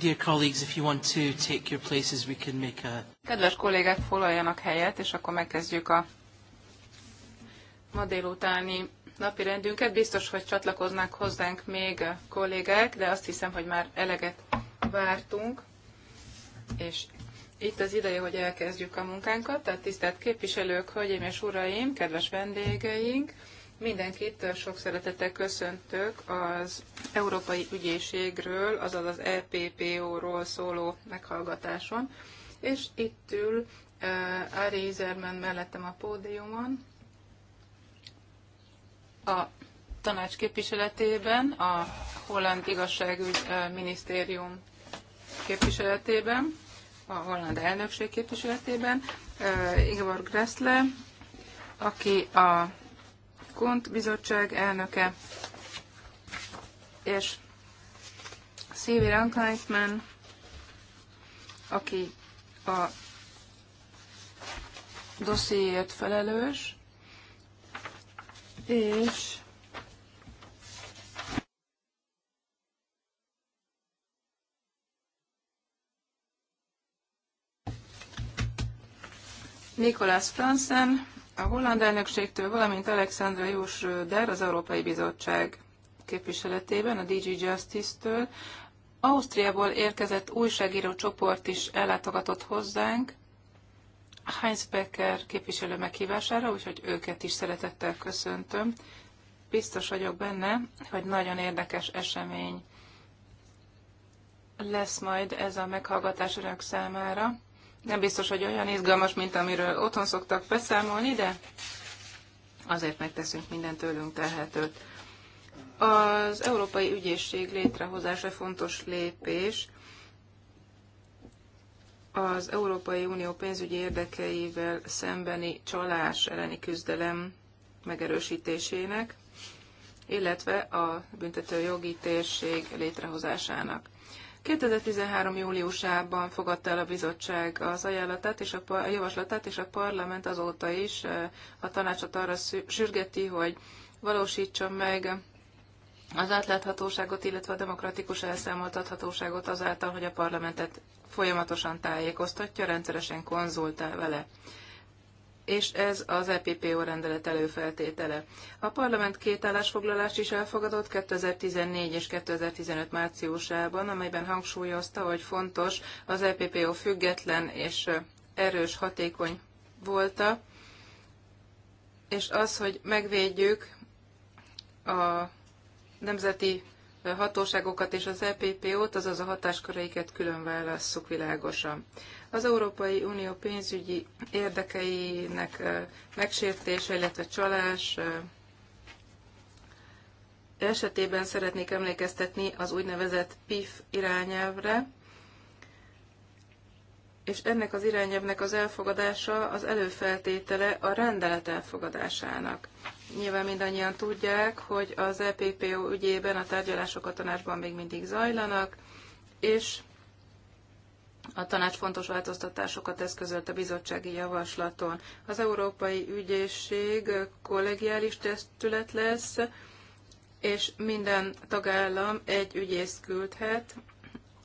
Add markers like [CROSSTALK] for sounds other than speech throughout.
Dear colleagues, if you want to take your places, we can make a... Kedves kollégák, foglaljanak helyet, és akkor megkezdjük a ma délutáni napi rendünket. Biztos, hogy csatlakoznak hozzánk még kollégák, de azt hiszem, hogy már eleget vártunk, és itt az ideje, hogy elkezdjük a munkánkat. Tehát tisztelt képviselők, hölgyeim és uraim, kedves vendégeink, Mindenkit sok szeretettel köszöntök az Európai Ügyészségről, azaz az EPPO-ról szóló meghallgatáson, és itt ül uh, Ari Zermen mellettem a pódiumon, a tanács képviseletében, a Holland Igazságügy Minisztérium képviseletében, a holland elnökség képviseletében, Igor Gressle, aki a Kunt bizottság elnöke, és Szívi Rankleitman, aki a dossziéért felelős, és Nikolás Franzen, a holland elnökségtől, valamint Alexandra Jós Röder az Európai Bizottság képviseletében, a DG Justice-től. Ausztriából érkezett újságíró csoport is ellátogatott hozzánk, Heinz Becker képviselő meghívására, úgyhogy őket is szeretettel köszöntöm. Biztos vagyok benne, hogy nagyon érdekes esemény lesz majd ez a meghallgatás önök számára nem biztos, hogy olyan izgalmas, mint amiről otthon szoktak beszámolni, de azért megteszünk minden tőlünk telhetőt. Az Európai Ügyészség létrehozása fontos lépés. Az Európai Unió pénzügyi érdekeivel szembeni csalás elleni küzdelem megerősítésének, illetve a büntető jogi térség létrehozásának. 2013. júliusában fogadta el a bizottság az ajánlatát és a, a javaslatát, és a parlament azóta is a tanácsot arra sürgeti, hogy valósítsa meg az átláthatóságot, illetve a demokratikus elszámoltathatóságot azáltal, hogy a parlamentet folyamatosan tájékoztatja, rendszeresen konzultál vele és ez az EPPO rendelet előfeltétele. A parlament két állásfoglalást is elfogadott 2014 és 2015 márciusában, amelyben hangsúlyozta, hogy fontos az EPPO független és erős, hatékony volta, és az, hogy megvédjük a nemzeti hatóságokat és az EPPO-t, azaz a hatásköreiket külön válasszuk világosan az Európai Unió pénzügyi érdekeinek megsértése, illetve csalás esetében szeretnék emlékeztetni az úgynevezett PIF irányelvre, és ennek az irányelvnek az elfogadása az előfeltétele a rendelet elfogadásának. Nyilván mindannyian tudják, hogy az EPPO ügyében a tárgyalások a tanácsban még mindig zajlanak, és a tanács fontos változtatásokat eszközölt a bizottsági javaslaton. Az Európai Ügyészség kollegiális testület lesz, és minden tagállam egy ügyész küldhet.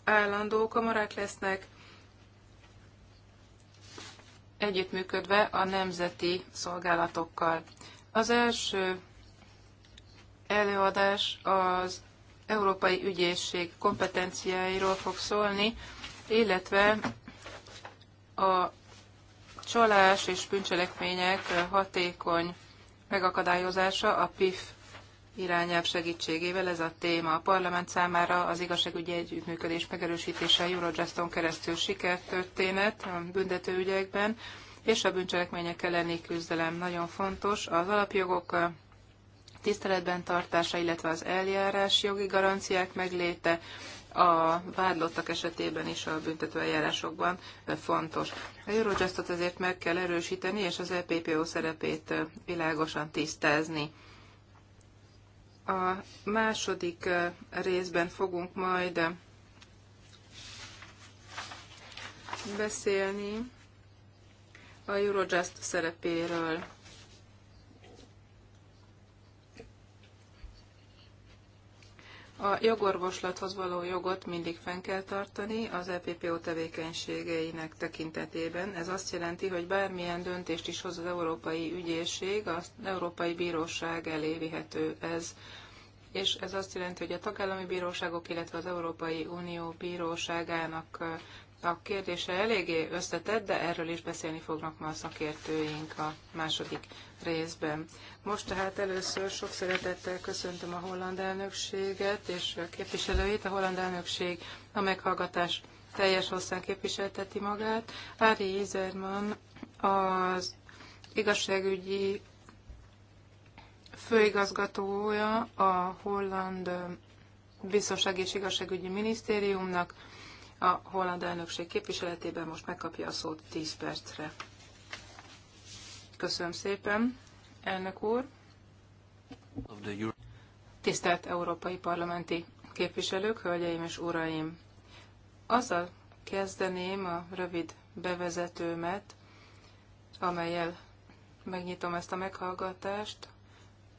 Állandó kamarák lesznek, együttműködve a nemzeti szolgálatokkal. Az első előadás az Európai Ügyészség kompetenciáiról fog szólni, illetve a csalás és bűncselekmények hatékony megakadályozása a PIF irányelv segítségével ez a téma. A parlament számára az igazságügyi együttműködés megerősítése a Eurojuston keresztül sikertörténet a büntetőügyekben, és a bűncselekmények elleni küzdelem nagyon fontos. Az alapjogok tiszteletben tartása, illetve az eljárás jogi garanciák megléte, a vádlottak esetében is a büntetőeljárásokban fontos. A Eurojustot ezért meg kell erősíteni, és az EPPO szerepét világosan tisztázni. A második részben fogunk majd beszélni a Eurojust szerepéről. A jogorvoslathoz való jogot mindig fenn kell tartani az EPPO tevékenységeinek tekintetében. Ez azt jelenti, hogy bármilyen döntést is hoz az Európai Ügyészség, az Európai Bíróság elé vihető ez. És ez azt jelenti, hogy a tagállami bíróságok, illetve az Európai Unió bíróságának a kérdése eléggé összetett, de erről is beszélni fognak ma a szakértőink a második részben. Most tehát először sok szeretettel köszöntöm a holland elnökséget és a képviselőit. A holland elnökség a meghallgatás teljes hosszán képviselteti magát. Ári Izerman az igazságügyi főigazgatója a holland biztonsági és igazságügyi minisztériumnak, a holland elnökség képviseletében most megkapja a szót 10 percre. Köszönöm szépen, elnök úr. Tisztelt európai parlamenti képviselők, hölgyeim és uraim! Azzal kezdeném a rövid bevezetőmet, amelyel megnyitom ezt a meghallgatást,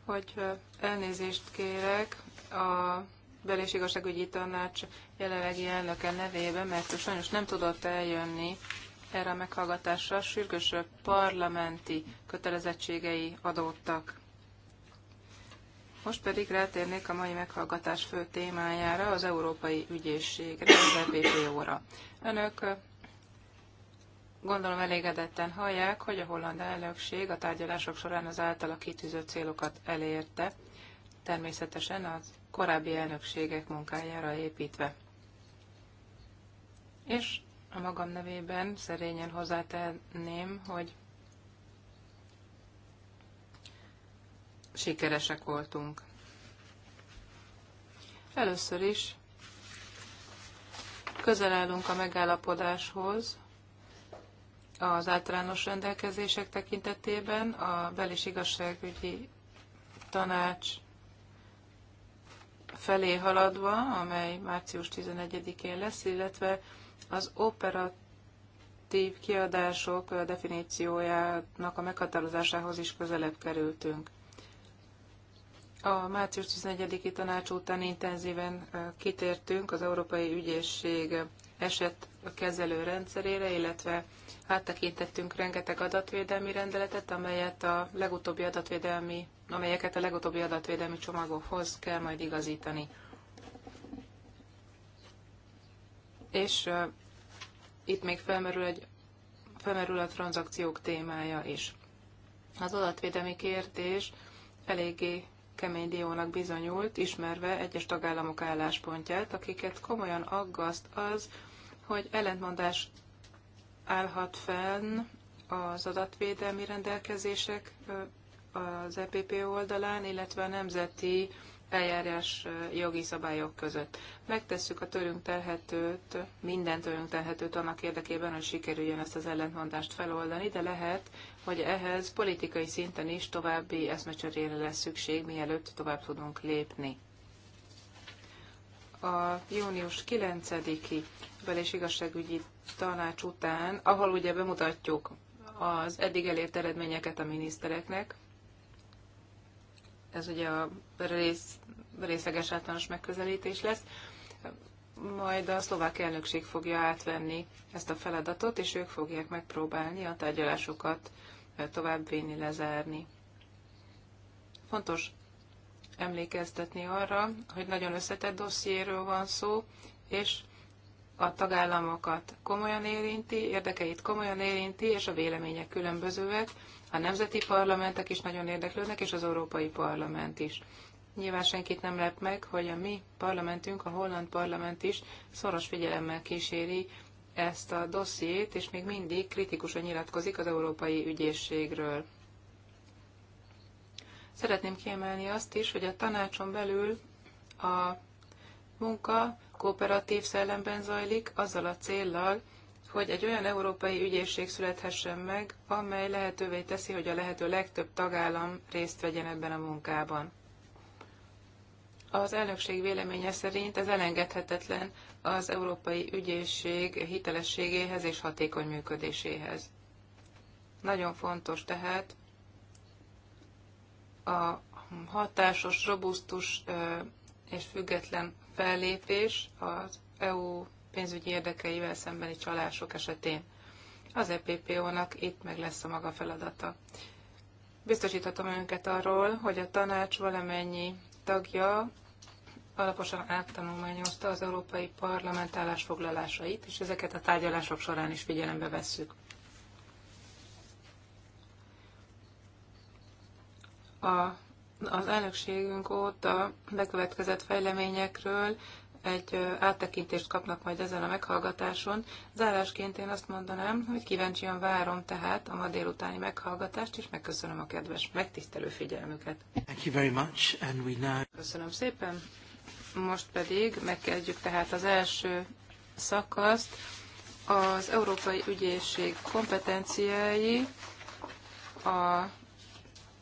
hogy elnézést kérek a bel- és igazságügyi tanács jelenlegi elnöke nevében, mert ő sajnos nem tudott eljönni erre a meghallgatásra, sürgősöbb parlamenti kötelezettségei adódtak. Most pedig rátérnék a mai meghallgatás fő témájára, az Európai Ügyészségre, az EPP óra. Önök gondolom elégedetten hallják, hogy a holland elnökség a tárgyalások során az általa kitűzött célokat elérte. Természetesen az korábbi elnökségek munkájára építve. És a magam nevében szerényen hozzátenném, hogy sikeresek voltunk. Először is közel állunk a megállapodáshoz az általános rendelkezések tekintetében a belis igazságügyi tanács felé haladva, amely március 11-én lesz, illetve az operatív kiadások definíciójának a meghatározásához is közelebb kerültünk. A március 11 i tanács után intenzíven kitértünk az Európai Ügyészség eset kezelő rendszerére, illetve áttekintettünk rengeteg adatvédelmi rendeletet, amelyet a legutóbbi adatvédelmi, amelyeket a legutóbbi adatvédelmi csomagokhoz kell majd igazítani. És uh, itt még felmerül, egy, felmerül a tranzakciók témája is. Az adatvédelmi kérdés eléggé kemény diónak bizonyult, ismerve egyes tagállamok álláspontját, akiket komolyan aggaszt az, hogy ellentmondás állhat fenn az adatvédelmi rendelkezések az EPP oldalán, illetve a nemzeti eljárás jogi szabályok között. Megtesszük a törünk telhetőt, minden törünk telhetőt annak érdekében, hogy sikerüljön ezt az ellentmondást feloldani, de lehet, hogy ehhez politikai szinten is további eszmecserére lesz szükség, mielőtt tovább tudunk lépni. A június 9-i belés igazságügyi tanács után, ahol ugye bemutatjuk az eddig elért eredményeket a minisztereknek, ez ugye a rész, részleges általános megközelítés lesz, majd a szlovák elnökség fogja átvenni ezt a feladatot, és ők fogják megpróbálni a tárgyalásokat továbbvinni, lezárni. Fontos emlékeztetni arra, hogy nagyon összetett dossziéről van szó, és a tagállamokat komolyan érinti, érdekeit komolyan érinti, és a vélemények különbözőek. A nemzeti parlamentek is nagyon érdeklődnek, és az Európai Parlament is. Nyilván senkit nem lep meg, hogy a mi parlamentünk, a holland parlament is szoros figyelemmel kíséri ezt a dossziét, és még mindig kritikusan nyilatkozik az Európai Ügyészségről. Szeretném kiemelni azt is, hogy a tanácson belül a munka kooperatív szellemben zajlik, azzal a céllal, hogy egy olyan európai ügyészség születhessen meg, amely lehetővé teszi, hogy a lehető legtöbb tagállam részt vegyen ebben a munkában. Az elnökség véleménye szerint ez elengedhetetlen az európai ügyészség hitelességéhez és hatékony működéséhez. Nagyon fontos tehát a hatásos, robusztus és független fellépés az EU pénzügyi érdekeivel szembeni csalások esetén. Az EPPO-nak itt meg lesz a maga feladata. Biztosíthatom önket arról, hogy a tanács valamennyi tagja alaposan áttanulmányozta az Európai Parlament állásfoglalásait, és ezeket a tárgyalások során is figyelembe vesszük. A az elnökségünk óta bekövetkezett fejleményekről egy áttekintést kapnak majd ezen a meghallgatáson. Zárásként én azt mondanám, hogy kíváncsian várom tehát a ma délutáni meghallgatást, és megköszönöm a kedves megtisztelő figyelmüket. Thank you very much, and we now... Köszönöm szépen. Most pedig megkezdjük tehát az első szakaszt, az Európai Ügyészség kompetenciái, a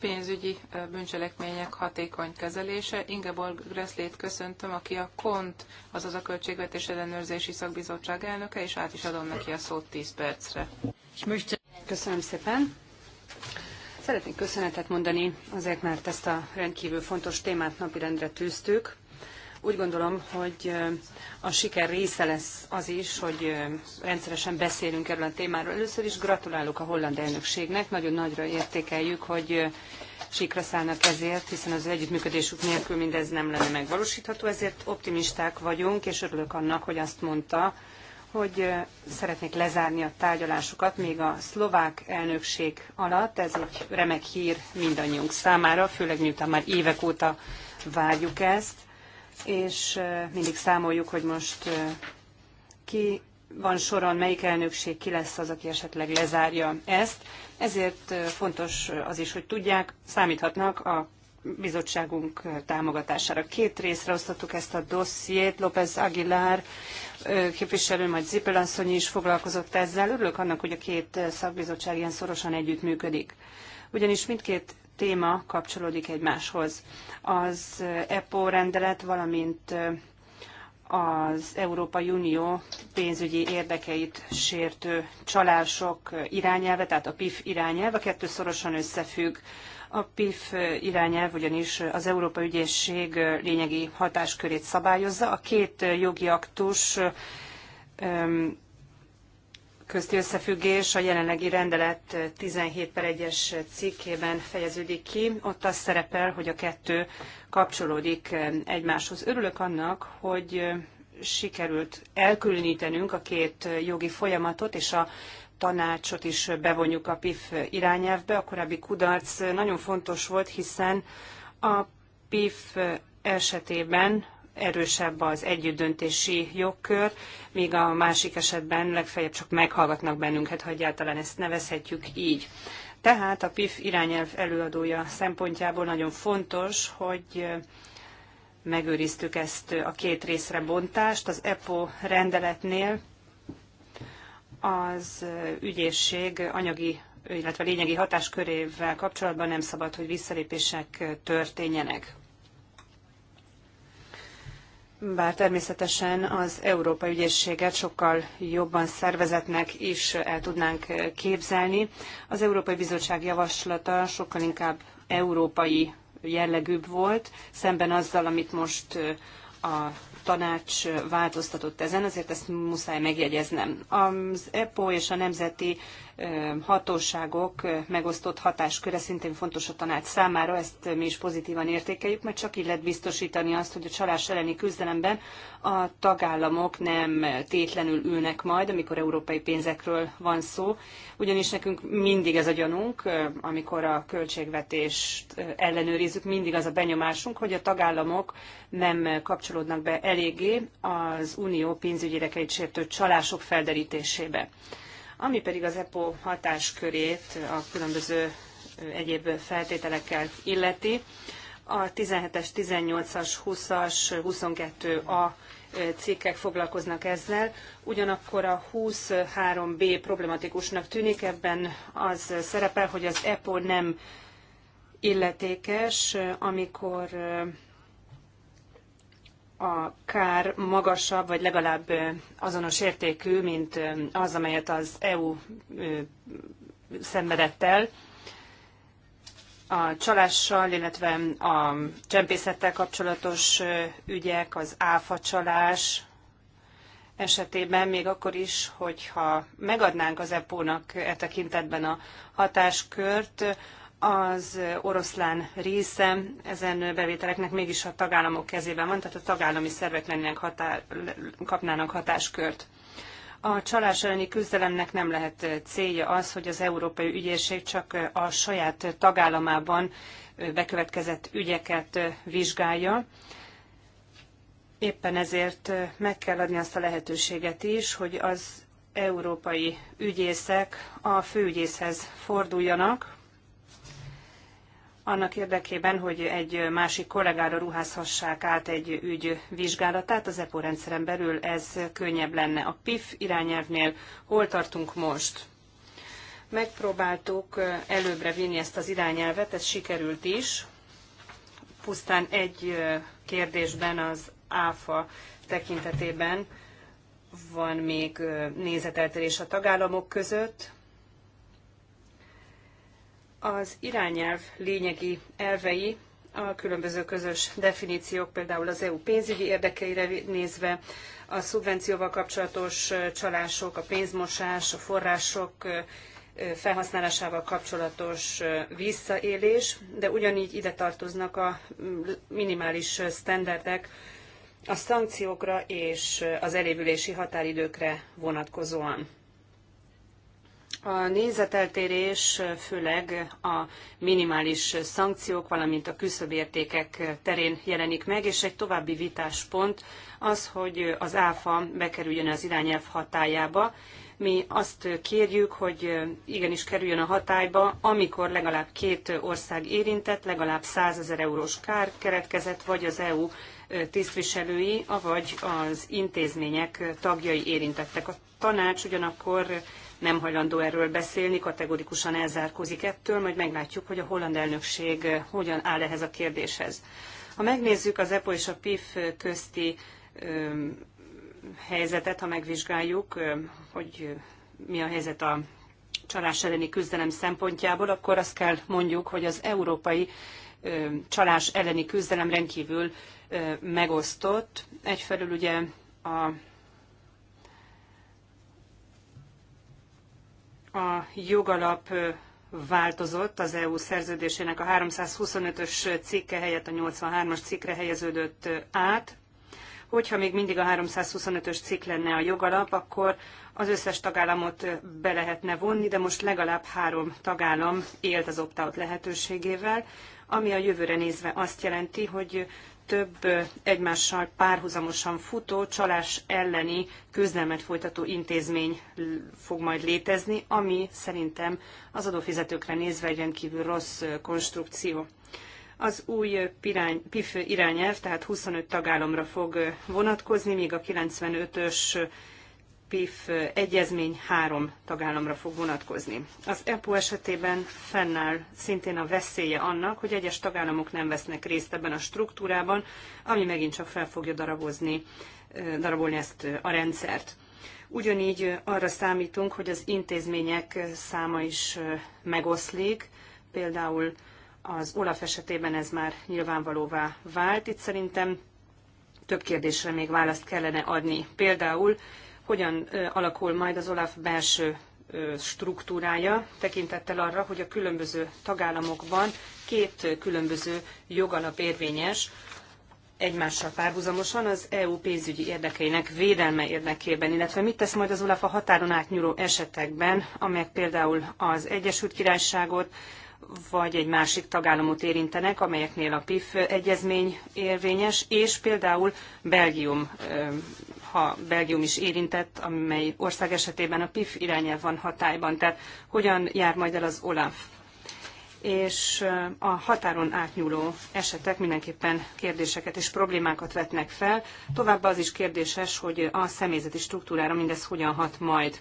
pénzügyi bűncselekmények hatékony kezelése. Ingeborg Greszlét köszöntöm, aki a KONT, azaz a Költségvetés Ellenőrzési Szakbizottság elnöke, és át is adom neki a szót 10 percre. Köszönöm szépen. Szeretnék köszönetet mondani azért, mert ezt a rendkívül fontos témát napirendre tűztük. Úgy gondolom, hogy a siker része lesz az is, hogy rendszeresen beszélünk erről a témáról. Először is gratulálok a holland elnökségnek, nagyon nagyra értékeljük, hogy sikra szállnak ezért, hiszen az együttműködésük nélkül mindez nem lenne megvalósítható, ezért optimisták vagyunk, és örülök annak, hogy azt mondta, hogy szeretnék lezárni a tárgyalásokat még a szlovák elnökség alatt. Ez egy remek hír mindannyiunk számára, főleg miután már évek óta várjuk ezt és mindig számoljuk, hogy most ki van soron, melyik elnökség ki lesz az, aki esetleg lezárja ezt. Ezért fontos az is, hogy tudják, számíthatnak a bizottságunk támogatására. Két részre osztottuk ezt a dossziét, López Aguilar képviselő, majd Zipel asszony is foglalkozott ezzel. Örülök annak, hogy a két szakbizottság ilyen szorosan együttműködik. Ugyanis mindkét téma kapcsolódik egymáshoz. Az EPO rendelet, valamint az Európai Unió pénzügyi érdekeit sértő csalások irányelve, tehát a PIF irányelve, kettő szorosan összefügg. A PIF irányelv ugyanis az Európai Ügyészség lényegi hatáskörét szabályozza. A két jogi aktus közti összefüggés a jelenlegi rendelet 17 per 1-es cikkében fejeződik ki. Ott az szerepel, hogy a kettő kapcsolódik eh, egymáshoz. Örülök annak, hogy eh, sikerült elkülönítenünk a két eh, jogi folyamatot, és a tanácsot is bevonjuk a PIF irányelvbe. A korábbi kudarc nagyon fontos volt, hiszen a PIF esetében erősebb az együttdöntési jogkör, míg a másik esetben legfeljebb csak meghallgatnak bennünket, ha egyáltalán ezt nevezhetjük így. Tehát a PIF irányelv előadója szempontjából nagyon fontos, hogy megőriztük ezt a két részre bontást. Az EPO rendeletnél az ügyészség anyagi illetve lényegi hatáskörével kapcsolatban nem szabad, hogy visszalépések történjenek bár természetesen az Európai Ügyészséget sokkal jobban szervezetnek is el tudnánk képzelni. Az Európai Bizottság javaslata sokkal inkább európai jellegűbb volt, szemben azzal, amit most a tanács változtatott ezen, azért ezt muszáj megjegyeznem. Az EPO és a nemzeti hatóságok megosztott hatásköre szintén fontos a tanács számára, ezt mi is pozitívan értékeljük, mert csak így lehet biztosítani azt, hogy a csalás elleni küzdelemben a tagállamok nem tétlenül ülnek majd, amikor európai pénzekről van szó, ugyanis nekünk mindig ez a gyanunk, amikor a költségvetést ellenőrizzük, mindig az a benyomásunk, hogy a tagállamok nem kapcsolódnak be eléggé az unió pénzügyi érdekeit sértő csalások felderítésébe. Ami pedig az EPO hatáskörét a különböző egyéb feltételekkel illeti, a 17-es, 18-as, 20-as, 22a cikkek foglalkoznak ezzel, ugyanakkor a 23b problematikusnak tűnik, ebben az szerepel, hogy az EPO nem illetékes, amikor a kár magasabb, vagy legalább azonos értékű, mint az, amelyet az EU szenvedett el a csalással, illetve a csempészettel kapcsolatos ügyek, az áfa csalás esetében, még akkor is, hogyha megadnánk az EPO-nak e tekintetben a hatáskört, az oroszlán része ezen bevételeknek mégis a tagállamok kezében van, tehát a tagállami szervek lennének határ, kapnának hatáskört. A csalás elleni küzdelemnek nem lehet célja az, hogy az Európai Ügyészség csak a saját tagállamában bekövetkezett ügyeket vizsgálja. Éppen ezért meg kell adni azt a lehetőséget is, hogy az európai ügyészek a főügyészhez forduljanak, annak érdekében, hogy egy másik kollégára ruházhassák át egy ügy vizsgálatát, az EPO rendszeren belül ez könnyebb lenne. A PIF irányelvnél hol tartunk most? Megpróbáltuk előbbre vinni ezt az irányelvet, ez sikerült is. Pusztán egy kérdésben az ÁFA tekintetében van még nézeteltérés a tagállamok között, az irányelv lényegi elvei a különböző közös definíciók, például az EU pénzügyi érdekeire nézve, a szubvencióval kapcsolatos csalások, a pénzmosás, a források felhasználásával kapcsolatos visszaélés, de ugyanígy ide tartoznak a minimális standardok a szankciókra és az elévülési határidőkre vonatkozóan. A nézeteltérés főleg a minimális szankciók, valamint a küszöbértékek terén jelenik meg, és egy további vitáspont az, hogy az áfa bekerüljön az irányelv hatájába. Mi azt kérjük, hogy igenis kerüljön a hatályba, amikor legalább két ország érintett, legalább 100 ezer eurós kár keretkezett, vagy az EU tisztviselői, avagy az intézmények tagjai érintettek. A tanács ugyanakkor nem hajlandó erről beszélni, kategorikusan elzárkózik ettől, majd meglátjuk, hogy a holland elnökség eh, hogyan áll ehhez a kérdéshez. Ha megnézzük az EPO és a PIF eh, közti ehm, helyzetet, ha megvizsgáljuk, eh, hogy mi a helyzet a csalás elleni küzdelem szempontjából, akkor azt kell mondjuk, hogy az európai ehm, csalás elleni küzdelem rendkívül megosztott. Egyfelől ugye a a jogalap változott, az EU szerződésének a 325-ös cikke helyett a 83-as cikkre helyeződött át. Hogyha még mindig a 325-ös cikk lenne a jogalap, akkor az összes tagállamot be lehetne vonni, de most legalább három tagállam élt az opt-out lehetőségével, ami a jövőre nézve azt jelenti, hogy több egymással párhuzamosan futó csalás elleni küzdelmet folytató intézmény fog majd létezni, ami szerintem az adófizetőkre nézve egy rendkívül rossz konstrukció. Az új pirány, PIF irányelv tehát 25 tagállamra fog vonatkozni, míg a 95-ös PIF egyezmény három tagállamra fog vonatkozni. Az EPO esetében fennáll szintén a veszélye annak, hogy egyes tagállamok nem vesznek részt ebben a struktúrában, ami megint csak fel fogja darabozni, darabolni ezt a rendszert. Ugyanígy arra számítunk, hogy az intézmények száma is megoszlik, például az Olaf esetében ez már nyilvánvalóvá vált. Itt szerintem több kérdésre még választ kellene adni. Például hogyan alakul majd az OLAF belső struktúrája, tekintettel arra, hogy a különböző tagállamokban két különböző jogalap érvényes, egymással párhuzamosan az EU pénzügyi érdekeinek védelme érdekében, illetve mit tesz majd az OLAF a határon átnyúló esetekben, amelyek például az Egyesült Királyságot, vagy egy másik tagállamot érintenek, amelyeknél a PIF egyezmény érvényes, és például Belgium ha Belgium is érintett, amely ország esetében a PIF irányel van hatályban, tehát hogyan jár majd el az OLAF? és a határon átnyúló esetek mindenképpen kérdéseket és problémákat vetnek fel. Továbbá az is kérdéses, hogy a személyzeti struktúrára mindez hogyan hat majd.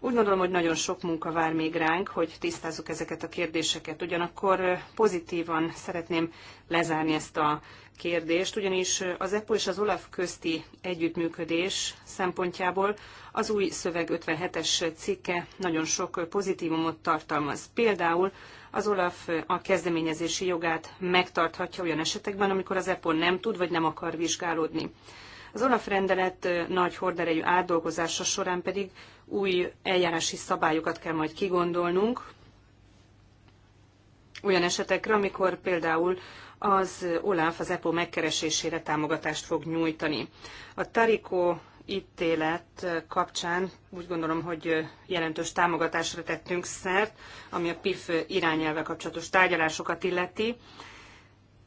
Úgy gondolom, hogy nagyon sok munka vár még ránk, hogy tisztázzuk ezeket a kérdéseket. Ugyanakkor pozitívan szeretném lezárni ezt a kérdést, ugyanis az EPO és az OLAF közti együttműködés szempontjából az új szöveg 57-es cikke nagyon sok pozitívumot tartalmaz. Például az OLAF a kezdeményezési jogát megtarthatja olyan esetekben, amikor az EPO nem tud vagy nem akar vizsgálódni. Az OLAF rendelet nagy horderejű átdolgozása során pedig új eljárási szabályokat kell majd kigondolnunk, olyan esetekre, amikor például az OLAF az EPO megkeresésére támogatást fog nyújtani. A Tariko ítélet kapcsán úgy gondolom, hogy jelentős támogatásra tettünk szert, ami a PIF irányelve kapcsolatos tárgyalásokat illeti.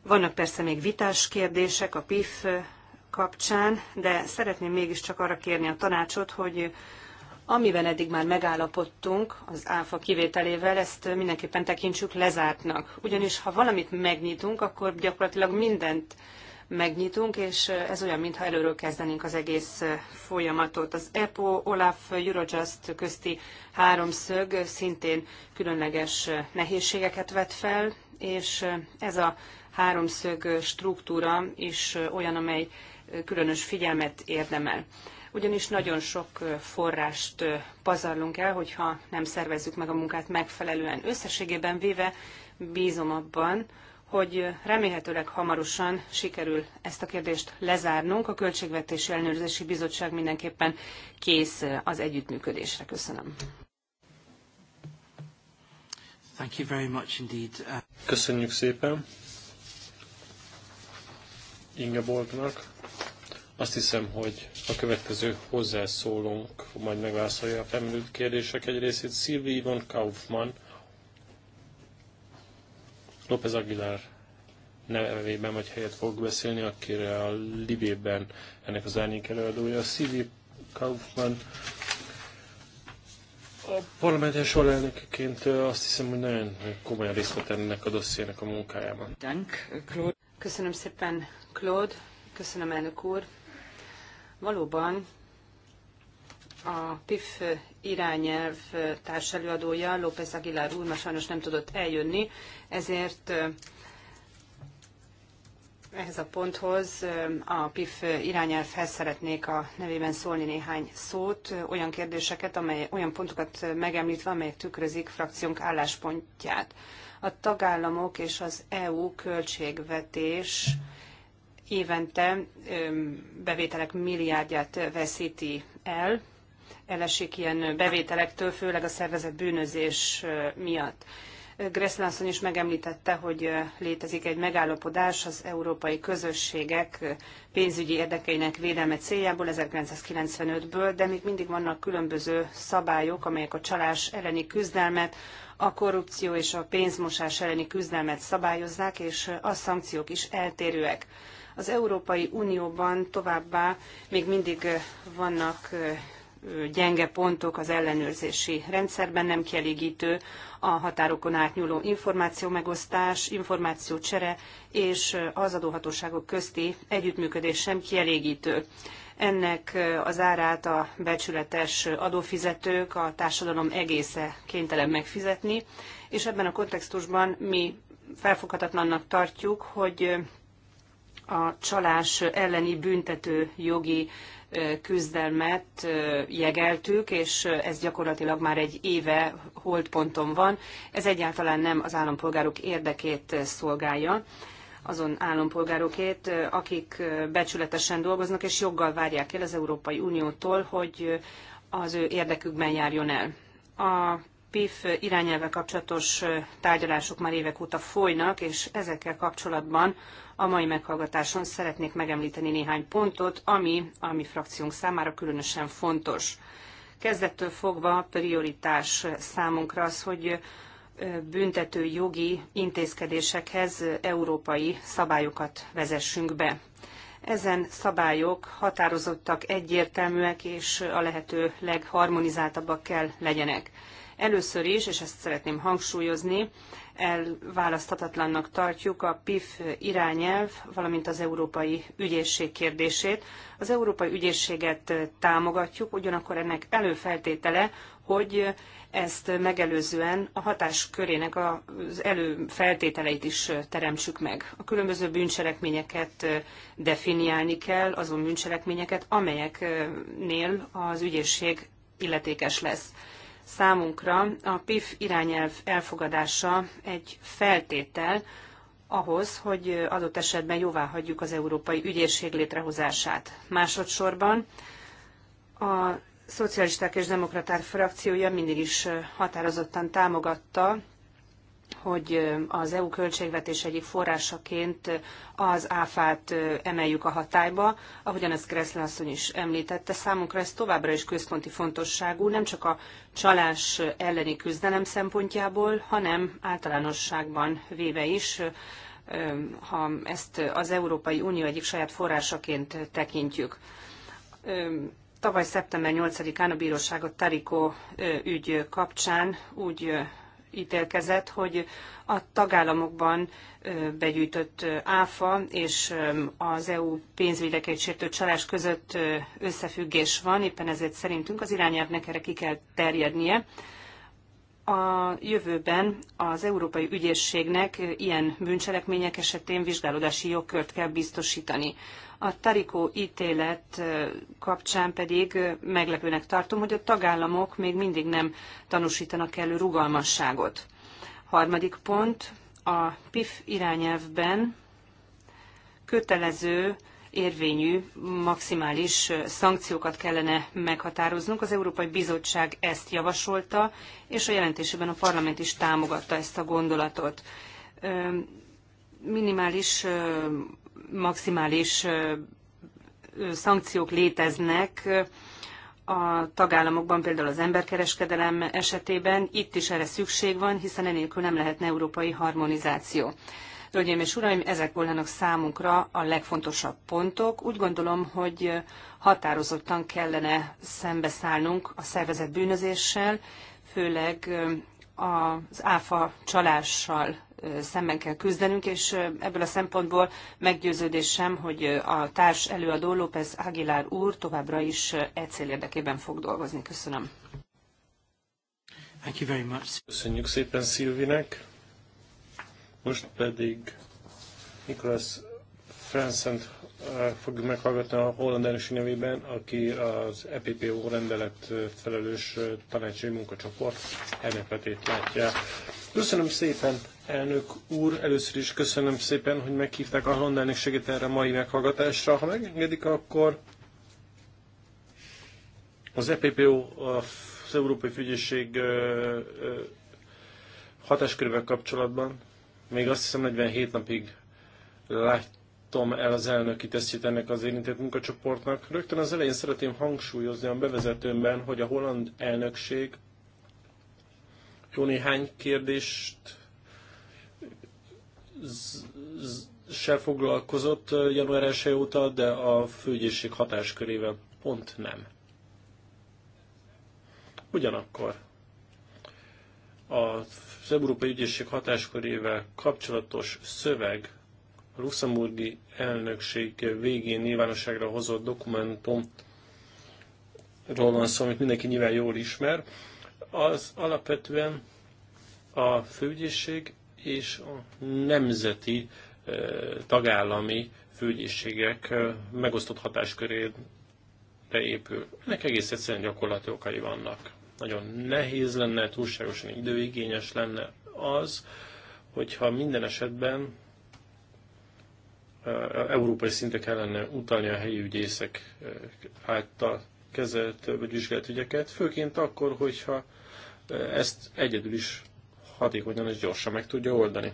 Vannak persze még vitás kérdések a PIF kapcsán, de szeretném mégiscsak arra kérni a tanácsot, hogy Amiben eddig már megállapodtunk az áfa kivételével, ezt mindenképpen tekintsük lezártnak. Ugyanis ha valamit megnyitunk, akkor gyakorlatilag mindent megnyitunk, és ez olyan, mintha előről kezdenénk az egész folyamatot. Az EPO, OLAF, Eurojust közti háromszög szintén különleges nehézségeket vet fel, és ez a háromszög struktúra is olyan, amely különös figyelmet érdemel ugyanis nagyon sok forrást pazarlunk el, hogyha nem szervezzük meg a munkát megfelelően. Összességében véve bízom abban, hogy remélhetőleg hamarosan sikerül ezt a kérdést lezárnunk. A Költségvetési Ellenőrzési Bizottság mindenképpen kész az együttműködésre. Köszönöm. Thank you very much indeed. Köszönjük szépen Boltnak. Azt hiszem, hogy a következő hozzászólónk majd megválaszolja a felmerült kérdések egy részét. Szilvi von Kaufmann, López Aguilar nevében vagy helyet fog beszélni, akire a Libében ennek az árnyék előadója. Szilvi Kaufmann a parlamentes alelnökeként azt hiszem, hogy nagyon komolyan részt vett ennek a dossziének a munkájában. Köszönöm szépen, Claude. Köszönöm, elnök úr. Valóban a PIF irányelv társelőadója, López Aguilar úr már sajnos nem tudott eljönni, ezért ehhez a ponthoz, a PIF irányelvhez szeretnék a nevében szólni néhány szót, olyan kérdéseket, amely, olyan pontokat megemlítve, amelyek tükrözik frakciónk álláspontját. A tagállamok és az EU költségvetés évente bevételek milliárdját veszíti el, elesik ilyen bevételektől, főleg a szervezet bűnözés miatt. Greszlánszon is megemlítette, hogy létezik egy megállapodás az európai közösségek pénzügyi érdekeinek védelme céljából 1995-ből, de még mindig vannak különböző szabályok, amelyek a csalás elleni küzdelmet, a korrupció és a pénzmosás elleni küzdelmet szabályozzák, és a szankciók is eltérőek. Az Európai Unióban továbbá még mindig vannak gyenge pontok az ellenőrzési rendszerben, nem kielégítő a határokon átnyúló információ megosztás, információcsere és az adóhatóságok közti együttműködés sem kielégítő. Ennek az árát a becsületes adófizetők, a társadalom egésze kénytelen megfizetni, és ebben a kontextusban mi felfoghatatlannak tartjuk, hogy a csalás elleni büntető jogi küzdelmet jegeltük, és ez gyakorlatilag már egy éve holdponton van. Ez egyáltalán nem az állampolgárok érdekét szolgálja azon állampolgárokét, akik becsületesen dolgoznak, és joggal várják el az Európai Uniótól, hogy az ő érdekükben járjon el. A PIF irányelve kapcsolatos tárgyalások már évek óta folynak, és ezekkel kapcsolatban a mai meghallgatáson szeretnék megemlíteni néhány pontot, ami a mi frakciónk számára különösen fontos. Kezdettől fogva a prioritás számunkra az, hogy büntető jogi intézkedésekhez európai szabályokat vezessünk be. Ezen szabályok határozottak, egyértelműek és a lehető legharmonizáltabbak kell legyenek. Először is, és ezt szeretném hangsúlyozni, elválaszthatatlannak tartjuk a PIF irányelv, valamint az Európai Ügyészség kérdését. Az Európai Ügyészséget támogatjuk, ugyanakkor ennek előfeltétele, hogy ezt megelőzően a hatáskörének az előfeltételeit is teremtsük meg. A különböző bűncselekményeket definiálni kell, azon bűncselekményeket, amelyeknél az ügyészség illetékes lesz. Számunkra a PIF irányelv elfogadása egy feltétel ahhoz, hogy adott esetben jóvá hagyjuk az Európai Ügyészség létrehozását. Másodszorban a szocialisták és demokraták frakciója mindig is határozottan támogatta hogy az EU költségvetés egyik forrásaként az áfát emeljük a hatályba. Ahogyan ezt Kresszle asszony is említette, számunkra ez továbbra is központi fontosságú, nem csak a csalás elleni küzdelem szempontjából, hanem általánosságban véve is, ha ezt az Európai Unió egyik saját forrásaként tekintjük. Tavaly szeptember 8-án a bíróságot Tariko ügy kapcsán úgy ítélkezett, hogy a tagállamokban begyűjtött áfa és az EU pénzügyeket sértő csalás között összefüggés van, éppen ezért szerintünk az irányelvnek erre ki kell terjednie. A jövőben az Európai Ügyészségnek ilyen bűncselekmények esetén vizsgálódási jogkört kell biztosítani. A Tarikó ítélet kapcsán pedig meglepőnek tartom, hogy a tagállamok még mindig nem tanúsítanak elő rugalmasságot. Harmadik pont, a PIF irányelvben kötelező érvényű maximális szankciókat kellene meghatároznunk. Az Európai Bizottság ezt javasolta, és a jelentésében a parlament is támogatta ezt a gondolatot. Minimális maximális szankciók léteznek a tagállamokban, például az emberkereskedelem esetében. Itt is erre szükség van, hiszen enélkül nem lehetne európai harmonizáció. Hölgyeim és Uraim, ezek volnának számunkra a legfontosabb pontok. Úgy gondolom, hogy határozottan kellene szembeszállnunk a szervezett bűnözéssel, főleg az áfa csalással szemben kell küzdenünk, és ebből a szempontból meggyőződésem, hogy a társ előadó López Aguilar úr továbbra is e cél érdekében fog dolgozni. Köszönöm. Thank you very much. Köszönjük szépen Szilvinek. Most pedig Nikolas Franszent fogjuk meghallgatni a Holland Erősi nevében, aki az EPPO rendelet felelős tanácsai munkacsoport elnöketét látja Köszönöm szépen, elnök úr. Először is köszönöm szépen, hogy meghívták a Holland elnökséget erre a mai meghallgatásra. Ha megengedik, akkor az EPPO, az Európai Fügyészség hatáskörével kapcsolatban még azt hiszem 47 napig láttam el az elnöki tesztjét ennek az érintett munkacsoportnak. Rögtön az elején szeretném hangsúlyozni a bevezetőmben, hogy a holland elnökség jó néhány kérdést se foglalkozott január 1 óta, de a főgyészség hatáskörével pont nem. Ugyanakkor az Európai Ügyészség hatáskörével kapcsolatos szöveg a luxemburgi elnökség végén nyilvánosságra hozott dokumentumról van szó, amit mindenki nyilván jól ismer az alapvetően a főügyészség és a nemzeti tagállami főügyészségek megosztott hatáskörére épül. Ennek egész egyszerűen gyakorlati okai vannak. Nagyon nehéz lenne, túlságosan időigényes lenne az, hogyha minden esetben európai szintre kellene utalni a helyi ügyészek által kezelt vagy vizsgált ügyeket, főként akkor, hogyha e, ezt egyedül is hatékonyan és gyorsan meg tudja oldani.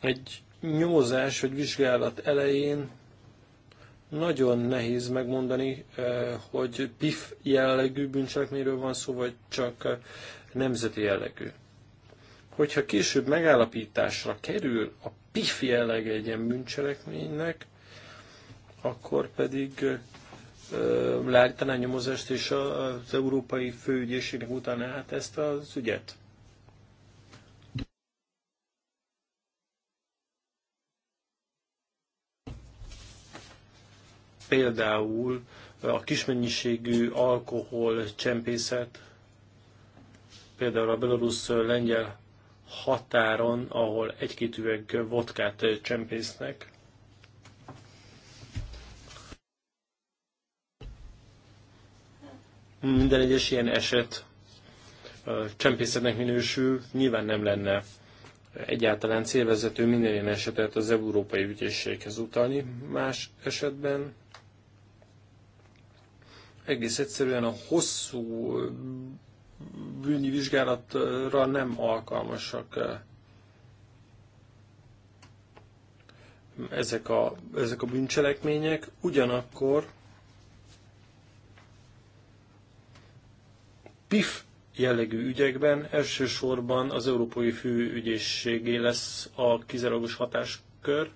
Egy nyomozás vagy vizsgálat elején nagyon nehéz megmondani, e, hogy PIF jellegű bűncselekményről van szó, vagy csak e, nemzeti jellegű. Hogyha később megállapításra kerül a PIF jelleg egy ilyen bűncselekménynek, akkor pedig leállítaná a nyomozást és az Európai Főügyészségnek utána hát ezt az ügyet? Például a kismennyiségű alkohol csempészet, például a belorusz-lengyel határon, ahol egy-két üveg vodkát csempésznek, minden egyes ilyen eset csempészetnek minősül, nyilván nem lenne egyáltalán célvezető minden ilyen esetet az európai ügyészséghez utalni. Más esetben egész egyszerűen a hosszú bűnyi vizsgálatra nem alkalmasak ezek a, ezek a bűncselekmények, ugyanakkor PIF jellegű ügyekben elsősorban az Európai Főügyészségé lesz a kizárólagos hatáskör,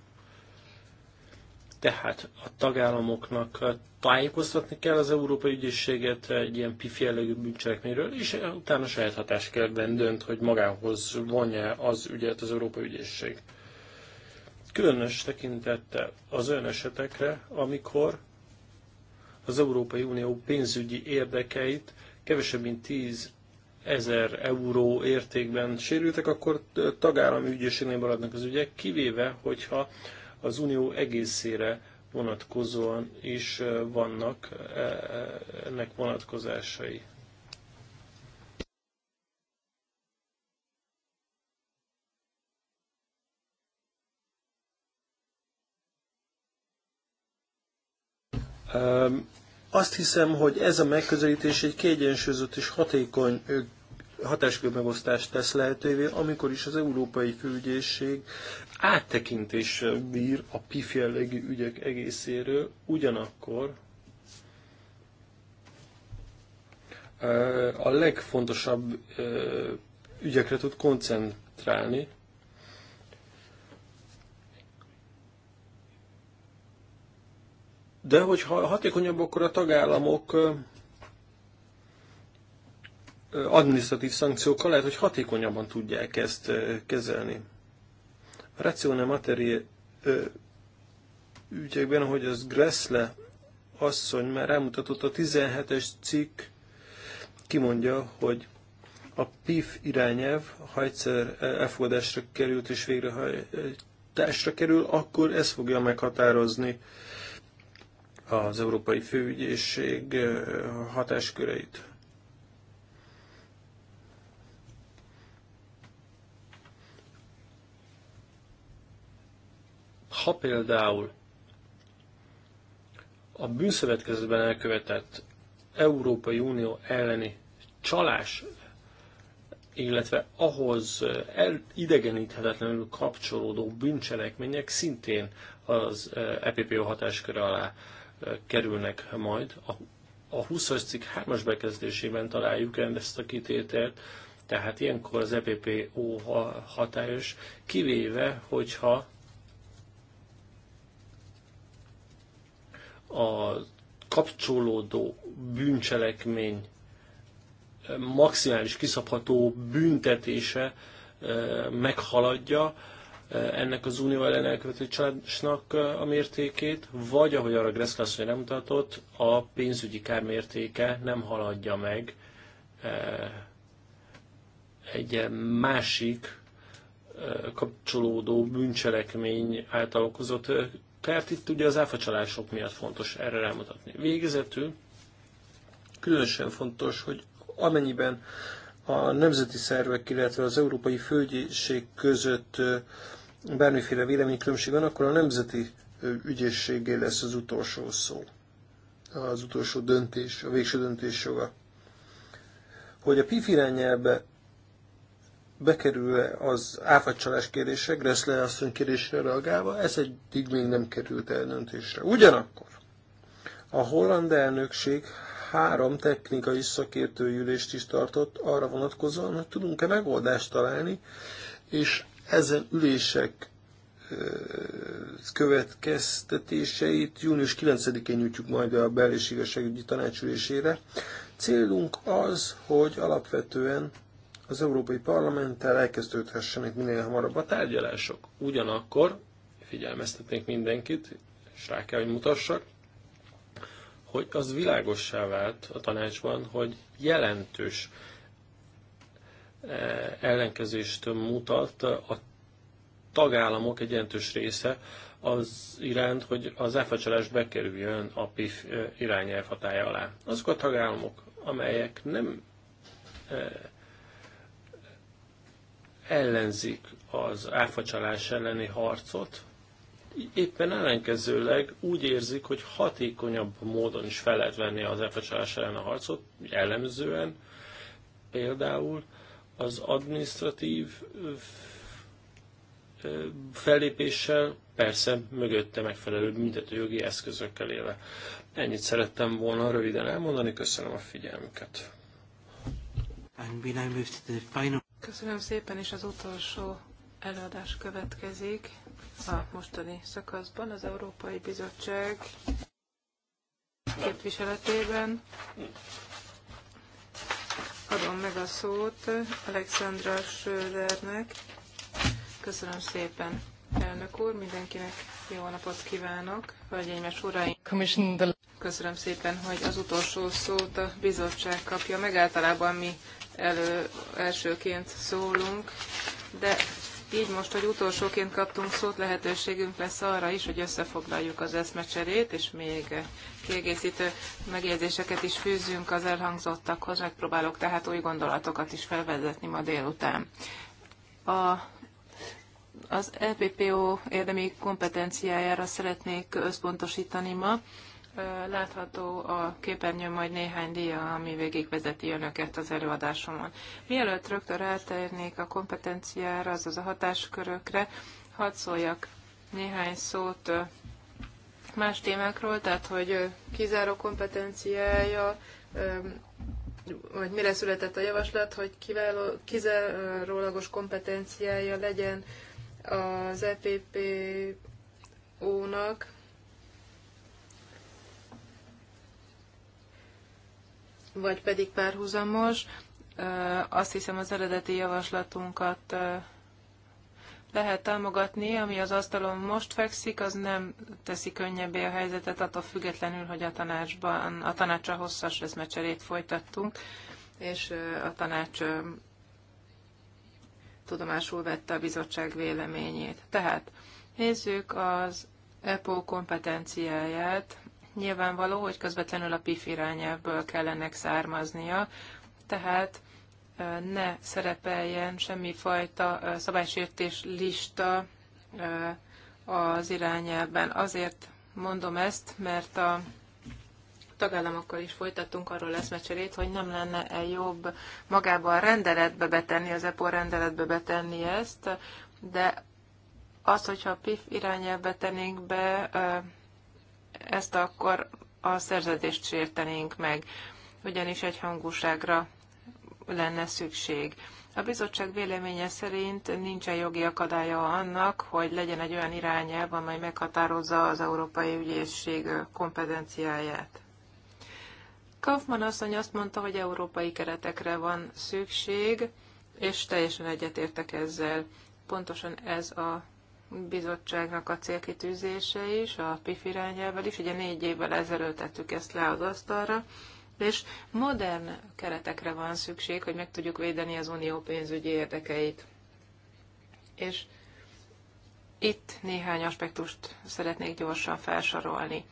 tehát a tagállamoknak tájékoztatni kell az Európai Ügyészséget egy ilyen PIF jellegű bűncselekményről, és utána saját hatáskörben dönt, hogy magához vonja az ügyet az Európai Ügyészség. Különös tekintettel az olyan esetekre, amikor az Európai Unió pénzügyi érdekeit kevesebb mint 10 ezer euró értékben sérültek, akkor tagállami ügyészségnél maradnak az ügyek, kivéve, hogyha az unió egészére vonatkozóan is vannak ennek vonatkozásai. Um, azt hiszem, hogy ez a megközelítés egy kiegyensúlyozott és hatékony hatáskör megosztást tesz lehetővé, amikor is az Európai Főügyészség áttekintéssel bír a PIF jellegű ügyek egészéről, ugyanakkor a legfontosabb ügyekre tud koncentrálni, De hogyha hatékonyabb, akkor a tagállamok administratív szankciókkal lehet, hogy hatékonyabban tudják ezt kezelni. A ratione materie ügyekben, ahogy az Gressle asszony már rámutatott, a 17-es cikk kimondja, hogy a PIF irányelv, ha egyszer elfogadásra került és végrehajtásra kerül, akkor ez fogja meghatározni az Európai Főügyészség hatásköreit? Ha például a bűnszövetkezetben elkövetett Európai Unió elleni csalás, illetve ahhoz el, idegeníthetetlenül kapcsolódó bűncselekmények szintén az EPPO hatásköre alá kerülnek majd. A, 20-as cikk 3-as bekezdésében találjuk el ezt a kitételt, tehát ilyenkor az EPPO hatályos, kivéve, hogyha a kapcsolódó bűncselekmény maximális kiszabható büntetése eh, meghaladja Eh, ennek az unió ellen elkövetett csalásnak eh, a mértékét, vagy ahogy arra nem mutatott a pénzügyi kár mértéke nem haladja meg eh, egy másik kapcsolódó bűncselekmény által okozott kárt. Itt ugye az áfacsalások miatt fontos erre rámutatni. Végezetül különösen fontos, hogy amennyiben a nemzeti szervek, illetve az Európai Főgyészség között bármiféle véleménykülönbség van, akkor a nemzeti ügyészségé lesz az utolsó szó, az utolsó döntés, a végső döntés joga. Hogy a PIF irányelbe bekerül -e az áfacsalás kérdése, Gressle asszony kérdésre reagálva, ez eddig még nem került el döntésre. Ugyanakkor a holland elnökség három technikai szakértőülést is tartott arra vonatkozóan, hogy tudunk-e megoldást találni, és ezen ülések következtetéseit június 9-én nyújtjuk majd a bel- és igazságügyi tanácsülésére. Célunk az, hogy alapvetően az Európai Parlamenttel elkezdődhessenek minél hamarabb a tárgyalások. Ugyanakkor figyelmeztetnénk mindenkit, és rá kell, hogy mutassak, hogy az világossá vált a tanácsban, hogy jelentős ellenkezést mutat. A tagállamok egy jelentős része az iránt, hogy az áfacsalás bekerüljön a PIF irányelv hatája alá. Azok a tagállamok, amelyek nem e, ellenzik az áfacsalás elleni harcot, éppen ellenkezőleg úgy érzik, hogy hatékonyabb módon is fel lehet venni az áfacsalás ellen a harcot, jellemzően például az administratív fellépéssel, persze mögötte megfelelő büntetőjogi eszközökkel éve. Ennyit szerettem volna röviden elmondani, köszönöm a figyelmüket. Köszönöm szépen, és az utolsó előadás következik a mostani szakaszban az Európai Bizottság képviseletében adom meg a szót Alexandra Schrödernek. Köszönöm szépen, elnök úr, mindenkinek jó napot kívánok, hölgyeim és uraim. Köszönöm szépen, hogy az utolsó szót a bizottság kapja, meg általában mi elő, elsőként szólunk, de így most, hogy utolsóként kaptunk szót, lehetőségünk lesz arra is, hogy összefoglaljuk az eszmecserét, és még kiegészítő megjegyzéseket is fűzzünk az elhangzottakhoz, megpróbálok tehát új gondolatokat is felvezetni ma délután. A az LPPO e érdemi kompetenciájára szeretnék összpontosítani ma, látható a képernyőn majd néhány díja, ami végigvezeti önöket az előadásomon. Mielőtt rögtön rátérnék a kompetenciára, azaz a hatáskörökre, hadd szóljak néhány szót más témákról, tehát hogy kizáró kompetenciája, vagy mire született a javaslat, hogy kiváló, kizárólagos kompetenciája legyen az EPP ónak, vagy pedig párhuzamos. Azt hiszem az eredeti javaslatunkat lehet támogatni, ami az asztalon most fekszik, az nem teszi könnyebbé a helyzetet, attól függetlenül, hogy a tanácsban, a tanácsa hosszas eszmecserét folytattunk, és a tanács tudomásul vette a bizottság véleményét. Tehát nézzük az EPO kompetenciáját, nyilvánvaló, hogy közvetlenül a PIF irányelvből kell ennek származnia, tehát ne szerepeljen semmifajta szabálysértés lista az irányelvben. Azért mondom ezt, mert a tagállamokkal is folytattunk arról eszmecserét, hogy nem lenne-e jobb magába a rendeletbe betenni, az EPO rendeletbe betenni ezt, de az, hogyha a PIF irányelvbe tennénk be, ezt akkor a szerződést sértenénk meg, ugyanis egy hangúságra lenne szükség. A bizottság véleménye szerint nincsen jogi akadálya annak, hogy legyen egy olyan irányelv, amely meghatározza az Európai Ügyészség kompetenciáját. Kaufmann asszony azt mondta, hogy európai keretekre van szükség, és teljesen egyetértek ezzel. Pontosan ez a bizottságnak a célkitűzése is, a PIF irányelvel is, ugye négy évvel ezelőtt tettük ezt le az asztalra, és modern keretekre van szükség, hogy meg tudjuk védeni az unió pénzügyi érdekeit. És itt néhány aspektust szeretnék gyorsan felsorolni.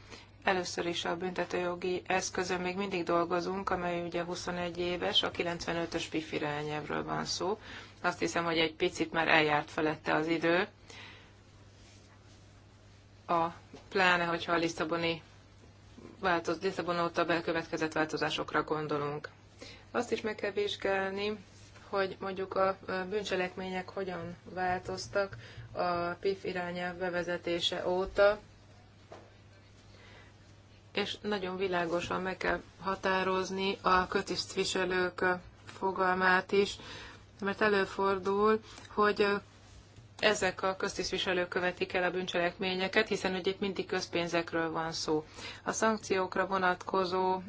Először is a büntetőjogi eszközön még mindig dolgozunk, amely ugye 21 éves, a 95-ös PIF irányelvről van szó. Azt hiszem, hogy egy picit már eljárt felette az idő, a pláne, hogyha a Lisszaboni változ, Lisszabon óta bekövetkezett változásokra gondolunk. Azt is meg kell vizsgálni, hogy mondjuk a bűncselekmények hogyan változtak a PIF irányelv bevezetése óta, és nagyon világosan meg kell határozni a kötisztviselők fogalmát is, mert előfordul, hogy ezek a köztisztviselők követik el a bűncselekményeket, hiszen ugye itt mindig közpénzekről van szó. A szankciókra vonatkozó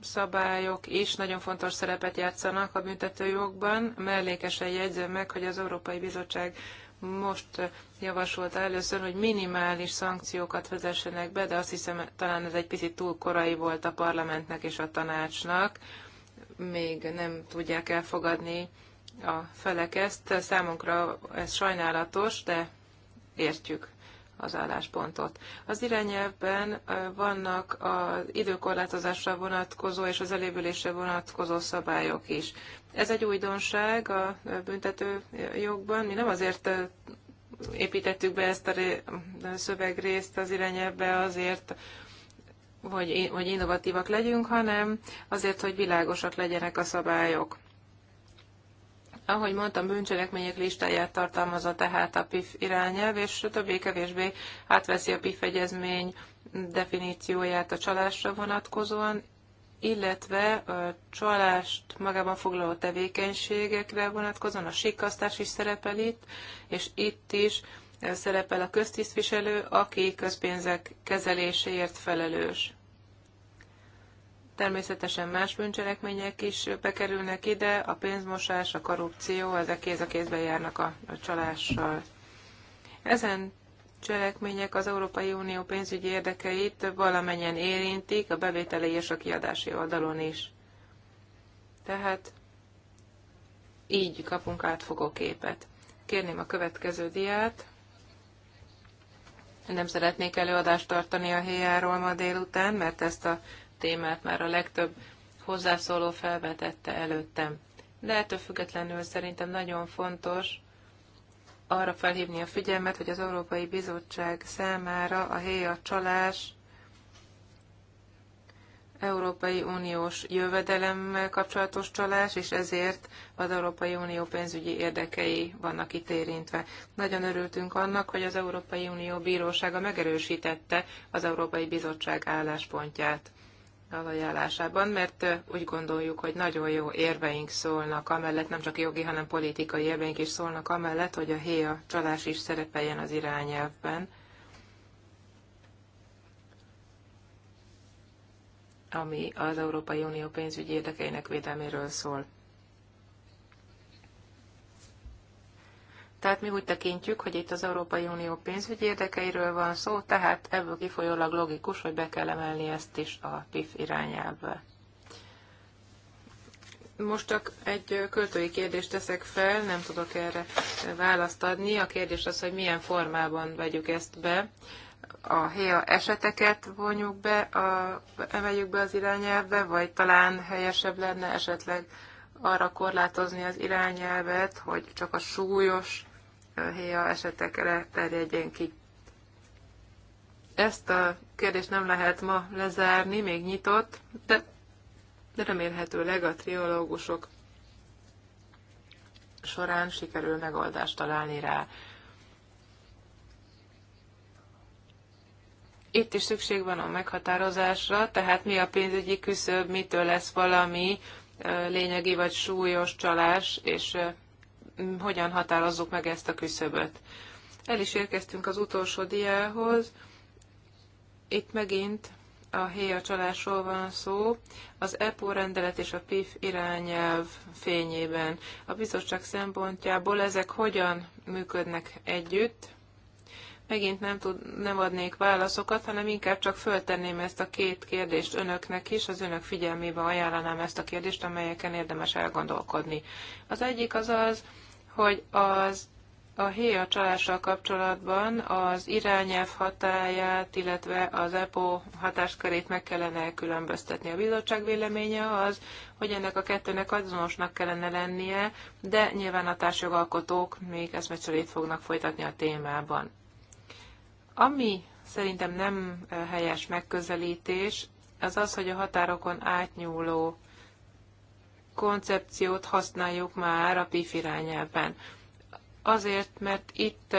szabályok is nagyon fontos szerepet játszanak a büntetőjogban. Mellékesen jegyzem meg, hogy az Európai Bizottság most javasolta először, hogy minimális szankciókat vezessenek be, de azt hiszem talán ez egy picit túl korai volt a parlamentnek és a tanácsnak. Még nem tudják elfogadni a felek ezt. Számunkra ez sajnálatos, de értjük az álláspontot. Az irányelvben vannak az időkorlátozásra vonatkozó és az elévülésre vonatkozó szabályok is. Ez egy újdonság a büntető jogban. Mi nem azért építettük be ezt a szövegrészt az irányelvbe azért, hogy, hogy innovatívak legyünk, hanem azért, hogy világosak legyenek a szabályok. Ahogy mondtam, bűncselekmények listáját tartalmazza tehát a PIF irányelv, és többé-kevésbé átveszi a PIF egyezmény definícióját a csalásra vonatkozóan, illetve a csalást magában foglaló tevékenységekre vonatkozóan a sikasztás is szerepel itt, és itt is szerepel a köztisztviselő, aki közpénzek kezeléséért felelős. Természetesen más bűncselekmények is bekerülnek ide, a pénzmosás, a korrupció, ezek kéz a kézben járnak a, a csalással. Ezen cselekmények az Európai Unió pénzügyi érdekeit valamennyien érintik, a bevételi és a kiadási oldalon is. Tehát így kapunk átfogó képet. Kérném a következő diát. Nem szeretnék előadást tartani a héjáról ma délután, mert ezt a témát már a legtöbb hozzászóló felvetette előttem. De ettől függetlenül szerintem nagyon fontos arra felhívni a figyelmet, hogy az Európai Bizottság számára a a csalás Európai Uniós jövedelemmel kapcsolatos csalás, és ezért az Európai Unió pénzügyi érdekei vannak itt érintve. Nagyon örültünk annak, hogy az Európai Unió bírósága megerősítette az Európai Bizottság álláspontját felajánlásában, mert úgy gondoljuk, hogy nagyon jó érveink szólnak amellett, nem csak jogi, hanem politikai érveink is szólnak amellett, hogy a héja csalás is szerepeljen az irányelvben. ami az Európai Unió pénzügyi érdekeinek védelméről szól. Tehát mi úgy tekintjük, hogy itt az Európai Unió pénzügyi érdekeiről van szó, tehát ebből kifolyólag logikus, hogy be kell emelni ezt is a PIF irányába. Most csak egy költői kérdést teszek fel, nem tudok erre választ adni. A kérdés az, hogy milyen formában vegyük ezt be. A HEA eseteket vonjuk be, a, emeljük be az irányelvbe, vagy talán helyesebb lenne esetleg arra korlátozni az irányelvet, hogy csak a súlyos héja esetekre terjedjen ki. Ezt a kérdést nem lehet ma lezárni, még nyitott, de, de remélhetőleg a triológusok során sikerül megoldást találni rá. Itt is szükség van a meghatározásra, tehát mi a pénzügyi küszöb, mitől lesz valami lényegi vagy súlyos csalás, és hogyan határozzuk meg ezt a küszöböt. El is érkeztünk az utolsó diához. Itt megint a héja csalásról van szó, az EPO rendelet és a PIF irányelv fényében. A bizottság szempontjából ezek hogyan működnek együtt? Megint nem, tud, nem adnék válaszokat, hanem inkább csak föltenném ezt a két kérdést önöknek is, az önök figyelmébe ajánlanám ezt a kérdést, amelyeken érdemes elgondolkodni. Az egyik az az, hogy az a héja csalással kapcsolatban az irányelv hatáját, illetve az EPO hatáskörét meg kellene különböztetni. A bizottság véleménye az, hogy ennek a kettőnek azonosnak kellene lennie, de nyilván a társjogalkotók még eszmecserét fognak folytatni a témában. Ami szerintem nem eh, helyes megközelítés, az az, hogy a határokon átnyúló koncepciót használjuk már a PIF irányelven. Azért, mert itt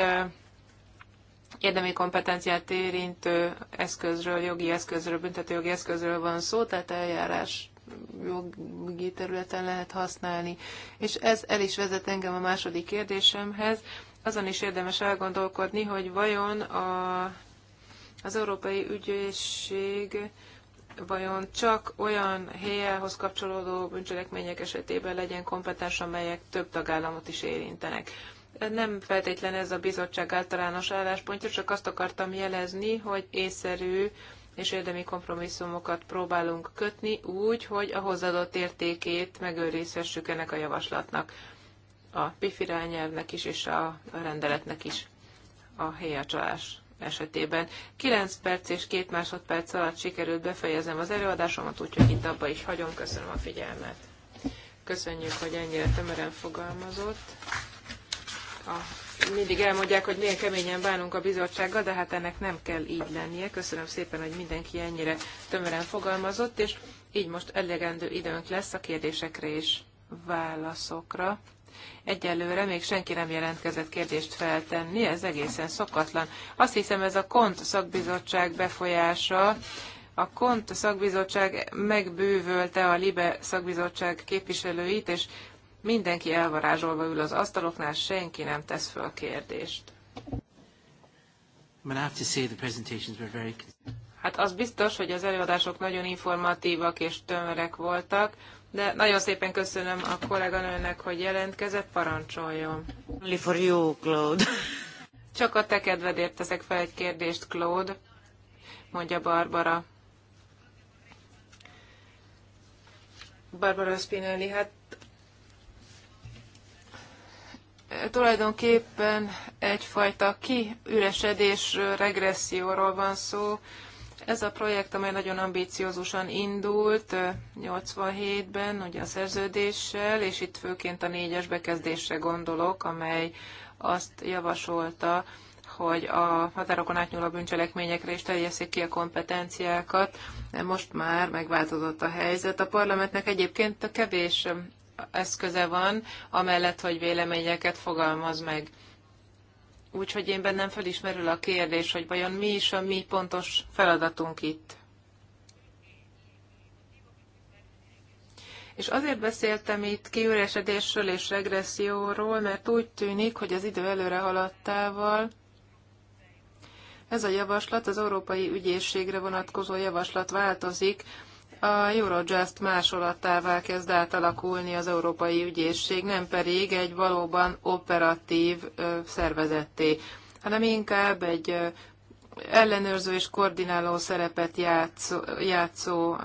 érdemi kompetenciát érintő eszközről, jogi eszközről, büntetőjogi eszközről van szó, tehát eljárás jogi területen lehet használni. És ez el is vezet engem a második kérdésemhez. Azon is érdemes elgondolkodni, hogy vajon a, az Európai Ügyészség vajon csak olyan helyelhoz kapcsolódó bűncselekmények esetében legyen kompetens, amelyek több tagállamot is érintenek. Nem feltétlen ez a bizottság általános álláspontja, csak azt akartam jelezni, hogy észszerű és érdemi kompromisszumokat próbálunk kötni úgy, hogy a hozzáadott értékét megőrizhessük ennek a javaslatnak, a pifirányelvnek is és a rendeletnek is a helyacsalás esetében. 9 perc és 2 másodperc alatt sikerült befejezem az előadásomat, úgyhogy itt abba is hagyom. Köszönöm a figyelmet. Köszönjük, hogy ennyire tömören fogalmazott. A, mindig elmondják, hogy milyen keményen bánunk a bizottsággal, de hát ennek nem kell így lennie. Köszönöm szépen, hogy mindenki ennyire tömören fogalmazott, és így most elegendő időnk lesz a kérdésekre és válaszokra. Egyelőre még senki nem jelentkezett kérdést feltenni, ez egészen szokatlan. Azt hiszem ez a KONT szakbizottság befolyása, a KONT szakbizottság megbővölte a LIBE szakbizottság képviselőit, és mindenki elvarázsolva ül az asztaloknál, senki nem tesz föl kérdést. Hát az biztos, hogy az előadások nagyon informatívak és tömörek voltak de nagyon szépen köszönöm a kolléganőnek, hogy jelentkezett, parancsoljon. Only for you, Claude. Csak a te kedvedért teszek fel egy kérdést, Claude, mondja Barbara. Barbara Spinelli, hát e, tulajdonképpen egyfajta kiüresedés regresszióról van szó, ez a projekt, amely nagyon ambíciózusan indult 87-ben, ugye a szerződéssel, és itt főként a négyes bekezdésre gondolok, amely azt javasolta, hogy a határokon átnyúló bűncselekményekre is terjesszék ki a kompetenciákat. Most már megváltozott a helyzet. A parlamentnek egyébként a kevés eszköze van, amellett, hogy véleményeket fogalmaz meg. Úgyhogy én bennem felismerül a kérdés, hogy vajon mi is a mi pontos feladatunk itt. És azért beszéltem itt kiüresedésről és regresszióról, mert úgy tűnik, hogy az idő előre haladtával ez a javaslat, az Európai Ügyészségre vonatkozó javaslat változik, a Eurojust másolatává kezd átalakulni az Európai Ügyészség, nem pedig egy valóban operatív szervezetté, hanem inkább egy ellenőrző és koordináló szerepet játszó, játszó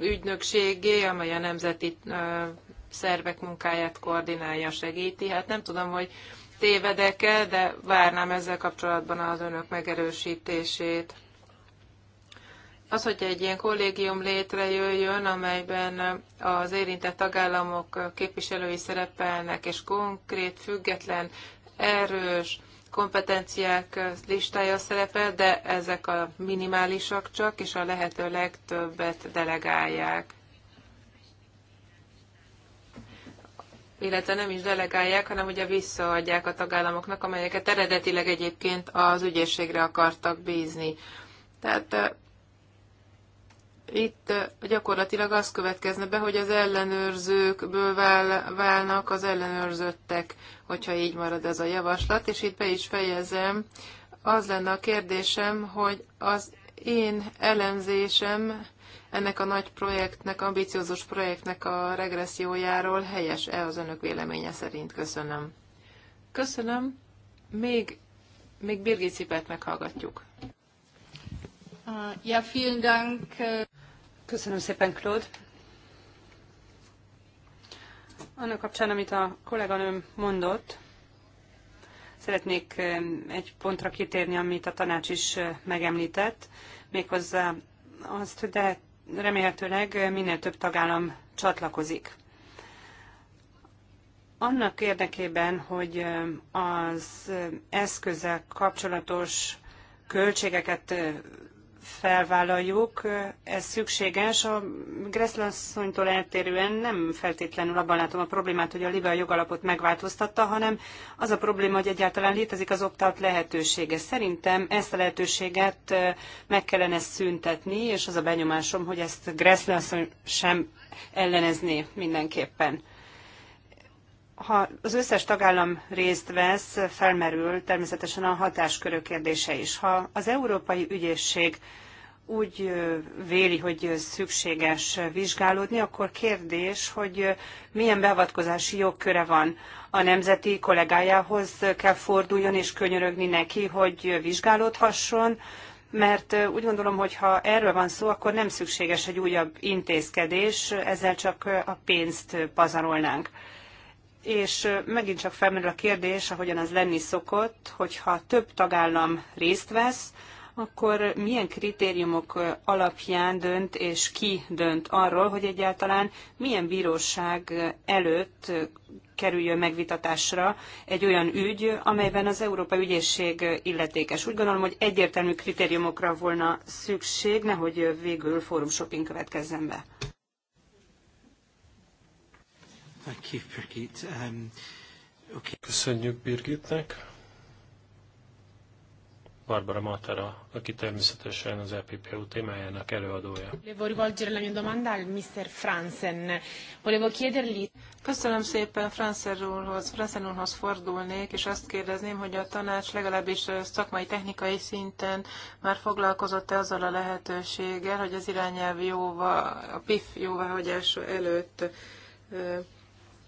ügynökségé, amely a nemzeti szervek munkáját koordinálja, segíti. Hát nem tudom, hogy tévedek-e, de várnám ezzel kapcsolatban az önök megerősítését. Az, hogy egy ilyen kollégium létrejöjjön, amelyben az érintett tagállamok képviselői szerepelnek, és konkrét, független, erős, kompetenciák listája szerepel, de ezek a minimálisak csak, és a lehető legtöbbet delegálják. illetve nem is delegálják, hanem ugye visszaadják a tagállamoknak, amelyeket eredetileg egyébként az ügyészségre akartak bízni. Tehát itt eh, gyakorlatilag az következne be, hogy az ellenőrzőkből vál, válnak az ellenőrzöttek, hogyha így marad ez a javaslat, és itt be is fejezem. Az lenne a kérdésem, hogy az én elemzésem ennek a nagy projektnek, ambiciózus projektnek a regressziójáról helyes-e az önök véleménye szerint? Köszönöm. Köszönöm. Még, még Birgit Szipet meghallgatjuk. Ja, vielen Dank. Köszönöm szépen, Claude. Annak kapcsán, amit a kolléganőm mondott, szeretnék egy pontra kitérni, amit a tanács is megemlített, méghozzá azt, hogy de remélhetőleg minél több tagállam csatlakozik. Annak érdekében, hogy az eszközzel kapcsolatos költségeket felvállaljuk, ez szükséges. A Greszlasszonytól eltérően nem feltétlenül abban látom a problémát, hogy a liba a jogalapot megváltoztatta, hanem az a probléma, hogy egyáltalán létezik az opt lehetősége. Szerintem ezt a lehetőséget meg kellene szüntetni, és az a benyomásom, hogy ezt Greszlasszony sem ellenezné mindenképpen ha az összes tagállam részt vesz, felmerül természetesen a hatáskörök kérdése is. Ha az Európai Ügyészség úgy véli, hogy szükséges vizsgálódni, akkor kérdés, hogy milyen beavatkozási jogköre van. A nemzeti kollégájához kell forduljon és könyörögni neki, hogy vizsgálódhasson, mert úgy gondolom, hogy ha erről van szó, akkor nem szükséges egy újabb intézkedés, ezzel csak a pénzt pazarolnánk és megint csak felmerül a kérdés, ahogyan az lenni szokott, hogyha több tagállam részt vesz, akkor milyen kritériumok alapján dönt és ki dönt arról, hogy egyáltalán milyen bíróság előtt kerüljön megvitatásra egy olyan ügy, amelyben az Európai Ügyészség illetékes. Úgy gondolom, hogy egyértelmű kritériumokra volna szükség, nehogy végül fórum shopping következzen be. Thank you, Birgit. Um, okay. Köszönjük Birgitnek. Barbara Matara, aki természetesen az EPPU témájának előadója. Mr. Fransen. Köszönöm szépen Fransen úrhoz, Fransen úrhoz fordulnék, és azt kérdezném, hogy a tanács legalábbis szakmai technikai szinten már foglalkozott-e azzal a lehetőséggel, hogy az irányelv jóva, a PIF jóváhagyás előtt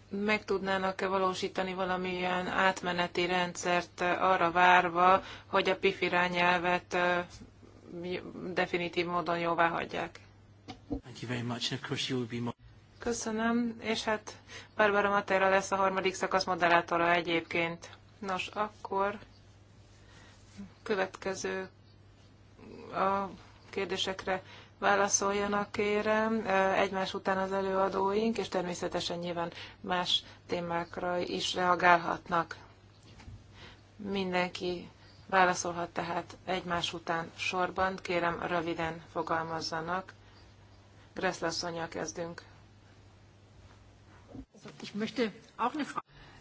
meg tudnának-e valósítani valamilyen átmeneti rendszert arra várva, hogy a PIF irányelvet definitív módon jóvá hagyják? Köszönöm, és hát Barbara Matera lesz a harmadik szakasz moderátora egyébként. Nos, akkor következő a kérdésekre válaszoljanak kérem, egymás után az előadóink, és természetesen nyilván más témákra is reagálhatnak. Mindenki válaszolhat tehát egymás után sorban, kérem röviden fogalmazzanak. Greszlasszonyjal kezdünk.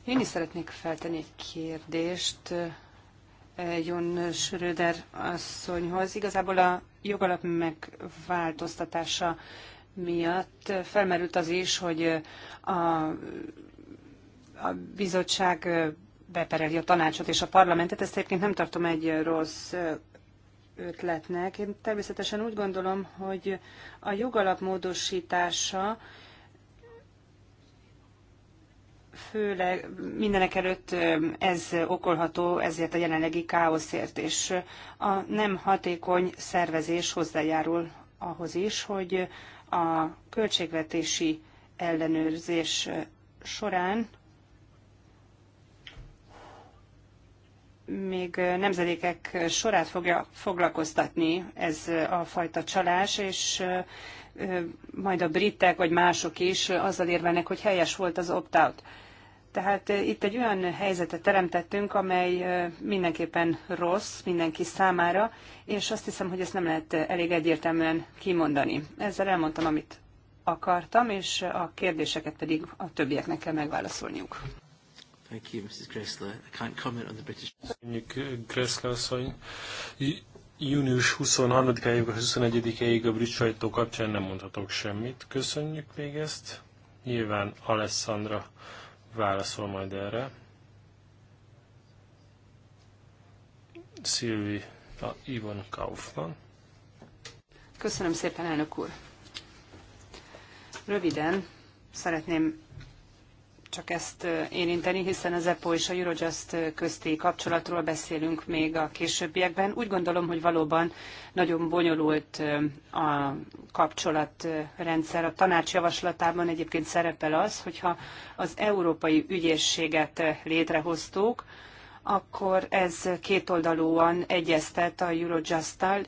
Én is szeretnék feltenni egy kérdést Jon Schröder asszonyhoz. Igazából a jogalap megváltoztatása miatt felmerült az is, hogy a, a bizottság bepereli a tanácsot és a parlamentet. Ezt egyébként nem tartom egy rossz ötletnek. Én természetesen úgy gondolom, hogy a jogalap módosítása főleg mindenek előtt ez okolható ezért a jelenlegi káoszért, és a nem hatékony szervezés hozzájárul ahhoz is, hogy a költségvetési ellenőrzés során még nemzedékek sorát fogja foglalkoztatni ez a fajta csalás, és majd a britek vagy mások is azzal érvelnek, hogy helyes volt az opt-out. Tehát itt egy olyan helyzetet teremtettünk, amely mindenképpen rossz mindenki számára, és azt hiszem, hogy ezt nem lehet elég egyértelműen kimondani. Ezzel elmondtam, amit akartam, és a kérdéseket pedig a többieknek kell megválaszolniuk. Thank you, Mrs. Gressler. I can't comment on the British... Köszönjük, Gressler asszony. Június 23-áig, 21-ig a brit sajtó kapcsán nem mondhatok semmit. Köszönjük még ezt. Nyilván Alessandra válaszol majd erre. Szilvi Ivon Kaufmann. Köszönöm szépen, elnök úr. Röviden szeretném csak ezt érinteni, hiszen az EPO és a Eurojust közti kapcsolatról beszélünk még a későbbiekben. Úgy gondolom, hogy valóban nagyon bonyolult a kapcsolatrendszer. A tanács javaslatában egyébként szerepel az, hogyha az európai ügyészséget létrehoztuk, akkor ez kétoldalúan egyeztet a Eurojust-tal,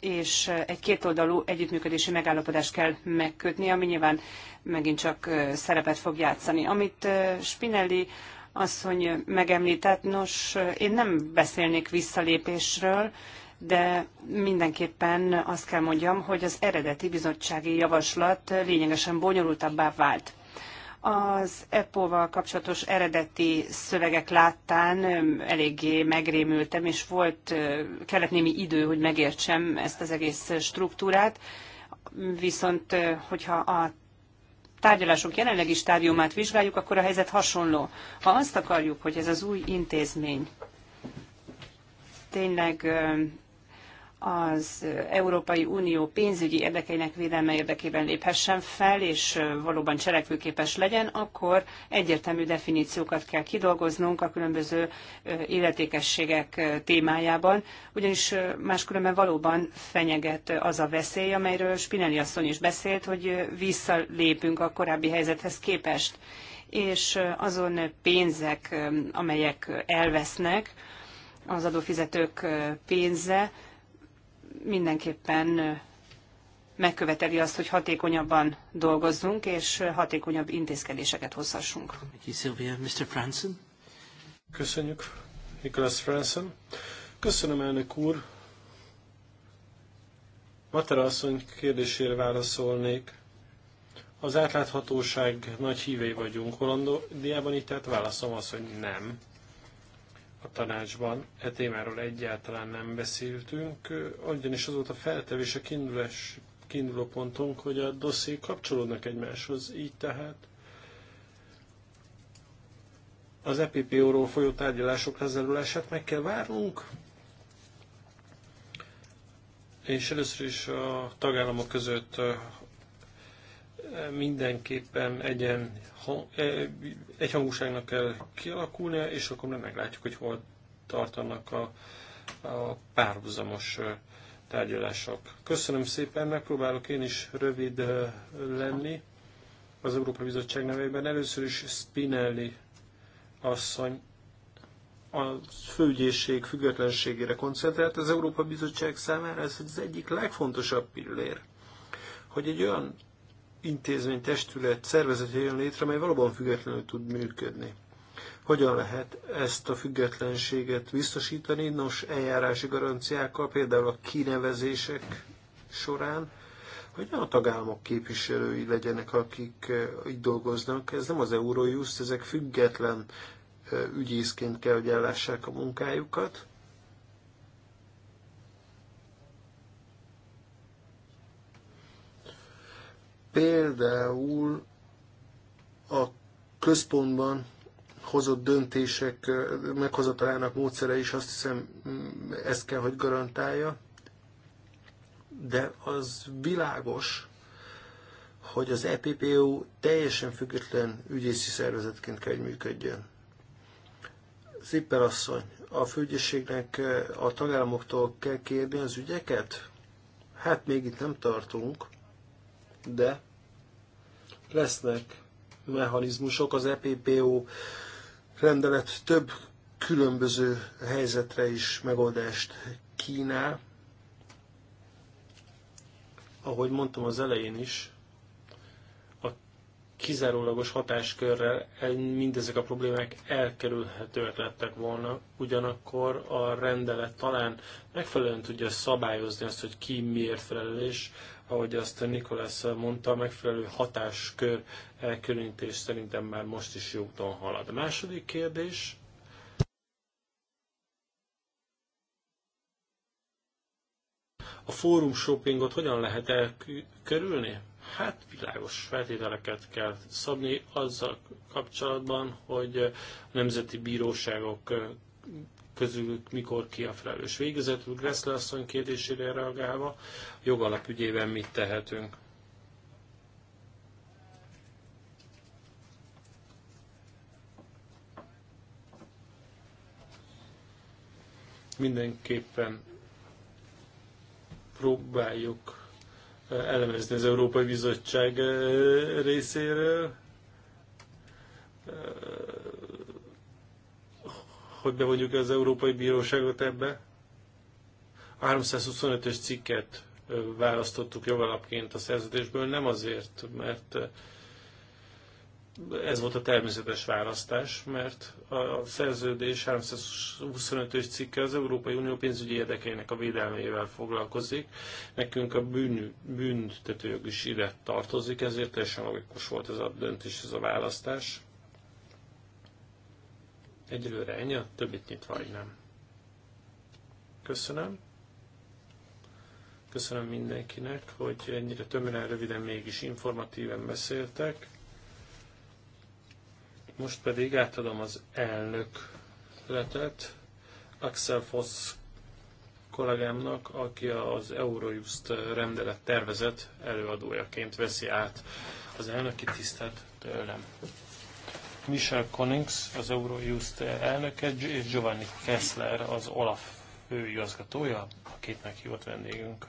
és egy kétoldalú együttműködési megállapodást kell megkötni, ami nyilván megint csak szerepet fog játszani. Amit Spinelli asszony megemlített, nos, én nem beszélnék visszalépésről, de mindenképpen azt kell mondjam, hogy az eredeti bizottsági javaslat lényegesen bonyolultabbá vált. Az EPO-val kapcsolatos eredeti szövegek láttán eléggé megrémültem, és volt, kellett némi idő, hogy megértsem ezt az egész struktúrát, viszont hogyha a tárgyalások jelenlegi stádiumát vizsgáljuk, akkor a helyzet hasonló. Ha azt akarjuk, hogy ez az új intézmény tényleg az Európai Unió pénzügyi érdekeinek védelme érdekében léphessen fel, és valóban cselekvőképes legyen, akkor egyértelmű definíciókat kell kidolgoznunk a különböző illetékességek témájában, ugyanis máskülönben valóban fenyeget az a veszély, amelyről Spinelli asszony is beszélt, hogy visszalépünk a korábbi helyzethez képest, és azon pénzek, amelyek elvesznek, az adófizetők pénze, mindenképpen megköveteli azt, hogy hatékonyabban dolgozzunk, és hatékonyabb intézkedéseket hozhassunk. Köszönjük, Nicholas Franson. Köszönöm, elnök úr. Matera asszony kérdésére válaszolnék. Az átláthatóság nagy hívei vagyunk Hollandiában, így tehát válaszom az, hogy nem a tanácsban e témáról egyáltalán nem beszéltünk, ugyanis az volt a feltevés a kiindulás, kiinduló pontunk, hogy a dosszé kapcsolódnak egymáshoz, így tehát az EPPO-ról folyó tárgyalások lezárulását meg kell várnunk, és először is a tagállamok között mindenképpen egyen, egy hangúságnak kell kialakulnia, és akkor nem meglátjuk, hogy hol tartanak a, a párhuzamos tárgyalások. Köszönöm szépen, megpróbálok én is rövid lenni az Európai Bizottság nevében. Először is Spinelli asszony a főügyészség függetlenségére koncentrált az Európa Bizottság számára, ez az egyik legfontosabb pillér, hogy egy olyan intézmény, testület, szervezet jön létre, amely valóban függetlenül tud működni. Hogyan lehet ezt a függetlenséget biztosítani? Nos, eljárási garanciákkal, például a kinevezések során, hogy a tagállamok képviselői legyenek, akik így dolgoznak. Ez nem az Eurojust, ezek független ügyészként kell, hogy ellássák a munkájukat. Például a központban hozott döntések meghozatalának módszere is azt hiszem mm, ezt kell, hogy garantálja, de az világos, hogy az EPPO teljesen független ügyészi szervezetként kell, hogy működjön. Zipper asszony, a főügyészségnek a tagállamoktól kell kérni az ügyeket? Hát még itt nem tartunk de lesznek mechanizmusok az EPPO rendelet több különböző helyzetre is megoldást kínál. Ahogy mondtam az elején is, a kizárólagos hatáskörrel mindezek a problémák elkerülhetőek lettek volna, ugyanakkor a rendelet talán megfelelően tudja szabályozni azt, hogy ki miért felelős, ahogy azt Nikolász mondta, a megfelelő hatáskör elkülönítés szerintem már most is jó úton halad. A második kérdés, a fórum shoppingot hogyan lehet elkerülni? Hát világos feltételeket kell szabni azzal kapcsolatban, hogy a nemzeti bíróságok közülük mikor ki a felelős. Végezetül Gressler asszony kérdésére reagálva, jogalapügyében mit tehetünk? Mindenképpen próbáljuk eh, elemezni az Európai Bizottság eh, részéről eh, hogy bevonjuk az Európai Bíróságot ebbe. A 325-ös cikket választottuk jogalapként a szerződésből, nem azért, mert ez volt a természetes választás, mert a szerződés 325-ös cikke az Európai Unió pénzügyi érdekeinek a védelmével foglalkozik. Nekünk a bűn, büntetőjog is ide tartozik, ezért teljesen logikus volt ez a döntés, ez a választás. Egyelőre ennyi, a többit nyitva nem. Köszönöm. Köszönöm mindenkinek, hogy ennyire tömören, röviden, mégis informatíven beszéltek. Most pedig átadom az elnök letet Axel Foss kollégámnak, aki az Eurojust rendelet tervezet előadójaként veszi át az elnöki tisztet tőlem. Michel Konings, az Eurojust elnöke, és Giovanni Kessler, az Olaf főigazgatója, akit hívott vendégünk.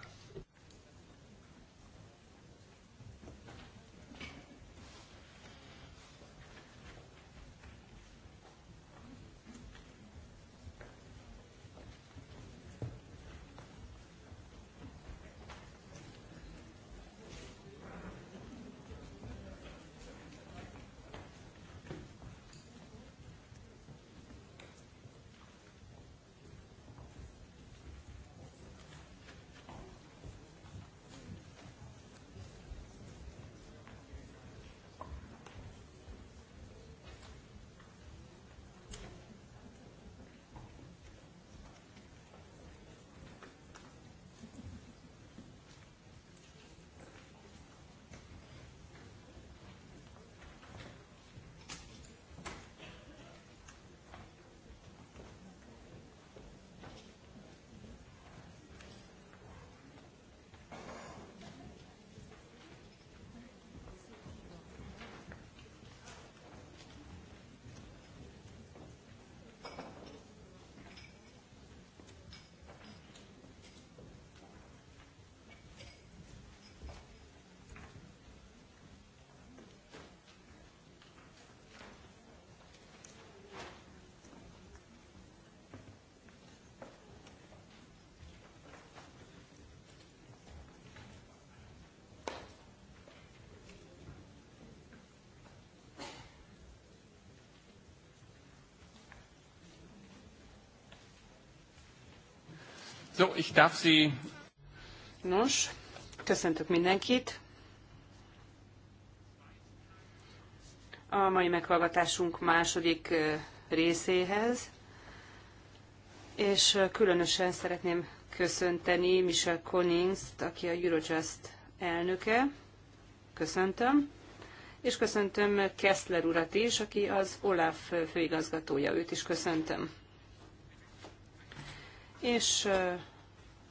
So, ich darf Sie... Nos, köszöntök mindenkit. A mai meghallgatásunk második részéhez, és különösen szeretném köszönteni Michel Konings, aki a Eurojust elnöke. Köszöntöm. És köszöntöm Kessler urat is, aki az OLAF főigazgatója. Őt is köszöntöm. És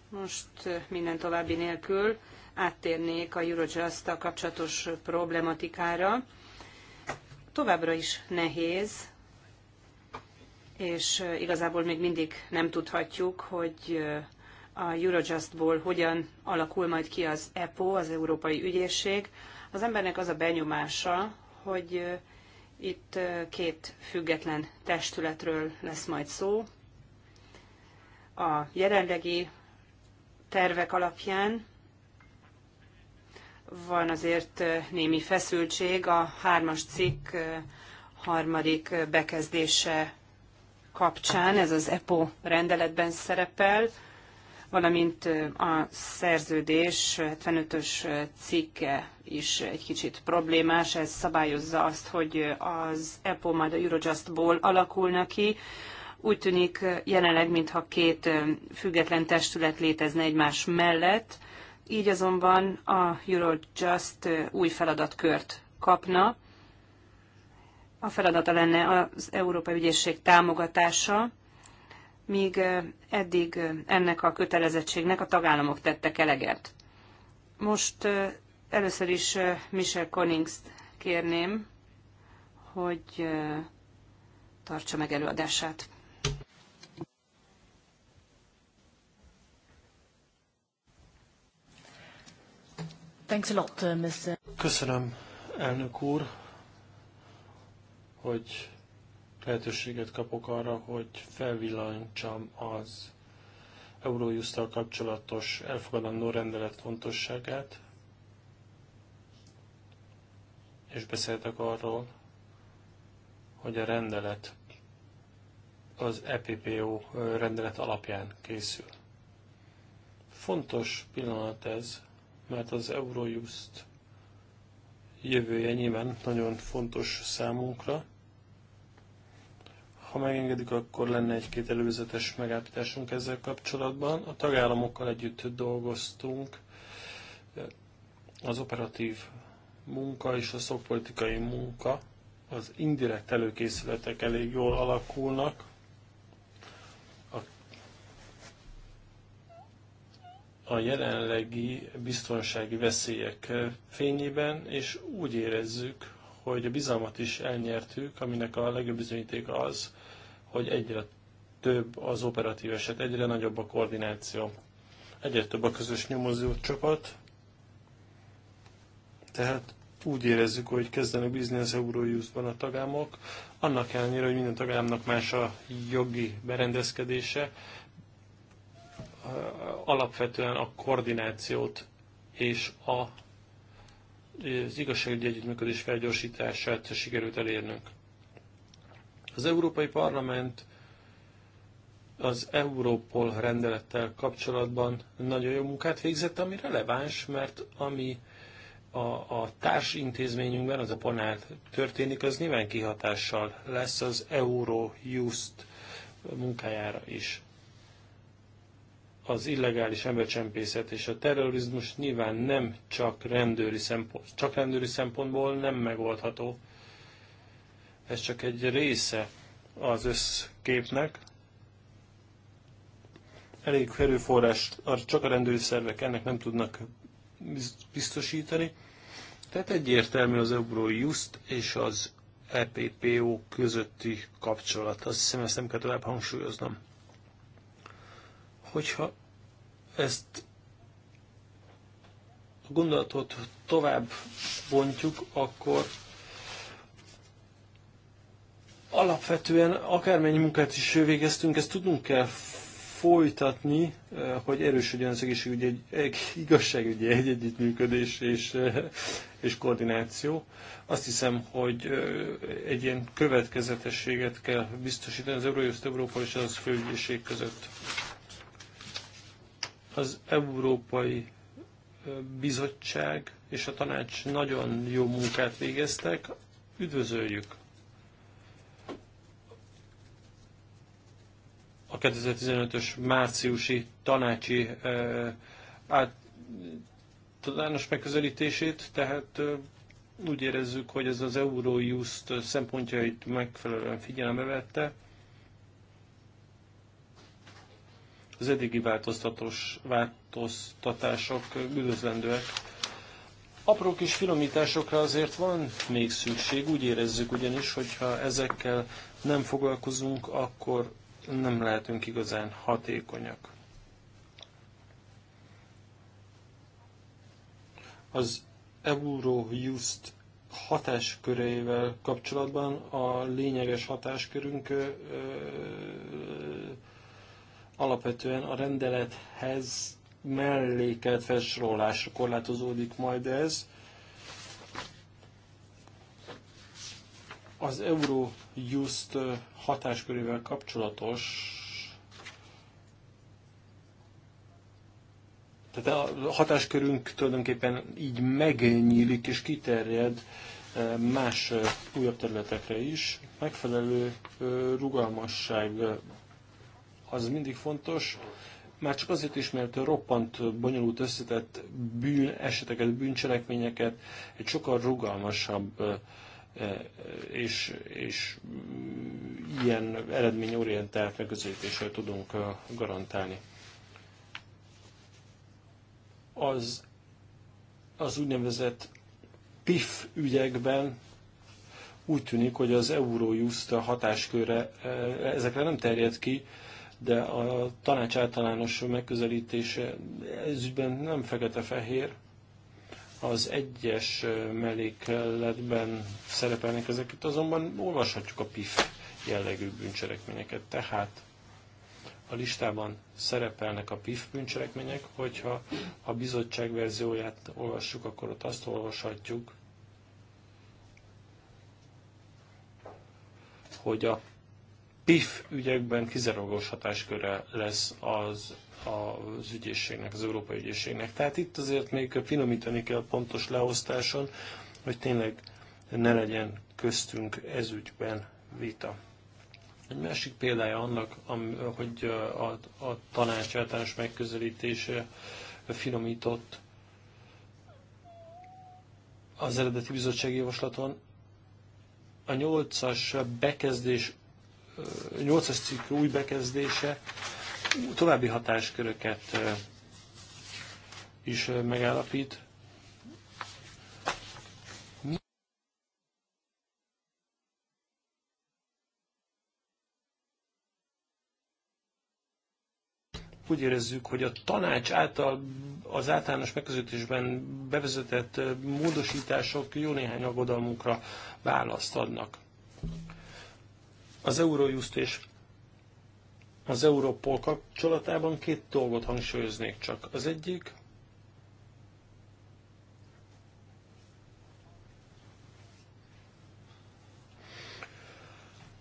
most minden további nélkül áttérnék a eurojust kapcsolatos problematikára. Továbbra is nehéz, és igazából még mindig nem tudhatjuk, hogy a Eurojustból hogyan alakul majd ki az EPO, az Európai Ügyészség. Az embernek az a benyomása, hogy itt két független testületről lesz majd szó, a jelenlegi tervek alapján van azért némi feszültség a hármas cikk harmadik bekezdése kapcsán, ez az EPO rendeletben szerepel, valamint a szerződés 75-ös cikke is egy kicsit problémás, ez szabályozza azt, hogy az EPO majd a Eurojustból alakulna ki, úgy tűnik jelenleg, mintha két független testület létezne egymás mellett, így azonban a Eurojust új feladatkört kapna. A feladata lenne az Európai Ügyészség támogatása, míg eddig ennek a kötelezettségnek a tagállamok tettek eleget. Most először is Michel connings kérném, hogy tartsa meg előadását. Thanks a lot, uh, Mr. Köszönöm, elnök úr, hogy lehetőséget kapok arra, hogy felvillancsam az Eurojusztal kapcsolatos elfogadandó rendelet fontosságát, és beszéltek arról, hogy a rendelet az EPPO rendelet alapján készül. Fontos pillanat ez, mert az Eurojust jövője nyilván nagyon fontos számunkra. Ha megengedik, akkor lenne egy-két előzetes megállapításunk ezzel kapcsolatban. A tagállamokkal együtt dolgoztunk az operatív munka és a szakpolitikai munka, az indirekt előkészületek elég jól alakulnak, a jelenlegi biztonsági veszélyek fényében, és úgy érezzük, hogy a bizalmat is elnyertük, aminek a legjobb bizonyítéka az, hogy egyre több az operatív eset, egyre nagyobb a koordináció, egyre több a közös nyomozó csapat, tehát úgy érezzük, hogy kezdenek bízni az Eurojustban a tagállamok, annak ellenére, hogy minden tagállamnak más a jogi berendezkedése, alapvetően a koordinációt és a, az igazságügyi együttműködés felgyorsítását sikerült elérnünk. Az Európai Parlament az Európol rendelettel kapcsolatban nagyon jó munkát végzett, ami releváns, mert ami a, a társintézményünkben, az a panel történik, az nyilván kihatással lesz az Eurojust munkájára is az illegális embercsempészet és a terrorizmus nyilván nem csak rendőri, szempont, csak rendőri szempontból nem megoldható. Ez csak egy része az összképnek. Elég erőforrás csak a rendőri szervek ennek nem tudnak biztosítani. Tehát egyértelmű az Eurojust és az EPPO közötti kapcsolat. Azt hiszem, ezt nem kell tovább hangsúlyoznom. Hogyha ezt a gondolatot tovább bontjuk, akkor alapvetően akármennyi munkát is végeztünk, ezt tudnunk kell folytatni, eh, hogy erősödjön az egészségügyi, egy, egy, igazságügyi egy együttműködés és, eh, és koordináció. Azt hiszem, hogy eh, egy ilyen következetességet kell biztosítani az Eurojust Európa és az főügyészség között. Az Európai Bizottság és a tanács nagyon jó munkát végeztek, üdvözöljük a 2015-ös márciusi tanácsi általános megközelítését, tehát úgy érezzük, hogy ez az Eurojust szempontjait megfelelően figyelembe vette. az eddigi változtatós, változtatások üdvözlendőek. Apró kis finomításokra azért van még szükség, úgy érezzük ugyanis, hogyha ezekkel nem foglalkozunk, akkor nem lehetünk igazán hatékonyak. Az Eurojust hatáskörével kapcsolatban a lényeges hatáskörünk Alapvetően a rendelethez mellékelt felsorolásra korlátozódik majd ez. Az Eurojust hatáskörével kapcsolatos Tehát a hatáskörünk tulajdonképpen így megnyílik és kiterjed e, más e, újabb területekre is. Megfelelő e, rugalmasság az mindig fontos, már csak azért is, mert roppant, bonyolult, összetett bűn eseteket, bűncselekményeket egy sokkal rugalmasabb és, és mm, ilyen eredményorientált megközelítéssel tudunk garantálni. Az, az úgynevezett PIF ügyekben úgy tűnik, hogy az Eurojust hatásköre ezekre nem terjed ki, de a tanács általános megközelítése ügyben nem fekete-fehér. Az egyes mellékletben szerepelnek ezek itt, azonban olvashatjuk a PIF jellegű bűncselekményeket. Tehát a listában szerepelnek a PIF bűncselekmények, hogyha a bizottság verzióját olvassuk, akkor ott azt olvashatjuk, hogy a PIF ügyekben kizárólagos hatáskörre lesz az az ügyészségnek, az Európai Ügyészségnek. Tehát itt azért még finomítani kell pontos leosztáson, hogy tényleg ne legyen köztünk ez ügyben vita. Egy másik példája annak, hogy a, a tanács általános megközelítése finomított az eredeti bizottsági javaslaton, a nyolcas bekezdés 8-as cikk új bekezdése további hatásköröket is megállapít. Úgy érezzük, hogy a tanács által az általános megközelítésben bevezetett módosítások jó néhány aggodalmunkra választ adnak. Az Eurojust és az Európol kapcsolatában két dolgot hangsúlyoznék csak. Az egyik,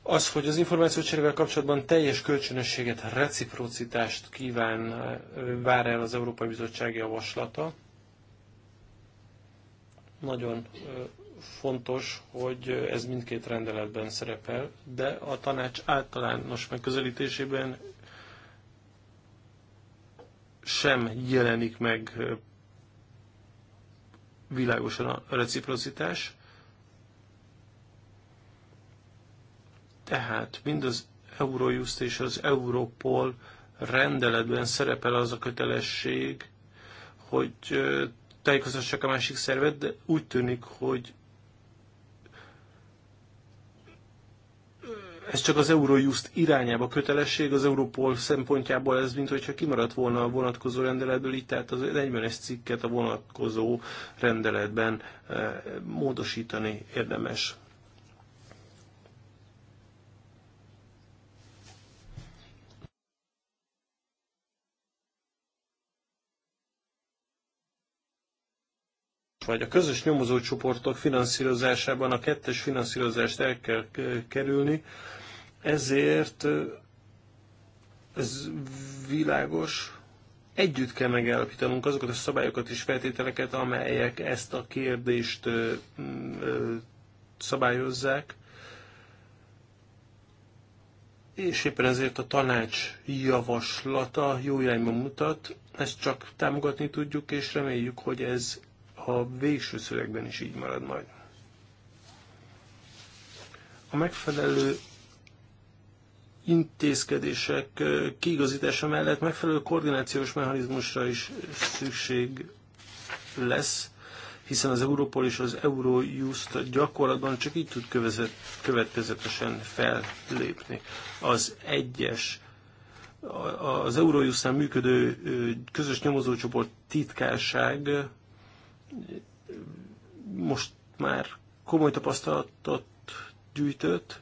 az, hogy az információcserével kapcsolatban teljes kölcsönösséget, reciprocitást kíván, vár el az Európai Bizottság javaslata. Nagyon fontos, hogy ez mindkét rendeletben szerepel, de a tanács általános megközelítésében sem jelenik meg világosan a reciprocitás. Tehát mind az Eurojust és az Europol rendeletben szerepel az a kötelesség, hogy tájékoztassák a másik szervet, de úgy tűnik, hogy ez csak az Eurojust irányába kötelesség, az Europol szempontjából ez, mint hogyha kimaradt volna a vonatkozó rendeletből, így tehát az 40-es cikket a vonatkozó rendeletben eh, módosítani érdemes. vagy a közös nyomozócsoportok finanszírozásában a kettes finanszírozást el kell kerülni, ezért ez világos, együtt kell megállapítanunk azokat a szabályokat és feltételeket, amelyek ezt a kérdést szabályozzák, és éppen ezért a tanács javaslata jó irányba mutat, ezt csak támogatni tudjuk, és reméljük, hogy ez a végső szövegben is így marad majd. A megfelelő intézkedések kiigazítása mellett megfelelő koordinációs mechanizmusra is szükség lesz, hiszen az Europol és az Eurojust gyakorlatban csak így tud következetesen fellépni. Az egyes az Eurojustán működő közös nyomozócsoport titkárság most már komoly tapasztalatot gyűjtött,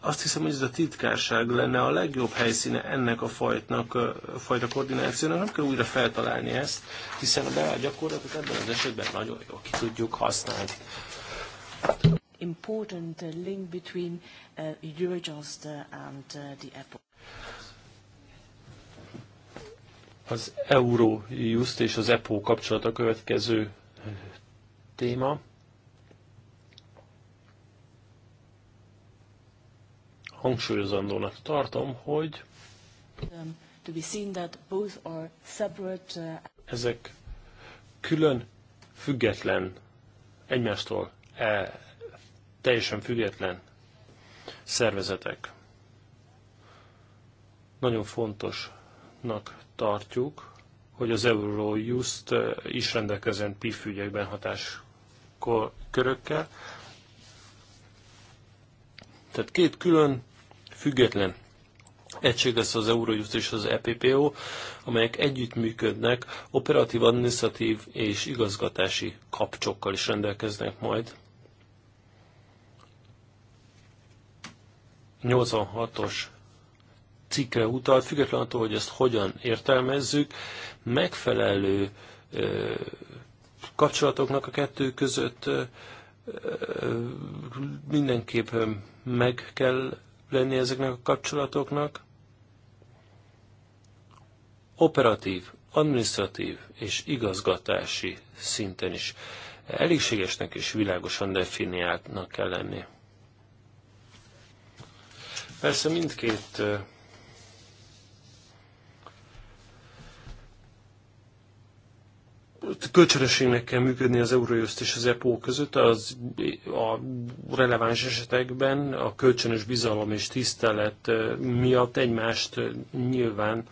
azt hiszem, hogy ez a titkárság lenne a legjobb helyszíne ennek a fajtnak, a fajta koordinációnak. Nem kell újra feltalálni ezt, hiszen a bevált gyakorlatot ebben az esetben nagyon jól ki tudjuk használni. Important uh, link between uh, Eurojust uh, and uh, the Apple. Az Eurojust és az EPO kapcsolata következő téma. Hangsúlyozandónak tartom, hogy uh, ezek külön független, egymástól e, teljesen független szervezetek. Nagyon fontosnak tartjuk, hogy az Eurojust eh, is rendelkezzen PIF ügyekben hatáskörökkel. Tehát két külön független egység lesz az Eurojust és az EPPO, amelyek együttműködnek, operatív, administratív és igazgatási kapcsokkal is rendelkeznek majd. 86-os cikkre utal, függetlenül attól, hogy ezt hogyan értelmezzük, megfelelő kapcsolatoknak a kettő között mindenképp meg kell lenni ezeknek a kapcsolatoknak. Operatív, administratív és igazgatási szinten is elégségesnek és világosan definiáltnak kell lenni. Persze mindkét kölcsönösségnek kell működni az Eurojust és az EPO között, az a releváns esetekben a kölcsönös bizalom és tisztelet miatt egymást nyilván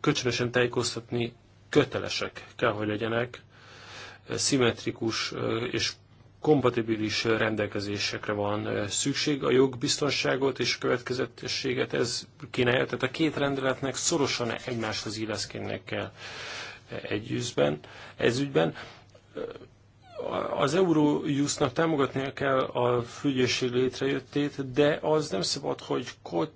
kölcsönösen tájékoztatni kötelesek kell, hogy legyenek, szimmetrikus és kompatibilis rendelkezésekre van szükség. A jogbiztonságot és következetességet ez kínálja, tehát a két rendeletnek szorosan egymáshoz illeszkednek kell egy ezügyben. ez Az Eurojustnak támogatnia kell a fügyészség létrejöttét, de az nem szabad, hogy kot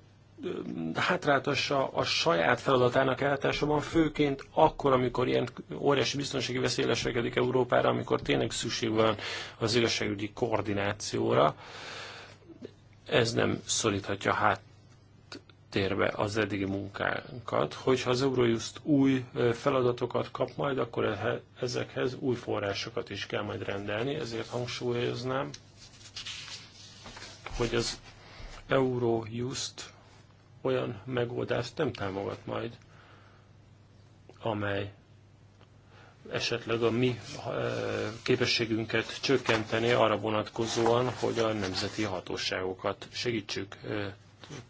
hátráltassa a saját feladatának ellátásában, főként akkor, amikor ilyen óriási biztonsági veszély Európára, amikor tényleg szükség van az igazságügyi koordinációra. Ez nem szoríthatja hát háttérbe az eddigi munkánkat, hogyha az Eurojust új feladatokat kap majd, akkor ezekhez új forrásokat is kell majd rendelni, ezért hangsúlyoznám, hogy az Eurojust olyan megoldást nem támogat majd, amely esetleg a mi képességünket csökkenteni arra vonatkozóan, hogy a nemzeti hatóságokat segítsük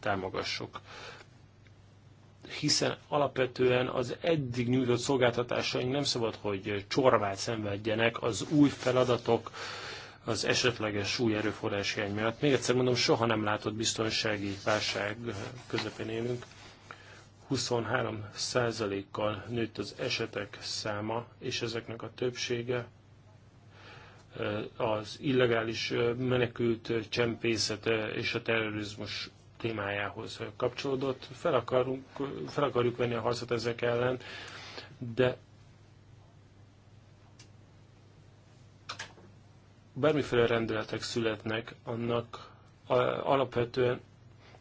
támogassuk. Hiszen alapvetően az eddig nyújtott szolgáltatásaink nem szabad, hogy csorvát szenvedjenek az új feladatok, az esetleges új erőforrás hiány miatt. Még egyszer mondom, soha nem látott biztonsági válság közepén élünk. 23%-kal nőtt az esetek száma, és ezeknek a többsége az illegális menekült csempészet és a terrorizmus témájához kapcsolódott. Fel, akarunk, fel akarjuk venni a harcot ezek ellen, de bármiféle rendeletek születnek, annak alapvetően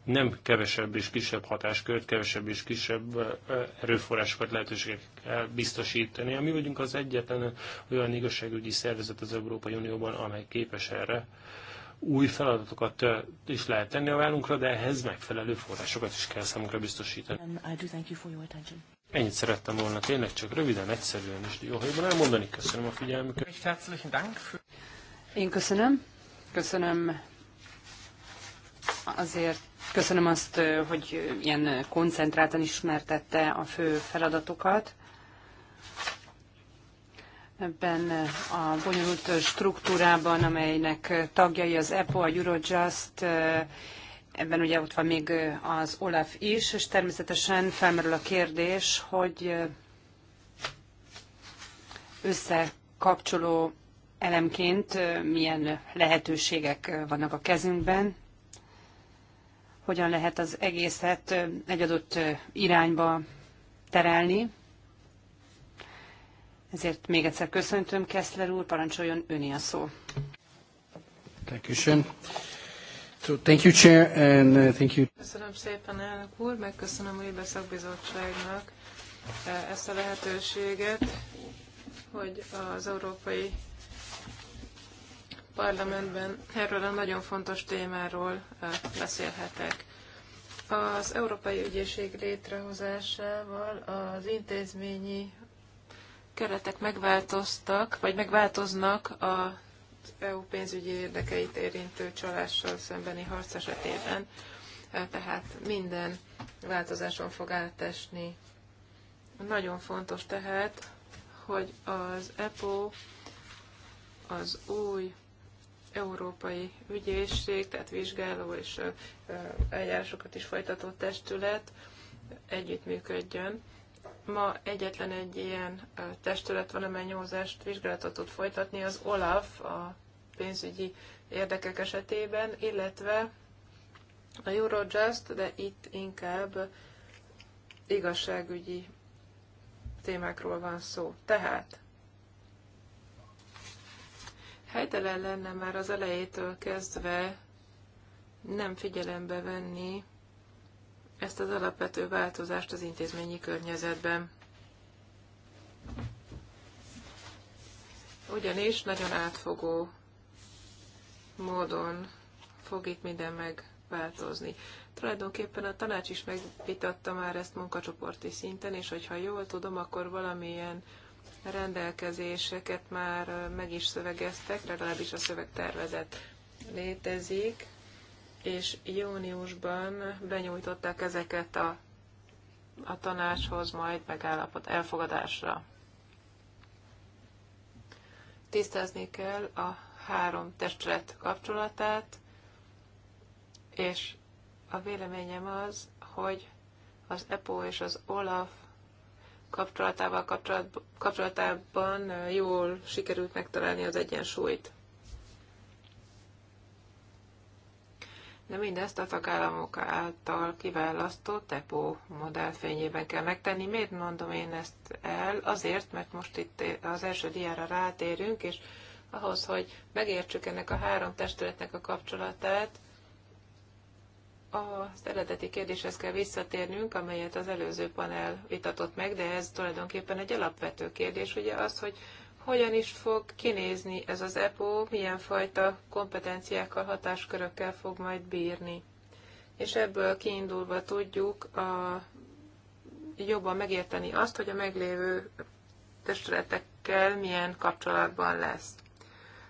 nem kevesebb és kisebb hatáskört, kevesebb és kisebb erőforrásokat, lehetőségeket kell biztosítani. Mi vagyunk az egyetlen olyan igazságügyi szervezet az Európai Unióban, amely képes erre új feladatokat is lehet tenni a vállunkra, de ehhez megfelelő forrásokat is kell számunkra biztosítani. Ennyit szerettem volna tényleg csak röviden, egyszerűen és dióhajban elmondani. Köszönöm a figyelmüket. Én köszönöm. Köszönöm azért Köszönöm azt, hogy ilyen koncentráltan ismertette a fő feladatokat ebben a bonyolult struktúrában, amelynek tagjai az EPO, a Eurojust, ebben ugye ott van még az OLAF is, és természetesen felmerül a kérdés, hogy összekapcsoló elemként milyen lehetőségek vannak a kezünkben, hogyan lehet az egészet egy adott irányba terelni, ezért még egyszer köszöntöm, Kessler úr, parancsoljon öné a szó. Köszönöm. So, thank you, Chair, and uh, thank you. Köszönöm szépen, elnök úr, megköszönöm a Libe Szakbizottságnak eh, ezt a lehetőséget, hogy az Európai Parlamentben erről a nagyon fontos témáról eh, beszélhetek. Az Európai Ügyészség létrehozásával az intézményi keretek megváltoztak, vagy megváltoznak a EU pénzügyi érdekeit érintő csalással szembeni harc esetében, e, tehát minden változáson fog átesni. Nagyon fontos tehát, hogy az EPO az új Európai Ügyészség, tehát vizsgáló és eljárásokat is folytató testület együttműködjön ma egyetlen egy ilyen testület van, amely nyomozást, vizsgálatot tud folytatni, az OLAF a pénzügyi érdekek esetében, illetve a Eurojust, de itt inkább igazságügyi témákról van szó. Tehát helytelen lenne már az elejétől kezdve nem figyelembe venni ezt az alapvető változást az intézményi környezetben. Ugyanis nagyon átfogó módon fog itt minden megváltozni. Tulajdonképpen a tanács is megvitatta már ezt munkacsoporti szinten, és hogyha jól tudom, akkor valamilyen rendelkezéseket már meg is szövegeztek, legalábbis a szövegtervezet létezik és júniusban benyújtották ezeket a, a tanácshoz, majd megállapot elfogadásra. Tisztázni kell a három testület kapcsolatát, és a véleményem az, hogy az EPO és az OLAF kapcsolatával kapcsolatban jól sikerült megtalálni az egyensúlyt. de mindezt a tagállamok által kiválasztott EPO modell fényében kell megtenni. Miért mondom én ezt el? Azért, mert most itt az első diára rátérünk, és ahhoz, hogy megértsük ennek a három testületnek a kapcsolatát, az eredeti kérdéshez kell visszatérnünk, amelyet az előző panel vitatott meg, de ez tulajdonképpen egy alapvető kérdés, ugye az, hogy hogyan is fog kinézni ez az EPO, milyen fajta kompetenciákkal, hatáskörökkel fog majd bírni. És ebből kiindulva tudjuk a, jobban megérteni azt, hogy a meglévő testületekkel milyen kapcsolatban lesz.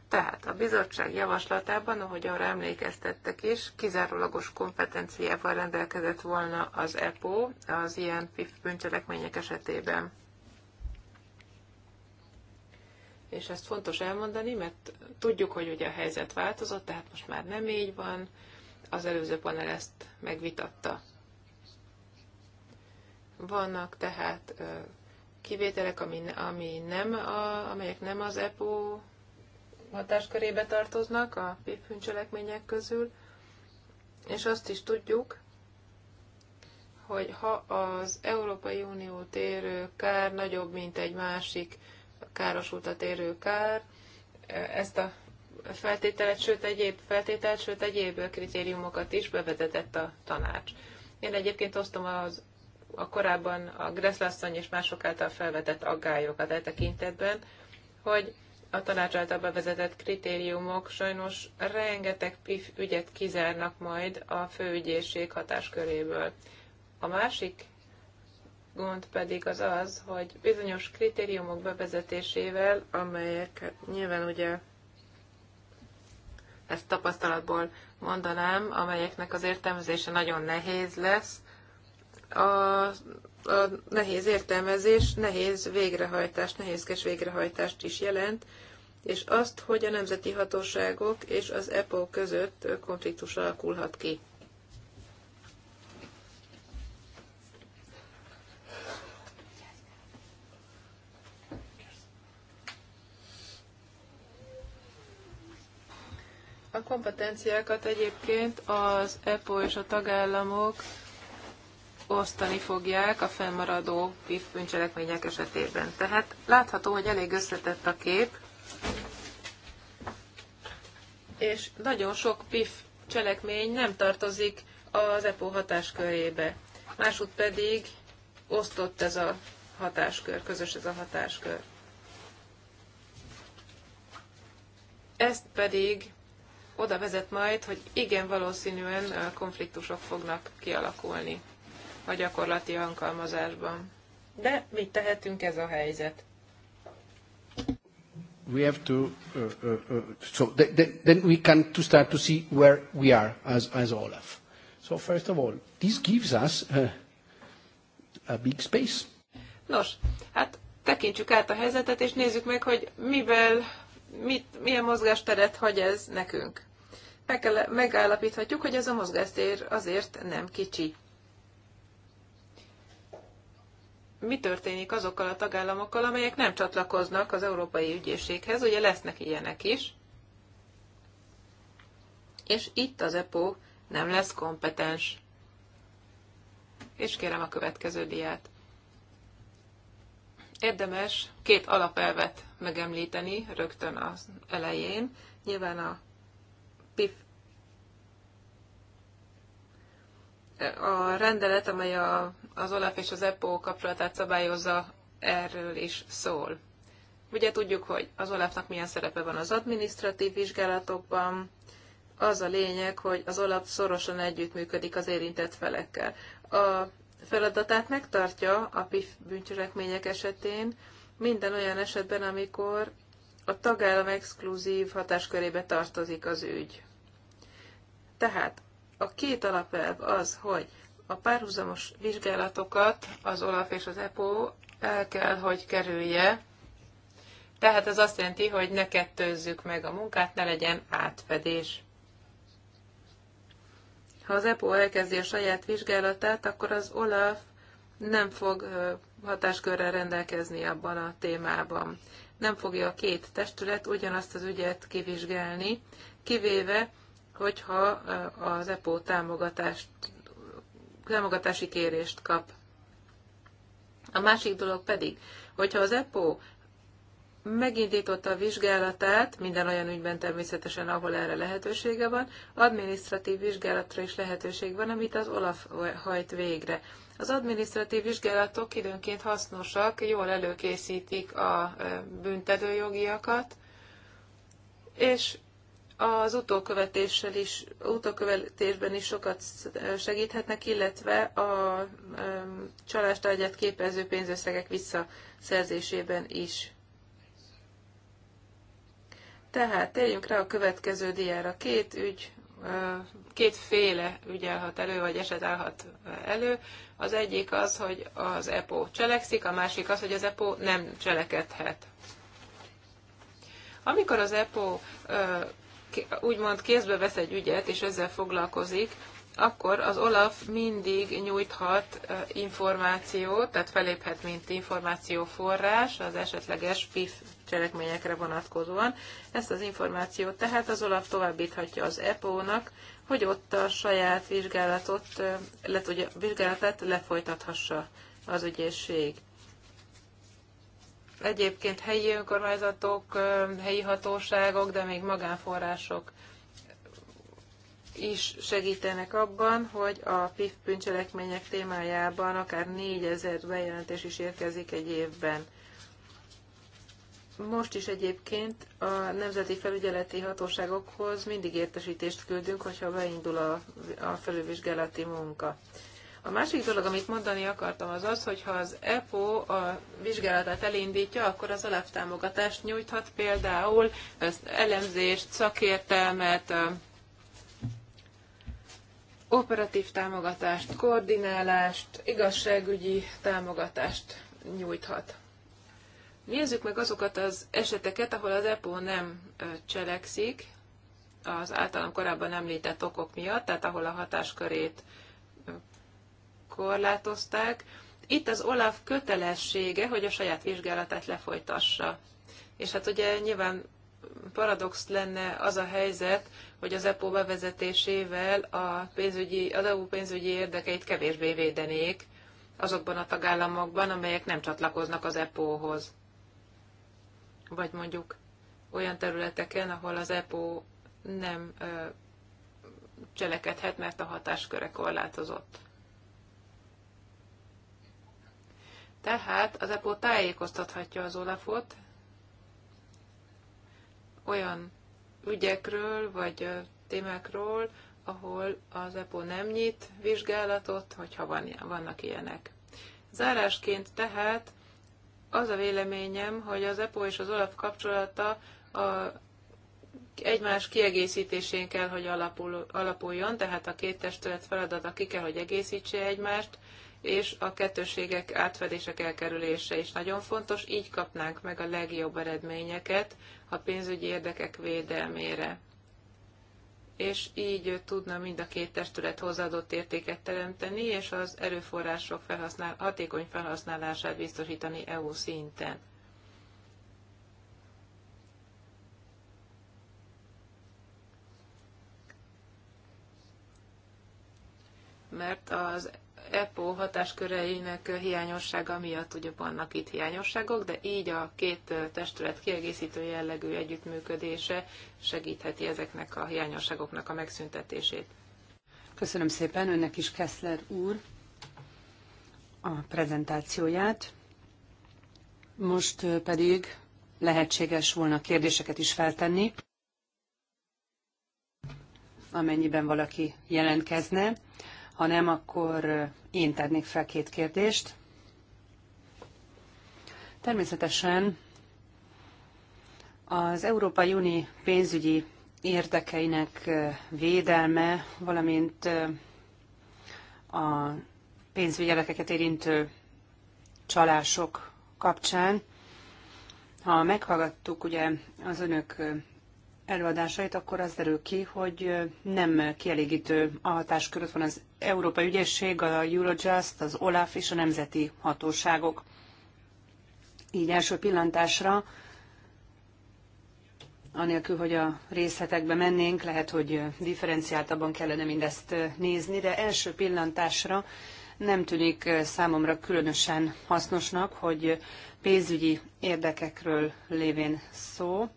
Tehát a bizottság javaslatában, ahogy arra emlékeztettek is, kizárólagos kompetenciával rendelkezett volna az EPO az ilyen bűncselekmények esetében. és ezt fontos elmondani, mert tudjuk, hogy ugye a helyzet változott, tehát most már nem így van, az előző panel ezt megvitatta. Vannak tehát kivételek, ami, ami nem a, amelyek nem az EPO hatáskörébe tartoznak a PIP bűncselekmények közül, és azt is tudjuk, hogy ha az Európai Unió térő kár nagyobb, mint egy másik a érő kár, ezt a feltételet, sőt egyéb feltételt, sőt egyéb kritériumokat is bevezetett a tanács. Én egyébként osztom az, a korábban a Greszlasszony és mások által felvetett aggályokat e tekintetben, hogy a tanács által bevezetett kritériumok sajnos rengeteg PIF ügyet kizárnak majd a főügyészség hatásköréből. A másik gond pedig az az, hogy bizonyos kritériumok bevezetésével, amelyek nyilván ugye ezt tapasztalatból mondanám, amelyeknek az értelmezése nagyon nehéz lesz. A, a nehéz értelmezés nehéz végrehajtást, nehézkes végrehajtást is jelent, és azt, hogy a nemzeti hatóságok és az EPO között konfliktus alakulhat ki. A kompetenciákat egyébként az EPO és a tagállamok osztani fogják a fennmaradó PIF bűncselekmények esetében. Tehát látható, hogy elég összetett a kép, és nagyon sok PIF cselekmény nem tartozik az EPO hatáskörébe. Másút pedig osztott ez a hatáskör, közös ez a hatáskör. Ezt pedig oda vezet majd, hogy igen valószínűen konfliktusok fognak kialakulni a gyakorlati alkalmazásban. De mit tehetünk ez a helyzet? We have to, uh, uh, uh, so th th then we can to start to see where we are as, as Olaf. So first of all, this gives us uh, a big space. Nos, hát tekintsük át a helyzetet, és nézzük meg, hogy mivel mit, milyen mozgásteret hagy ez nekünk. Meg kell, megállapíthatjuk, hogy ez a mozgástér azért nem kicsi. Mi történik azokkal a tagállamokkal, amelyek nem csatlakoznak az Európai Ügyészséghez? Ugye lesznek ilyenek is. És itt az EPO nem lesz kompetens. És kérem a következő diát. Érdemes két alapelvet megemlíteni rögtön az elején. Nyilván a PIF a rendelet, amely a, az OLAF és az EPO kapcsolatát szabályozza, erről is szól. Ugye tudjuk, hogy az olafnak milyen szerepe van az adminisztratív vizsgálatokban. Az a lényeg, hogy az olaf szorosan együttműködik az érintett felekkel. A feladatát megtartja a PIF bűncselekmények esetén minden olyan esetben, amikor a tagállam exkluzív hatáskörébe tartozik az ügy. Tehát a két alapelv az, hogy a párhuzamos vizsgálatokat az OLAF és az EPO el kell, hogy kerülje. Tehát ez azt jelenti, hogy ne kettőzzük meg a munkát, ne legyen átfedés ha az EPO elkezdi a saját vizsgálatát, akkor az OLAF nem fog hatáskörrel rendelkezni abban a témában. Nem fogja a két testület ugyanazt az ügyet kivizsgálni, kivéve, hogyha az EPO támogatást, támogatási kérést kap. A másik dolog pedig, hogyha az EPO megindította a vizsgálatát, minden olyan ügyben természetesen, ahol erre lehetősége van, adminisztratív vizsgálatra is lehetőség van, amit az OLAF hajt végre. Az administratív vizsgálatok időnként hasznosak, jól előkészítik a büntetőjogiakat, és az utókövetéssel is, utókövetésben is sokat segíthetnek, illetve a csalástárgyát képező pénzösszegek visszaszerzésében is. Tehát térjünk rá a következő diára. Két ügy, kétféle ügy állhat elő, vagy eset állhat elő. Az egyik az, hogy az EPO cselekszik, a másik az, hogy az EPO nem cselekedhet. Amikor az EPO úgymond kézbe vesz egy ügyet, és ezzel foglalkozik, akkor az OLAF mindig nyújthat információt, tehát feléphet, mint információforrás az esetleges PIF bűncselekményekre vonatkozóan. Ezt az információt tehát az OLAF továbbíthatja az EPO-nak, hogy ott a saját vizsgálatot, le tudja, vizsgálatát lefolytathassa az ügyészség. Egyébként helyi önkormányzatok, helyi hatóságok, de még magánforrások is segítenek abban, hogy a PIF bűncselekmények témájában akár 4000 bejelentés is érkezik egy évben. Most is egyébként a nemzeti felügyeleti hatóságokhoz mindig értesítést küldünk, hogyha beindul a, a felülvizsgálati munka. A másik dolog, amit mondani akartam, az az, hogy ha az EPO a vizsgálatát elindítja, akkor az alaptámogatást nyújthat például az elemzést, szakértelmet, operatív támogatást, koordinálást, igazságügyi támogatást nyújthat. Nézzük meg azokat az eseteket, ahol az EPO nem cselekszik az általam korábban említett okok miatt, tehát ahol a hatáskörét korlátozták. Itt az OLAF kötelessége, hogy a saját vizsgálatát lefolytassa. És hát ugye nyilván paradox lenne az a helyzet, hogy az EPO bevezetésével a pénzügyi, az EU pénzügyi érdekeit kevésbé védenék azokban a tagállamokban, amelyek nem csatlakoznak az EPO-hoz vagy mondjuk olyan területeken, ahol az EPO nem cselekedhet, mert a hatásköre korlátozott. Tehát az EPO tájékoztathatja az Olafot olyan ügyekről vagy témákról, ahol az EPO nem nyit vizsgálatot, hogyha van, vannak ilyenek. Zárásként tehát az a véleményem, hogy az EPO és az OLAF kapcsolata a egymás kiegészítésén kell, hogy alapul, alapuljon, tehát a két testület feladata ki kell, hogy egészítse egymást, és a kettőségek átfedések elkerülése is nagyon fontos, így kapnánk meg a legjobb eredményeket a pénzügyi érdekek védelmére és így tudna mind a két testület hozzáadott értéket teremteni, és az erőforrások felhasznál, hatékony felhasználását biztosítani EU szinten. mert az EPO hatásköreinek hiányossága miatt ugye vannak itt hiányosságok, de így a két testület kiegészítő jellegű együttműködése segítheti ezeknek a hiányosságoknak a megszüntetését. Köszönöm szépen önnek is, Kessler úr, a prezentációját. Most pedig lehetséges volna kérdéseket is feltenni, amennyiben valaki jelentkezne. Ha nem, akkor én tennék fel két kérdést. Természetesen az Európai Unió pénzügyi érdekeinek védelme, valamint a pénzügyi érintő csalások kapcsán. Ha meghallgattuk ugye az önök előadásait, akkor az derül ki, hogy nem kielégítő a hatáskör. van az Európai Ügyészség, a Eurojust, az OLAF és a nemzeti hatóságok. Így első pillantásra, anélkül, hogy a részletekbe mennénk, lehet, hogy differenciáltabban kellene mindezt nézni, de első pillantásra nem tűnik számomra különösen hasznosnak, hogy pénzügyi érdekekről lévén szó,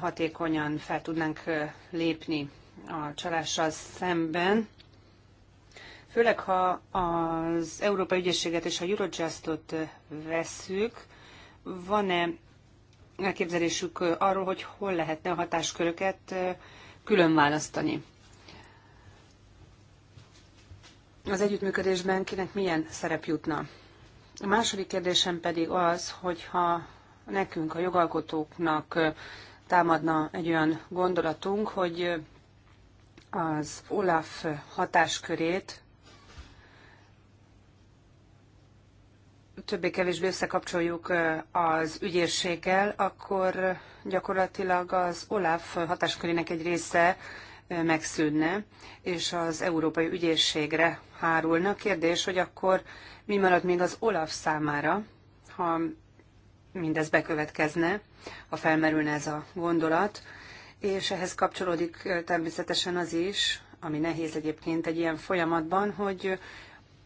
hatékonyan fel tudnánk lépni a csalással szemben. Főleg, ha az Európai Ügyészséget és a Eurojustot veszük, van-e elképzelésük arról, hogy hol lehetne a hatásköröket külön választani? Az együttműködésben kinek milyen szerep jutna? A második kérdésem pedig az, hogyha nekünk, a jogalkotóknak támadna egy olyan gondolatunk, hogy az Olaf hatáskörét többé-kevésbé összekapcsoljuk az ügyészséggel, akkor gyakorlatilag az OLAF hatáskörének egy része megszűnne, és az Európai Ügyészségre hárulna. Kérdés, hogy akkor mi marad még az OLAF számára, ha mindez bekövetkezne, ha felmerülne ez a gondolat, és ehhez kapcsolódik természetesen az is, ami nehéz egyébként egy ilyen folyamatban, hogy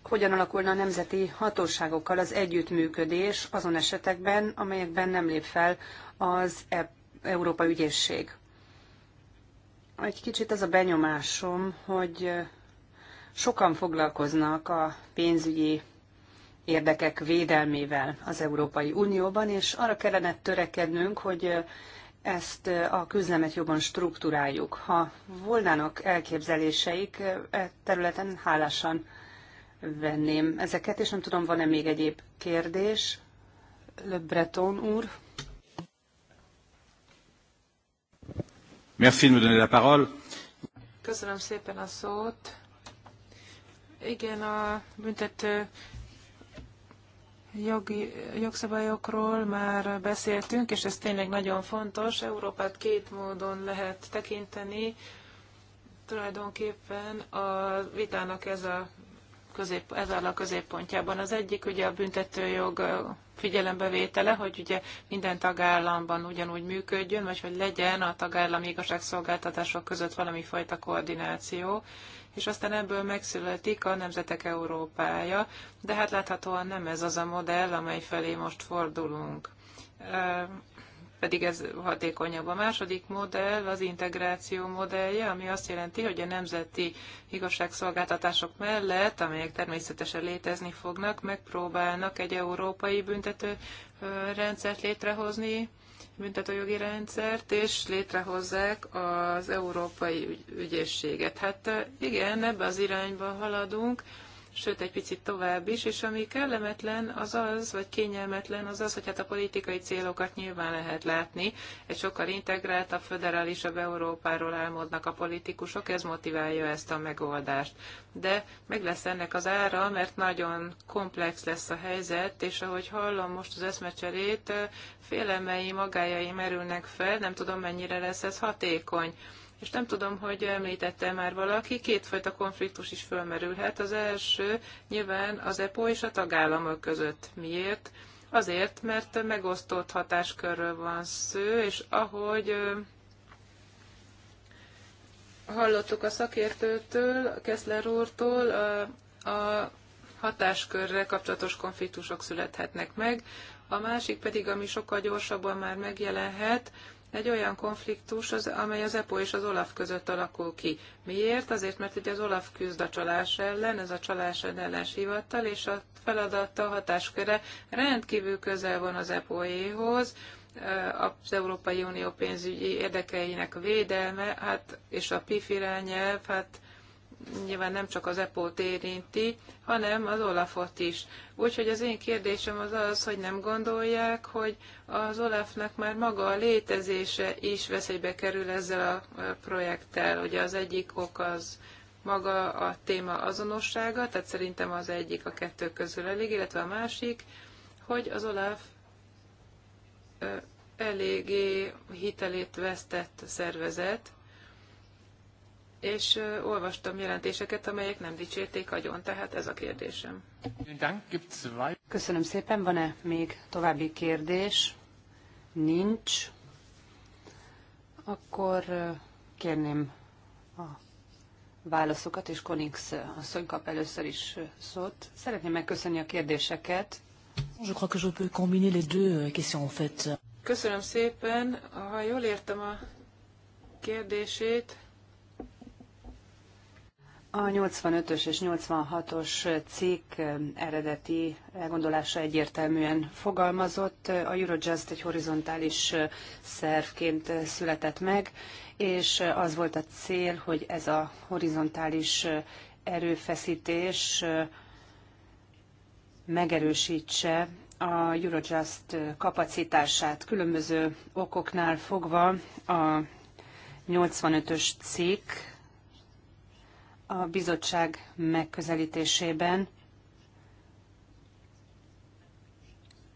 hogyan alakulna a nemzeti hatóságokkal az együttműködés azon esetekben, amelyekben nem lép fel az e Európa ügyészség. Egy kicsit az a benyomásom, hogy sokan foglalkoznak a pénzügyi érdekek védelmével az Európai Unióban, és arra kellene törekednünk, hogy ezt a küzdelmet jobban struktúráljuk. Ha volnának elképzeléseik, e területen hálásan venném ezeket, és nem tudom, van-e még egyéb kérdés? Le Breton úr. Merci de donner la parole. Köszönöm szépen a szót. Igen, a büntető jogi, jogszabályokról már beszéltünk, és ez tényleg nagyon fontos. Európát két módon lehet tekinteni. Tulajdonképpen a vitának ez a közép, ez a középpontjában. Az egyik ugye a büntetőjog figyelembevétele, hogy ugye minden tagállamban ugyanúgy működjön, vagy hogy legyen a tagállami igazságszolgáltatások között valami fajta koordináció, és aztán ebből megszületik a Nemzetek Európája, de hát láthatóan nem ez az a modell, amely felé most fordulunk pedig ez hatékonyabb. A második modell az integráció modellje, ami azt jelenti, hogy a nemzeti igazságszolgáltatások mellett, amelyek természetesen létezni fognak, megpróbálnak egy európai büntető rendszert létrehozni, büntetőjogi rendszert, és létrehozzák az európai ügyészséget. Hát igen, ebbe az irányba haladunk, sőt egy picit tovább is, és ami kellemetlen az az, vagy kényelmetlen az az, hogy hát a politikai célokat nyilván lehet látni, egy sokkal integráltabb, föderálisabb Európáról álmodnak a politikusok, ez motiválja ezt a megoldást. De meg lesz ennek az ára, mert nagyon komplex lesz a helyzet, és ahogy hallom most az eszmecserét, félelmei, magájai merülnek fel, nem tudom mennyire lesz ez hatékony és nem tudom, hogy említette már valaki, kétfajta konfliktus is fölmerülhet. Az első nyilván az EPO és a tagállamok között. Miért? Azért, mert megosztott hatáskörről van szó, és ahogy hallottuk a szakértőtől, Keszler úrtól, a hatáskörre kapcsolatos konfliktusok születhetnek meg. A másik pedig, ami sokkal gyorsabban már megjelenhet, egy olyan konfliktus, az, amely az EPO és az OLAF között alakul ki. Miért? Azért, mert ugye az OLAF küzd a csalás ellen, ez a csalás ellen hivatal, és a feladata, hatásköre rendkívül közel van az EPO-éhoz, az Európai Unió pénzügyi érdekeinek védelme, hát, és a PIF irányelv, hát nyilván nem csak az EPO-t érinti, hanem az Olafot is. Úgyhogy az én kérdésem az az, hogy nem gondolják, hogy az Olafnak már maga a létezése is veszélybe kerül ezzel a projekttel. Ugye az egyik ok az maga a téma azonossága, tehát szerintem az egyik a kettő közül elég, illetve a másik, hogy az Olaf eléggé hitelét vesztett szervezet, és olvastam jelentéseket, amelyek nem dicsérték agyon, tehát ez a kérdésem. Köszönöm szépen. Van-e még további kérdés? Nincs. Akkor kérném a válaszokat, és Konix asszony kap először is szót. Szeretném megköszönni a kérdéseket. Je crois que je peux combiner les deux euh, questions en fait. Köszönöm szépen. Ha jól értem a kérdését, a 85-ös és 86-os cikk eredeti elgondolása egyértelműen fogalmazott. A Eurojust egy horizontális szervként született meg, és az volt a cél, hogy ez a horizontális erőfeszítés megerősítse a Eurojust kapacitását. Különböző okoknál fogva a 85-ös cikk a bizottság megközelítésében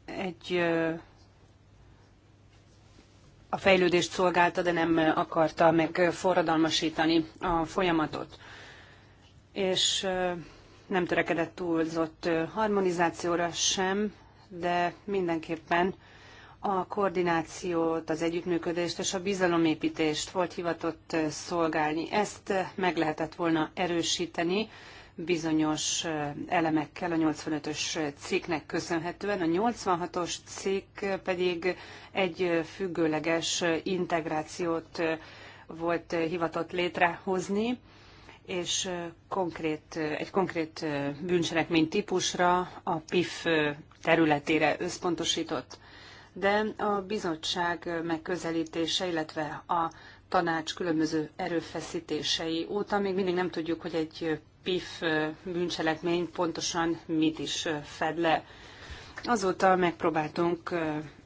egy a fejlődést szolgálta, de nem akarta meg forradalmasítani a folyamatot. És nem törekedett túlzott harmonizációra sem, de mindenképpen a koordinációt, az együttműködést és a bizalomépítést volt hivatott eh, szolgálni. Ezt eh, meg lehetett volna erősíteni bizonyos eh, elemekkel a 85-ös cikknek köszönhetően. A 86-os cikk pedig egy függőleges integrációt volt hivatott létrehozni, és konkrét, egy konkrét bűncselekmény típusra, a PIF területére összpontosított de a bizottság megközelítése, illetve a tanács különböző erőfeszítései óta még mindig nem tudjuk, hogy egy PIF bűncselekmény pontosan mit is fed le. Azóta megpróbáltunk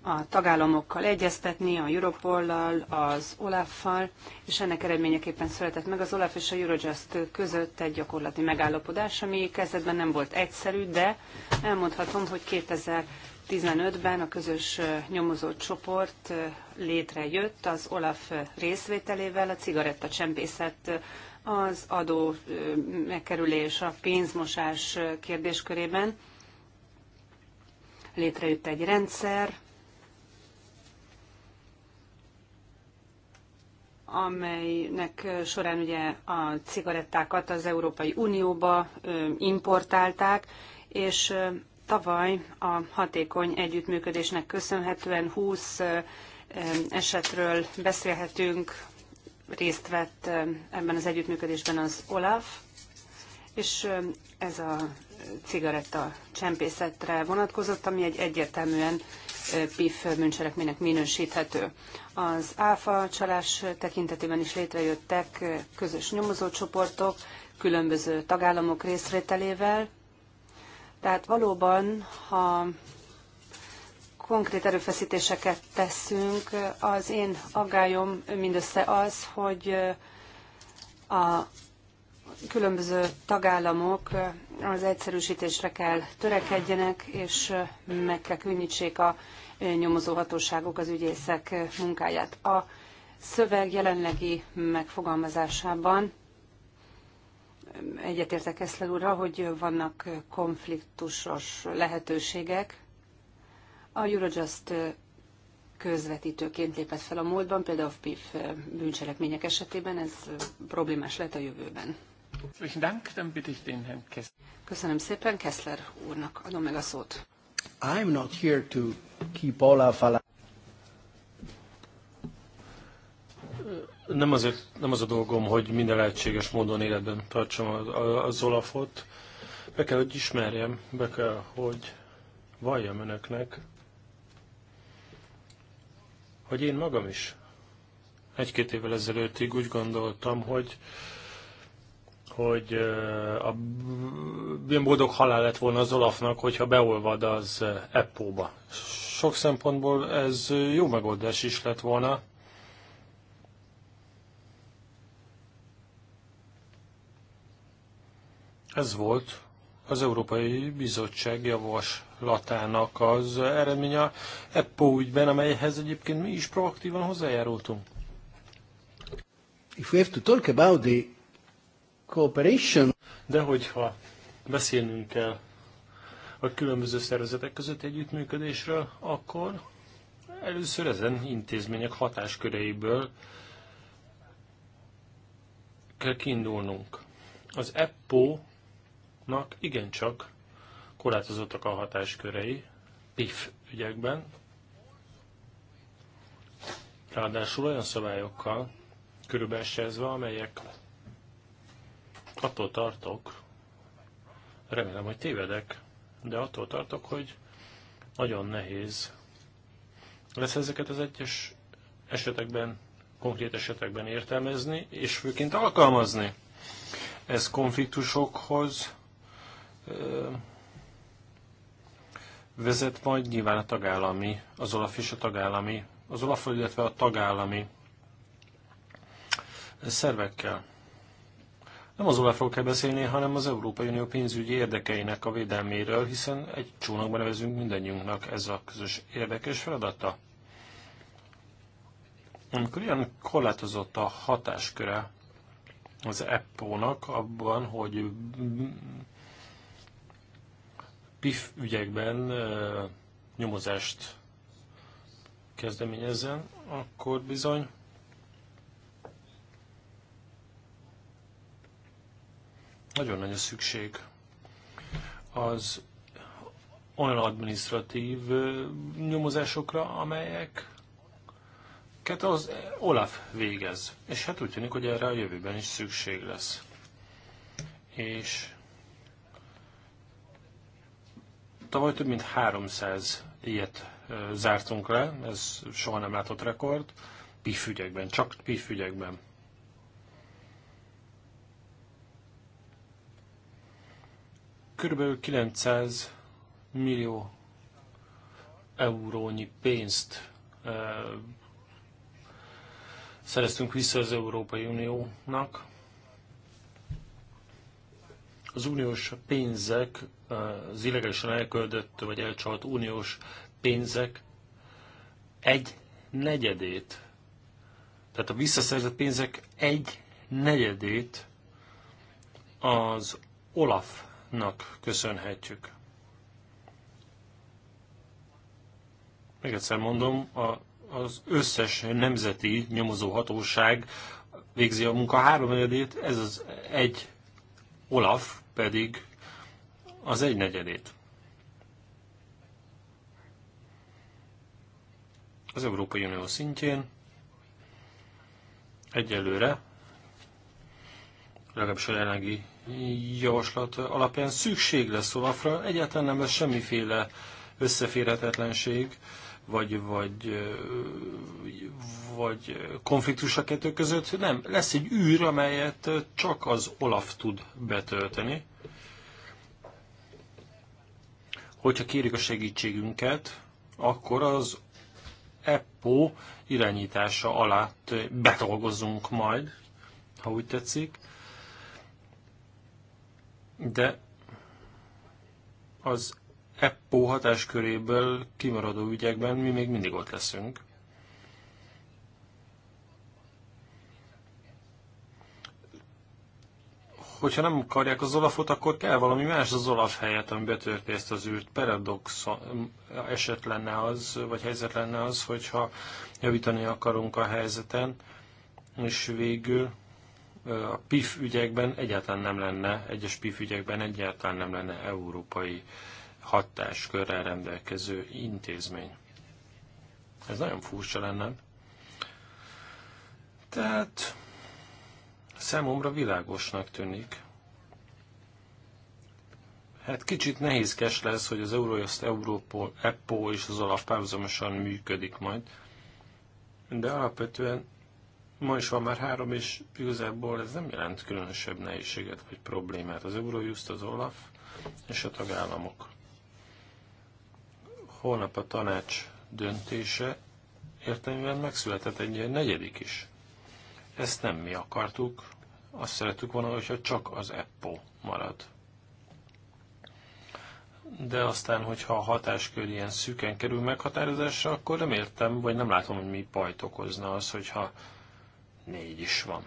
a tagállamokkal egyeztetni, a Europollal, az Olaffal, és ennek eredményeképpen született meg az Olaf és a Eurojust között egy gyakorlati megállapodás, ami kezdetben nem volt egyszerű, de elmondhatom, hogy 2015-ben a közös nyomozó csoport létrejött az OLAF részvételével a cigarettacsempészet az adó megkerülés, a pénzmosás kérdéskörében. Létrejött egy rendszer, amelynek során ugye a cigarettákat az Európai Unióba importálták, és Tavaly a hatékony együttműködésnek köszönhetően 20 esetről beszélhetünk, részt vett ebben az együttműködésben az OLAF, és ez a cigaretta csempészetre vonatkozott, ami egy egyértelműen PIF bűncselekménynek minősíthető. Az áfa csalás tekintetében is létrejöttek közös nyomozócsoportok, különböző tagállamok részvételével, tehát valóban, ha konkrét erőfeszítéseket teszünk, az én aggályom mindössze az, hogy a különböző tagállamok az egyszerűsítésre kell törekedjenek, és meg kell könnyítsék a nyomozóhatóságok, az ügyészek munkáját. A szöveg jelenlegi megfogalmazásában egyetértek Eszler úrra, hogy vannak konfliktusos lehetőségek. A Eurojust közvetítőként lépett fel a múltban, például a PIF bűncselekmények esetében, ez problémás lehet a jövőben. Köszönöm szépen, Kessler úrnak adom meg a szót. I'm not here to keep all alive nem, azért, nem az a dolgom, hogy minden lehetséges módon életben tartsam az, az Olafot. Be kell, hogy ismerjem, be kell, hogy valljam önöknek, hogy én magam is egy-két évvel ezelőttig úgy gondoltam, hogy hogy a, ilyen boldog halál lett volna az Olafnak, hogyha beolvad az Eppóba. Sok szempontból ez jó megoldás is lett volna, Ez volt az Európai Bizottság javaslatának az eredménye EPPO ügyben, amelyhez egyébként mi is proaktívan hozzájárultunk. If we have to talk about the cooperation... De hogyha beszélnünk kell a különböző szervezetek között együttműködésről, akkor először ezen intézmények hatásköreiből kell kiindulnunk. Az EPPO Nak igencsak korlátozottak a hatáskörei PIF ügyekben, ráadásul olyan szabályokkal körülbelsezve, amelyek attól tartok, remélem, hogy tévedek, de attól tartok, hogy nagyon nehéz lesz ezeket az egyes esetekben, konkrét esetekben értelmezni, és főként alkalmazni. Ez konfliktusokhoz, vezet majd nyilván a tagállami, az Olaf és a tagállami, az Olaf, illetve a tagállami szervekkel. Nem az Olafról kell beszélni, hanem az Európai Unió pénzügyi érdekeinek a védelméről, hiszen egy csónakban nevezünk mindannyiunknak ez a közös érdekes feladata. Amikor ilyen korlátozott a hatásköre az EPPO-nak abban, hogy PIF ügyekben eh, nyomozást kezdeményezzen, akkor bizony nagyon nagy a szükség az olyan administratív eh, nyomozásokra, amelyek Ket az Olaf végez. És hát úgy tűnik, hogy erre a jövőben is szükség lesz. És Tavaly több mint 300 ilyet zártunk le, ez soha nem látott rekord, pifügyekben, csak pifügyekben. Körülbelül 900 millió eurónyi pénzt szereztünk vissza az Európai Uniónak. Az uniós pénzek az illegálisan elköldött vagy elcsalt uniós pénzek egy negyedét, tehát a visszaszerzett pénzek egy negyedét az Olafnak köszönhetjük. Még egyszer mondom, a, az összes nemzeti nyomozó hatóság végzi a munka háromnegyedét, ez az egy Olaf pedig az egy negyedét. Az Európai Unió szintjén egyelőre, legalábbis a jelenlegi javaslat alapján szükség lesz Olafra, egyáltalán nem lesz semmiféle összeférhetetlenség, vagy, vagy, vagy konfliktus a kettő között. Nem, lesz egy űr, amelyet csak az Olaf tud betölteni hogyha kérik a segítségünket, akkor az EPPO irányítása alá betolgozunk majd, ha úgy tetszik. De az EPPO hatásköréből kimaradó ügyekben mi még mindig ott leszünk. hogyha nem akarják az Olafot, akkor kell valami más az Olaf helyett, ami betörti ezt az űrt. Paradox eset lenne az, vagy helyzet lenne az, hogyha javítani akarunk a helyzeten, és végül a PIF ügyekben egyáltalán nem lenne, egyes PIF ügyekben egyáltalán nem lenne európai hatáskörrel rendelkező intézmény. Ez nagyon furcsa lenne. Tehát számomra világosnak tűnik. Hát kicsit nehézkes lesz, hogy az Eurojust, Európol, EPO és az Olaf párhuzamosan működik majd, de alapvetően ma is van már három, és igazából ez nem jelent különösebb nehézséget vagy problémát. Az Eurojust, az Olaf és a tagállamok. Holnap a tanács döntése értelmében megszületett egy negyedik is. Ezt nem mi akartuk, azt szerettük volna, hogyha csak az EPPO marad. De aztán, hogyha a hatáskör ilyen szűken kerül meghatározásra, akkor nem értem, vagy nem látom, hogy mi bajt okozna az, hogyha négy is van.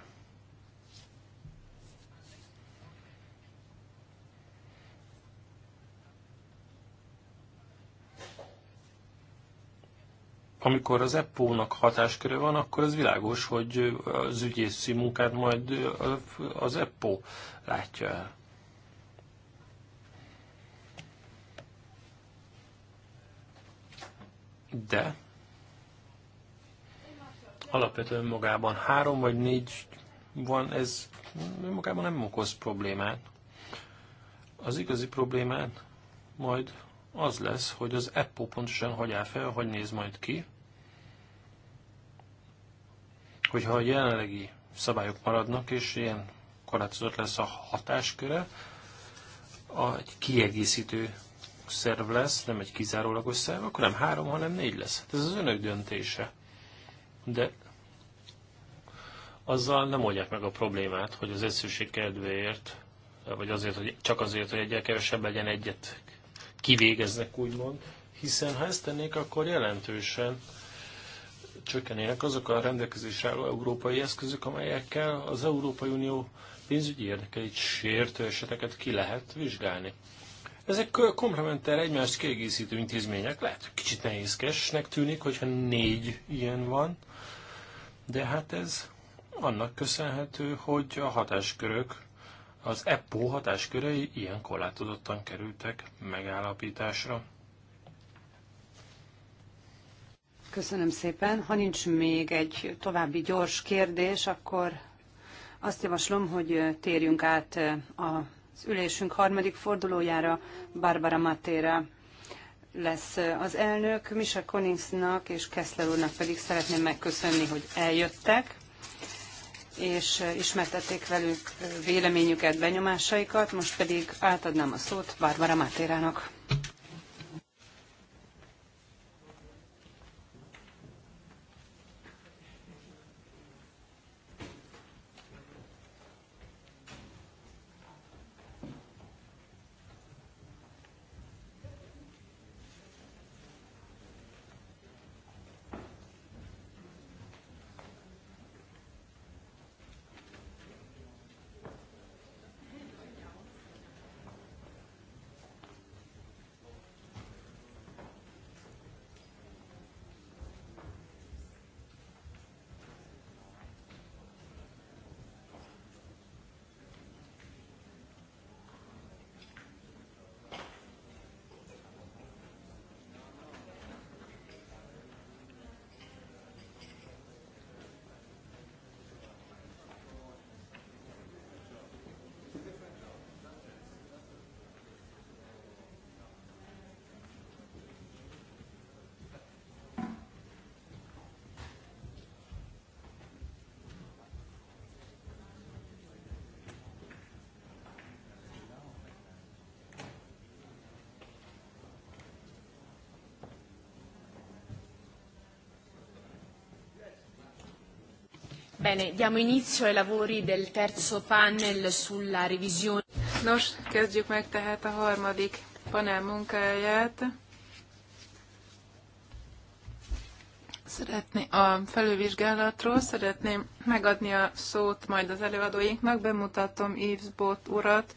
amikor az epo nak hatásköre van, akkor az világos, hogy az ügyészi munkát majd az epo látja el. De alapvetően magában három vagy négy van, ez magában nem okoz problémát. Az igazi problémát majd az lesz, hogy az epo pontosan hogy áll fel, hogy néz majd ki, hogyha a jelenlegi szabályok maradnak, és ilyen korlátozott lesz a hatásköre, a, egy kiegészítő szerv lesz, nem egy kizárólagos szerv, akkor nem három, hanem négy lesz. Hát ez az önök döntése. De azzal nem oldják meg a problémát, hogy az egyszerűség kedvéért, vagy azért, hogy csak azért, hogy egyre kevesebb legyen egyet kivégeznek, úgymond, hiszen ha ezt tennék, akkor jelentősen csökkenének azok a rendelkezésre álló európai eszközök, amelyekkel az Európai Unió pénzügyi érdekeit sértő eseteket ki lehet vizsgálni. Ezek komplementer, egymást kiegészítő intézmények. Lehet, hogy kicsit nehézkesnek tűnik, hogyha négy ilyen van, de hát ez annak köszönhető, hogy a hatáskörök, az EPO hatáskörei ilyen korlátozottan kerültek megállapításra. Köszönöm szépen. Ha nincs még egy további gyors kérdés, akkor azt javaslom, hogy térjünk át az ülésünk harmadik fordulójára. Barbara Matéra lesz az elnök, Misa Koningsnak és Keszler úrnak pedig szeretném megköszönni, hogy eljöttek és ismertették velük véleményüket, benyomásaikat, most pedig átadnám a szót Barbara Mátérának. Bene, diamo inizio ai lavori del terzo panel sulla revisione. Nos, kezdjük meg tehát a harmadik panel munkáját. Szeretné, a felülvizsgálatról szeretném megadni a szót majd az előadóinknak, bemutatom Yves Bot urat,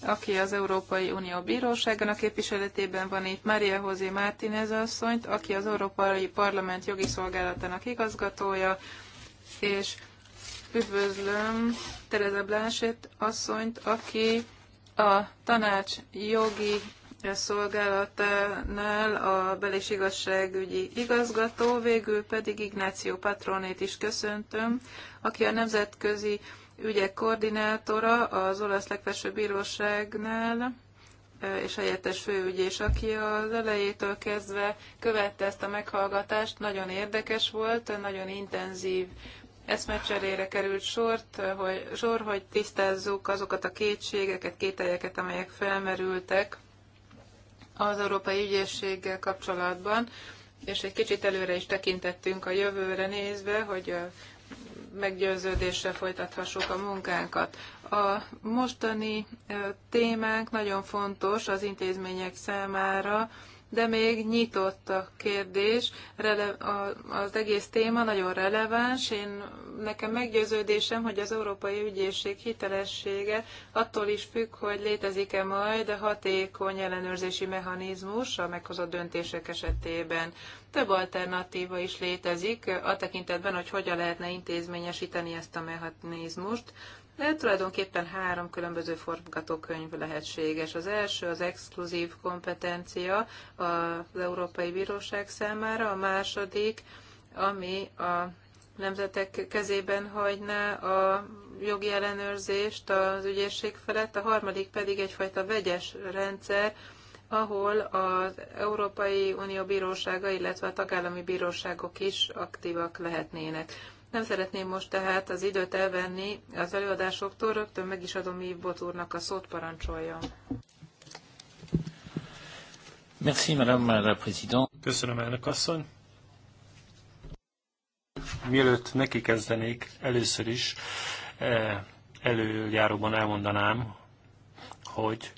aki az Európai Unió Bíróságának képviseletében van itt, Maria José Martínez asszonyt, aki az Európai Parlament jogi szolgálatának igazgatója, és Üdvözlöm Tereza Blásett asszonyt, aki a tanács jogi szolgálatánál a bel- és igazságügyi igazgató, végül pedig Ignáció Patronét is köszöntöm, aki a nemzetközi ügyek koordinátora az olasz legfelsőbb bíróságnál, és helyettes főügyés, aki az elejétől kezdve követte ezt a meghallgatást, nagyon érdekes volt, nagyon intenzív eszmecserére került sort, eh, hogy, sor, hogy tisztázzuk azokat a kétségeket, kételyeket, amelyek felmerültek az Európai Ügyészséggel kapcsolatban, és egy kicsit előre is tekintettünk a jövőre nézve, hogy eh, meggyőződéssel folytathassuk a munkánkat. A mostani eh, témánk nagyon fontos az intézmények számára, de még nyitott a kérdés, az egész téma nagyon releváns. Én nekem meggyőződésem, hogy az Európai Ügyészség hitelessége attól is függ, hogy létezik-e majd a hatékony ellenőrzési mechanizmus a meghozott döntések esetében. Több alternatíva is létezik a tekintetben, hogy hogyan lehetne intézményesíteni ezt a mechanizmust. De tulajdonképpen három különböző forgatókönyv lehetséges. Az első az exkluzív kompetencia az Európai Bíróság számára, a második, ami a nemzetek kezében hagyná a jogi ellenőrzést az ügyészség felett, a harmadik pedig egyfajta vegyes rendszer, ahol az Európai Unió bírósága, illetve a tagállami bíróságok is aktívak lehetnének. Nem szeretném most tehát az időt elvenni az előadásoktól, rögtön meg is adom Ivbot úrnak a szót, parancsoljon. Merci, Madame la Présidente. Köszönöm, elnök asszony. Mielőtt neki kezdenék, először is eh, előjáróban elmondanám, hogy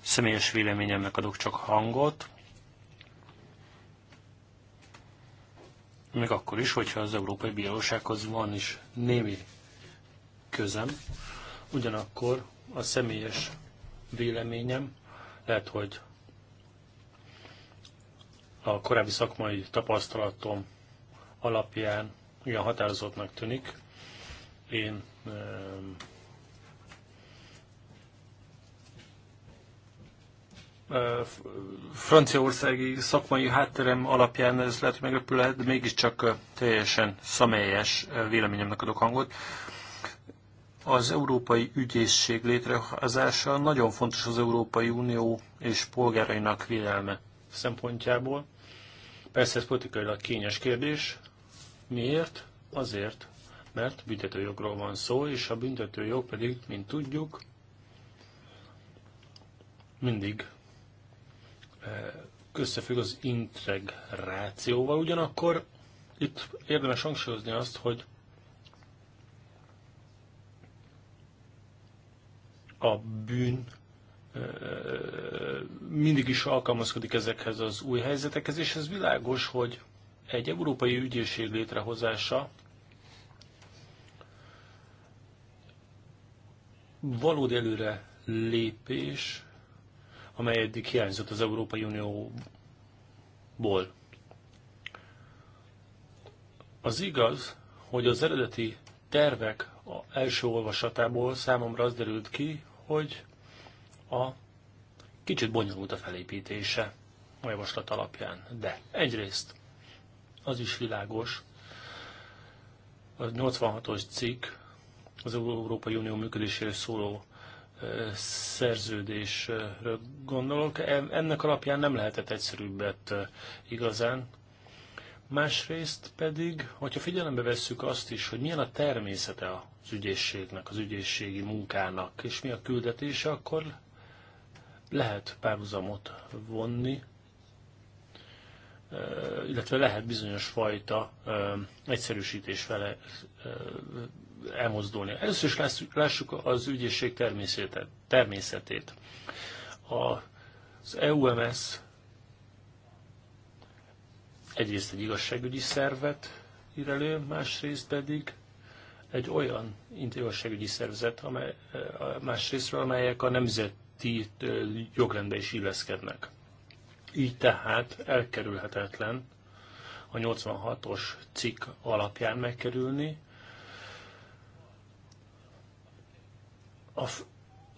személyes véleményemnek adok csak hangot, még akkor is, hogyha az Európai Bírósághoz van is némi közem. Ugyanakkor a személyes véleményem lehet, hogy a korábbi szakmai tapasztalatom alapján ilyen határozottnak tűnik. Én franciaországi szakmai hátterem alapján ez lehet, hogy lehet, de mégiscsak teljesen személyes véleményemnek adok hangot. Az Európai Ügyészség létrehozása nagyon fontos az Európai Unió és polgárainak védelme szempontjából. Persze ez politikailag kényes kérdés. Miért? Azért, mert büntetőjogról van szó, és a büntetőjog pedig, mint tudjuk, mindig összefügg az integrációval, ugyanakkor itt érdemes hangsúlyozni azt, hogy a bűn mindig is alkalmazkodik ezekhez az új helyzetekhez, és ez világos, hogy egy európai ügyészség létrehozása valódi előre lépés, amely eddig hiányzott az Európai Unióból. Az igaz, hogy az eredeti tervek első olvasatából számomra az derült ki, hogy a kicsit bonyolult a felépítése a javaslat alapján. De egyrészt az is világos, a 86-os cikk az Európai Unió működéséről szóló szerződésről gondolok. E, ennek alapján nem lehetett egyszerűbbet igazán. Másrészt pedig, hogyha figyelembe vesszük azt is, hogy milyen a természete az ügyészségnek, az ügyészségi munkának, és mi a küldetése, akkor lehet párhuzamot vonni, illetve lehet bizonyos fajta egyszerűsítés vele elmozdulni. Először is lássuk az ügyészség természetét. Az EUMS egyrészt egy igazságügyi szervet ír elő, másrészt pedig egy olyan igazságügyi szervezet, amely, másrésztről, amelyek a nemzeti jogrendbe is illeszkednek. Így tehát elkerülhetetlen a 86-os cikk alapján megkerülni, a,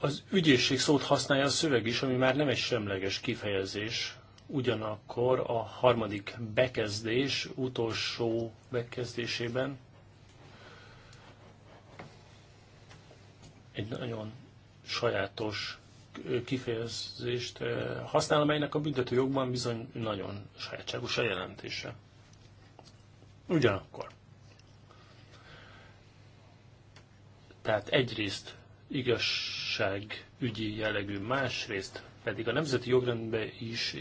az ügyészség szót használja a szöveg is, ami már nem egy semleges kifejezés, ugyanakkor a harmadik bekezdés utolsó bekezdésében egy nagyon sajátos kifejezést eh, használ, amelynek a jogban bizony nagyon sajátságos a jelentése. Ugyanakkor. Tehát egyrészt igazságügyi jellegű, másrészt pedig a nemzeti jogrendbe is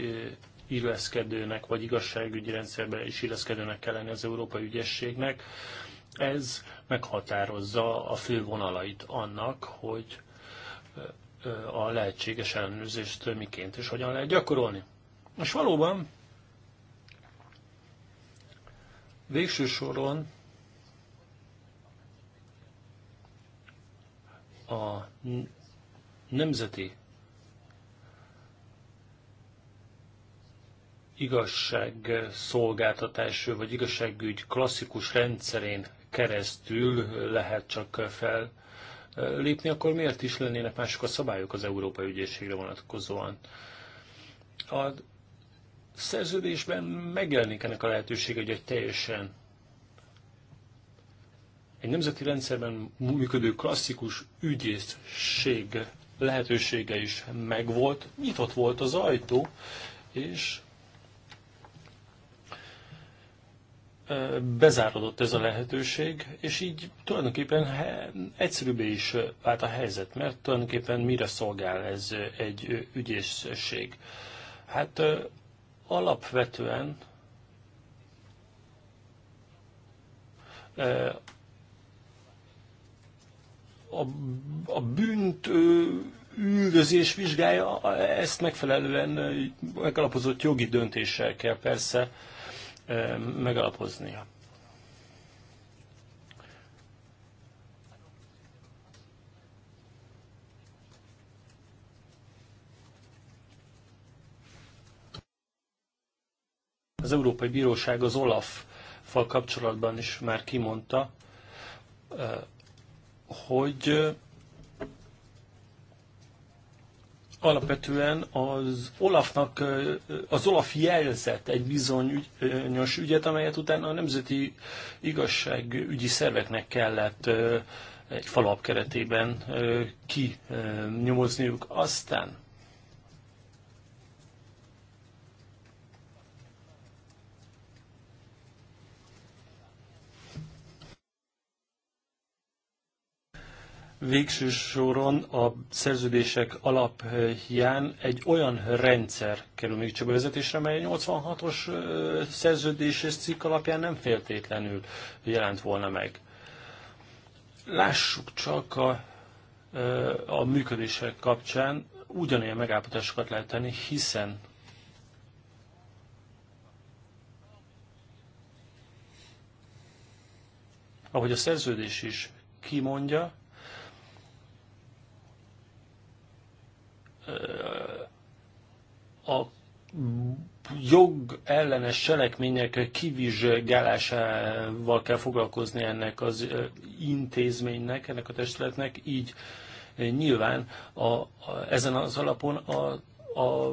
illeszkedőnek, vagy igazságügyi rendszerbe is illeszkedőnek kell lenni az európai ügyességnek. Ez meghatározza a fő vonalait annak, hogy a lehetséges ellenőrzést miként és hogyan lehet gyakorolni. És valóban végső soron a nemzeti igazságszolgáltatás vagy igazságügy klasszikus rendszerén keresztül lehet csak fel lépni, akkor miért is lennének mások a szabályok az Európai Ügyészségre vonatkozóan? A szerződésben megjelenik ennek a lehetőség, hogy egy teljesen egy nemzeti rendszerben működő klasszikus ügyészség lehetősége is megvolt, nyitott volt az ajtó, és bezárodott ez a lehetőség, és így tulajdonképpen egyszerűbbé is vált a helyzet, mert tulajdonképpen mire szolgál ez egy ügyészség? Hát alapvetően a, a bűnt üldözés vizsgálja, ezt megfelelően megalapozott jogi döntéssel kell persze megalapoznia. Az Európai Bíróság az Olaf-fal kapcsolatban is már kimondta, hogy alapvetően az Olafnak, az Olaf jelzett egy bizonyos ügyet, amelyet utána a nemzeti igazságügyi szerveknek kellett egy falap keretében kinyomozniuk. Aztán végső soron a szerződések alapján egy olyan rendszer kerül még csak bevezetésre, mely a 86-os szerződéses cikk alapján nem feltétlenül jelent volna meg. Lássuk csak a, a működések kapcsán, ugyanilyen megállapotásokat lehet tenni, hiszen ahogy a szerződés is kimondja, a jog ellenes cselekmények kivizsgálásával kell foglalkozni ennek az intézménynek, ennek a testületnek, így nyilván a, a, ezen az alapon a, a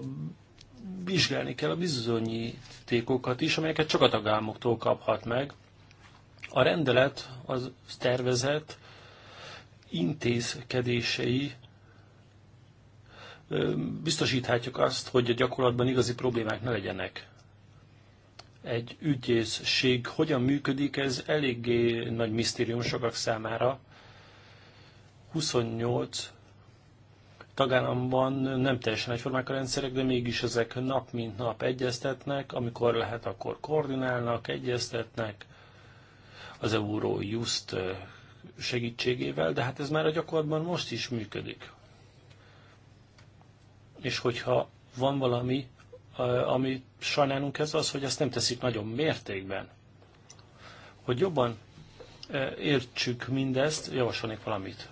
vizsgálni kell a bizonyítékokat is, amelyeket csak a tagállamoktól kaphat meg. A rendelet, az tervezet intézkedései biztosíthatjuk azt, hogy a gyakorlatban igazi problémák ne legyenek. Egy ügyészség hogyan működik, ez eléggé nagy misztérium sokak számára. 28 tagállamban nem teljesen egyformák a rendszerek, de mégis ezek nap mint nap egyeztetnek, amikor lehet, akkor koordinálnak, egyeztetnek az Eurojust segítségével, de hát ez már a gyakorlatban most is működik és hogyha van valami, ami sajnálunk ez az, hogy ezt nem teszik nagyon mértékben. Hogy jobban értsük mindezt, javasolnék valamit.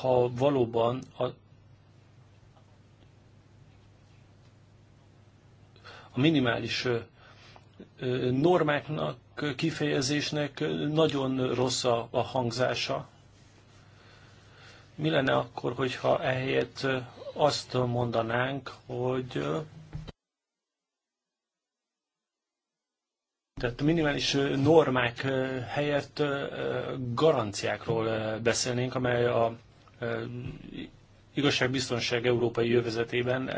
Ha valóban a, a minimális normáknak, kifejezésnek nagyon rossz a, a hangzása, mi lenne akkor, hogyha ehelyett azt mondanánk, hogy tehát minimális normák helyett garanciákról beszélnénk, amely a igazságbiztonság európai jövezetében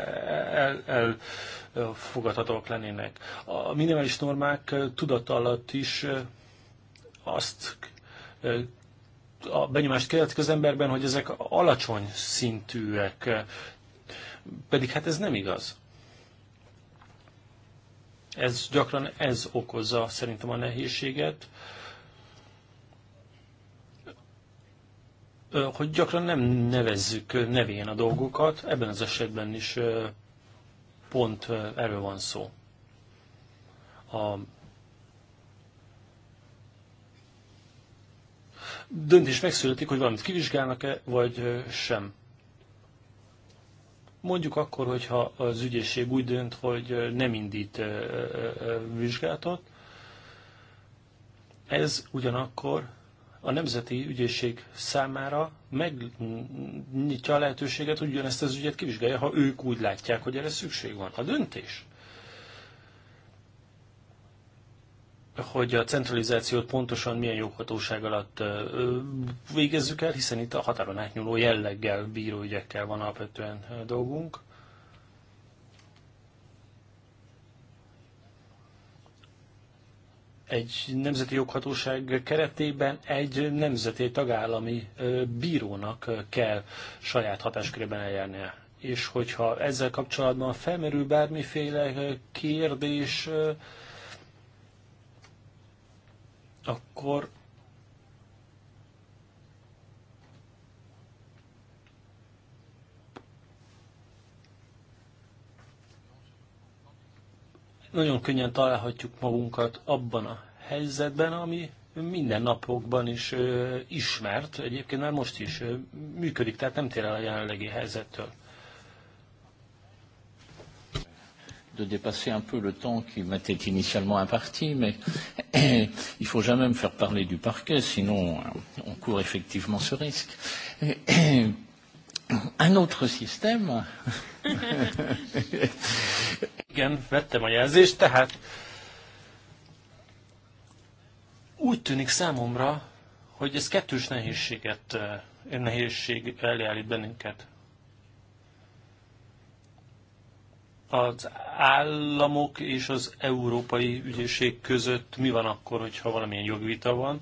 elfogadhatóak lennének. A minimális normák tudat alatt is azt a benyomást keltik az emberben, hogy ezek alacsony szintűek, pedig hát ez nem igaz. Ez gyakran ez okozza szerintem a nehézséget, hogy gyakran nem nevezzük nevén a dolgokat, ebben az esetben is pont erről van szó. A döntés megszületik, hogy valamit kivizsgálnak-e, vagy sem. Mondjuk akkor, hogyha az ügyészség úgy dönt, hogy nem indít vizsgálatot, ez ugyanakkor a Nemzeti Ügyészség számára megnyitja a lehetőséget, hogy ugyanezt az ügyet kivizsgálja, ha ők úgy látják, hogy erre szükség van. A döntés hogy a centralizációt pontosan milyen joghatóság alatt végezzük el, hiszen itt a határon átnyúló jelleggel, bíróügyekkel van alapvetően dolgunk. Egy nemzeti joghatóság keretében egy nemzeti tagállami bírónak kell saját hatáskörében eljárnia. És hogyha ezzel kapcsolatban felmerül bármiféle kérdés, akkor nagyon könnyen találhatjuk magunkat abban a helyzetben, ami minden napokban is ö, ismert, egyébként már most is ö, működik, tehát nem tér el a jelenlegi helyzettől. de dépasser un peu le temps qui m'était initialement imparti, mais faut jamais me faire parler du parquet, sinon euh, on court effectivement ce risque. un autre système. [LAUGHS] Igen, vettem a jelzést, tehát úgy tűnik számomra, hogy ez kettős nehézséget, eh, nehézség elé állít bennünket. az államok és az európai ügyészség között mi van akkor, hogyha valamilyen jogvita van.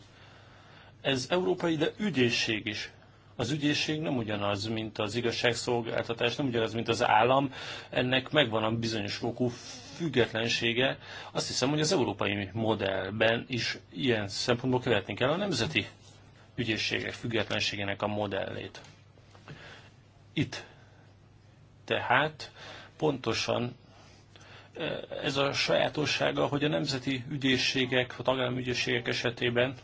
Ez európai, de ügyészség is. Az ügyészség nem ugyanaz, mint az igazságszolgáltatás, nem ugyanaz, mint az állam. Ennek megvan a bizonyos fokú függetlensége. Azt hiszem, hogy az európai modellben is ilyen szempontból követni kell a nemzeti ügyészségek függetlenségének a modellét. Itt tehát pontosan e, ez a sajátossága, hogy a nemzeti ügyészségek, a tagállami ügyészségek esetében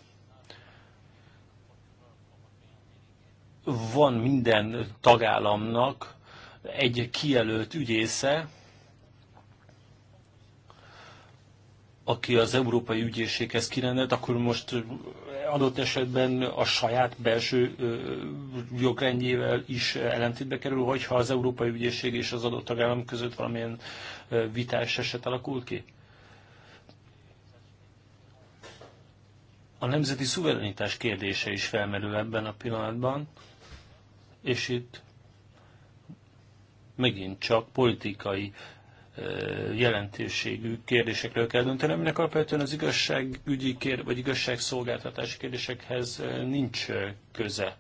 van minden tagállamnak egy kijelölt ügyésze, aki az Európai Ügyészséghez kirendelt, akkor most adott esetben a saját belső jogrendjével is ellentétbe kerül, hogyha az Európai Ügyészség és az adott tagállam között valamilyen vitás eset alakul ki? A nemzeti szuverenitás kérdése is felmerül ebben a pillanatban, és itt megint csak politikai jelentőségű kérdésekről kell dönteni, aminek alapvetően az igazságügyi kér, vagy igazságszolgáltatási kérdésekhez nincs köze.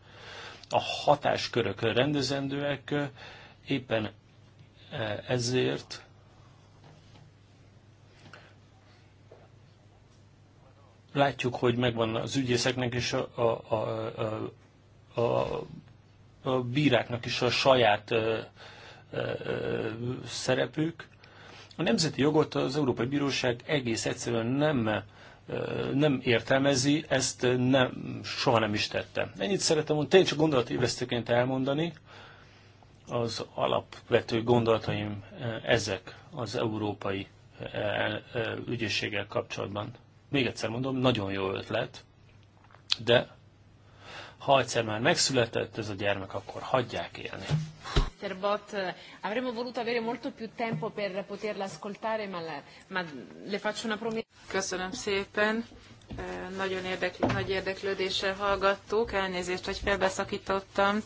A hatáskörök rendezendőek éppen ezért látjuk, hogy megvan az ügyészeknek és a, a, a, a, a, a bíráknak is a saját szerepük, a nemzeti jogot az Európai Bíróság egész egyszerűen nem nem értelmezi, ezt nem, soha nem is tette. Ennyit szeretem mondani, tényleg csak gondolatévesztőként elmondani, az alapvető gondolataim ezek az európai ügyészséggel kapcsolatban. Még egyszer mondom, nagyon jó ötlet, de ha egyszer már megszületett ez a gyermek, akkor hagyják élni. Mr. Bot, eh, avremmo voluto avere molto più tempo per poterla ascoltare, ma, la, ma le faccio una promessa. Köszönöm szépen. Eh, nagyon érdekl- nagy érdeklődéssel hallgattuk, elnézést, hogy felbeszakítottam.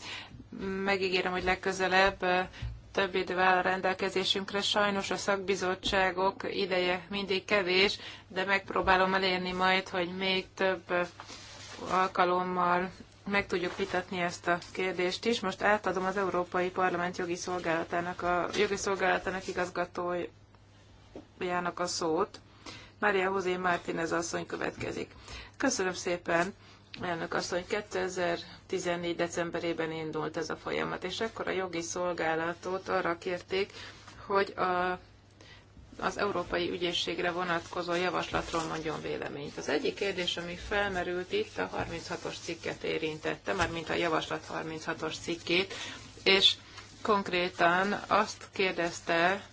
Megígérem, hogy legközelebb eh, több idő áll a rendelkezésünkre. Sajnos a szakbizottságok ideje mindig kevés, de megpróbálom elérni majd, hogy még több alkalommal meg tudjuk vitatni ezt a kérdést is. Most átadom az Európai Parlament jogi szolgálatának, a jogi szolgálatának igazgatójának a szót. Mária Hozé Mártinez asszony következik. Köszönöm szépen, elnök asszony. 2014. decemberében indult ez a folyamat, és ekkor a jogi szolgálatot arra kérték, hogy a az Európai Ügyészségre vonatkozó javaslatról mondjon véleményt. Az egyik kérdés, ami felmerült itt, a 36-os cikket érintette, már mint a javaslat 36-os cikkét, és konkrétan azt kérdezte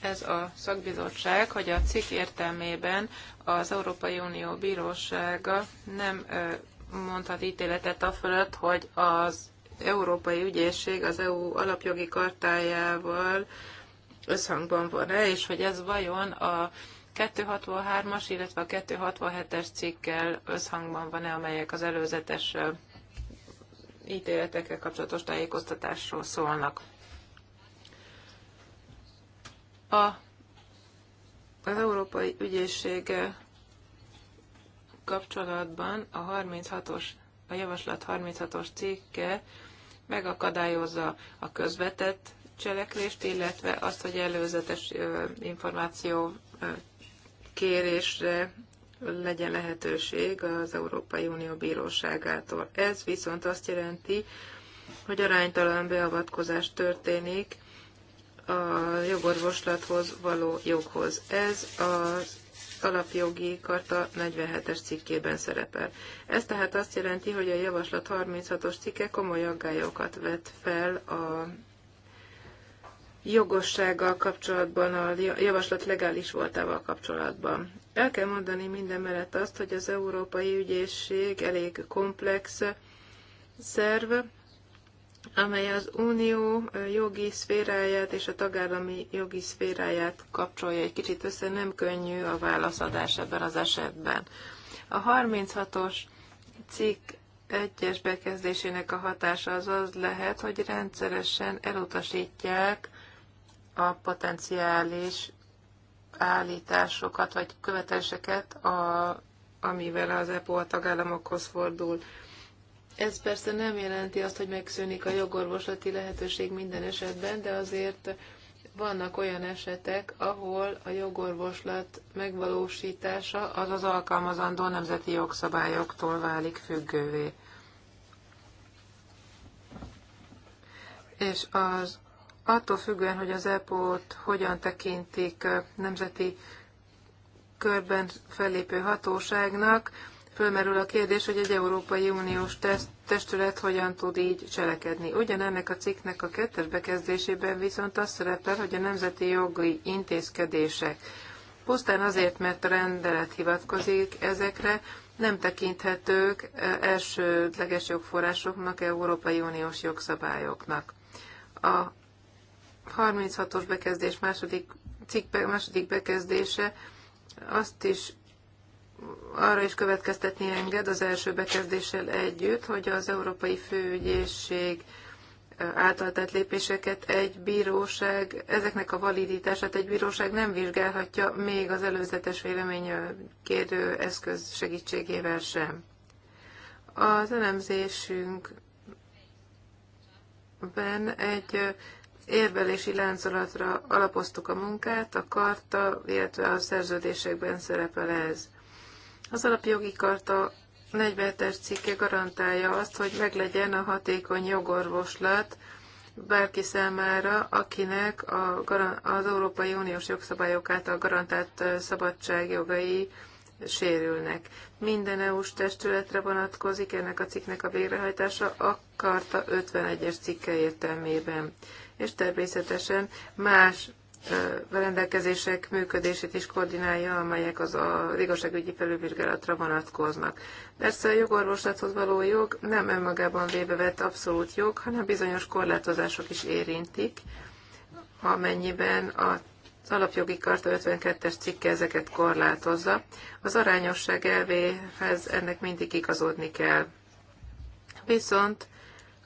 ez a szakbizottság, hogy a cikk értelmében az Európai Unió Bírósága nem mondhat ítéletet a fölött, hogy az Európai Ügyészség az EU alapjogi kartájával összhangban van rá, és hogy ez vajon a 263-as, illetve a 267-es cikkel összhangban van-e, amelyek az előzetes ítéletekkel kapcsolatos tájékoztatásról szólnak. A, az Európai Ügyészség kapcsolatban a 36-os, a javaslat 36-os cikke megakadályozza a közvetett cselekvést, illetve azt, hogy előzetes információ kérésre legyen lehetőség az Európai Unió bíróságától. Ez viszont azt jelenti, hogy aránytalan beavatkozás történik a jogorvoslathoz való joghoz. Ez az alapjogi karta 47-es cikkében szerepel. Ez tehát azt jelenti, hogy a javaslat 36-os cikke komoly aggályokat vet fel a jogossággal kapcsolatban, a javaslat legális voltával kapcsolatban. El kell mondani minden mellett azt, hogy az Európai Ügyészség elég komplex szerv, amely az unió jogi szféráját és a tagállami jogi szféráját kapcsolja egy kicsit össze, nem könnyű a válaszadás ebben az esetben. A 36-os cikk egyes bekezdésének a hatása az az lehet, hogy rendszeresen elutasítják a potenciális állításokat vagy követeseket, a, amivel az EPO a tagállamokhoz fordul. Ez persze nem jelenti azt, hogy megszűnik a jogorvoslati lehetőség minden esetben, de azért vannak olyan esetek, ahol a jogorvoslat megvalósítása az az alkalmazandó nemzeti jogszabályoktól válik függővé. És az attól függően, hogy az EPO-t hogyan tekintik nemzeti körben fellépő hatóságnak, fölmerül a kérdés, hogy egy Európai Uniós teszt, testület hogyan tud így cselekedni. Ugyanennek a cikknek a kettes bekezdésében viszont az szerepel, hogy a nemzeti jogi intézkedések pusztán azért, mert a rendelet hivatkozik ezekre, nem tekinthetők elsődleges jogforrásoknak, Európai Uniós jogszabályoknak. A 36-os bekezdés második cikk második bekezdése azt is arra is következtetni enged az első bekezdéssel együtt, hogy az Európai Főügyészség által tett lépéseket egy bíróság, ezeknek a validitását egy bíróság nem vizsgálhatja még az előzetes vélemény kérő eszköz segítségével sem. Az elemzésünkben egy érvelési láncolatra alapoztuk a munkát, a karta, illetve a szerződésekben szerepel ez. Az alapjogi karta 47-es cikke garantálja azt, hogy meglegyen a hatékony jogorvoslat bárki számára, akinek a, az Európai Uniós jogszabályok által garantált szabadságjogai sérülnek. Minden EU-s testületre vonatkozik ennek a cikknek a végrehajtása a Karta 51-es cikke értelmében és természetesen más rendelkezések működését is koordinálja, amelyek az, az igazságügyi felülvizsgálatra vonatkoznak. Persze a jogorvoslathoz való jog nem önmagában véve vett abszolút jog, hanem bizonyos korlátozások is érintik, amennyiben a az alapjogi karta 52-es cikke ezeket korlátozza. Az arányosság elvéhez ennek mindig igazodni kell. Viszont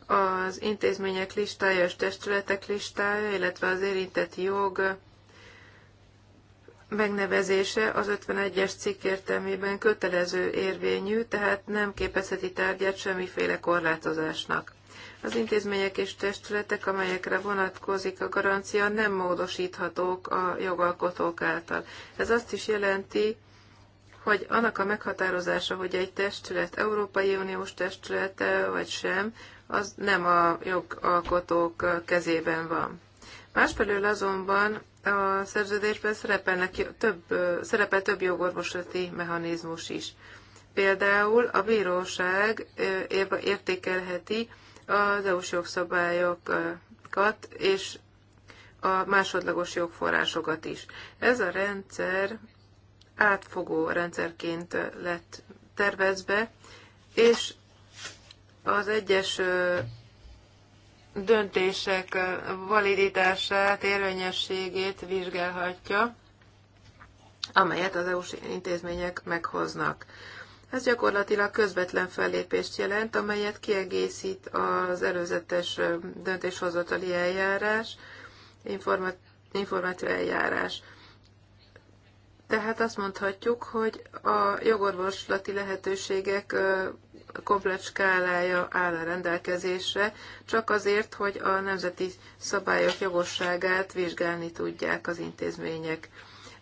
az intézmények listája és testületek listája, illetve az érintett jog megnevezése az 51-es cikk értelmében kötelező érvényű, tehát nem képezheti tárgyát semmiféle korlátozásnak. Az intézmények és testületek, amelyekre vonatkozik a garancia, nem módosíthatók a jogalkotók által. Ez azt is jelenti, hogy annak a meghatározása, hogy egy testület Európai Uniós testülete vagy sem, az nem a jogalkotók kezében van. Másfelől azonban a szerződésben szerepelnek több, szerepel több jogorvoslati mechanizmus is. Például a bíróság értékelheti az EU-s jogszabályokat és a másodlagos jogforrásokat is. Ez a rendszer átfogó rendszerként lett tervezve, és az egyes döntések validitását, érvényességét vizsgálhatja, amelyet az EU-s intézmények meghoznak. Ez gyakorlatilag közvetlen fellépést jelent, amelyet kiegészít az előzetes döntéshozatali eljárás, információ eljárás. Tehát azt mondhatjuk, hogy a jogorvoslati lehetőségek komplet skálája áll a rendelkezésre, csak azért, hogy a nemzeti szabályok jogosságát vizsgálni tudják az intézmények.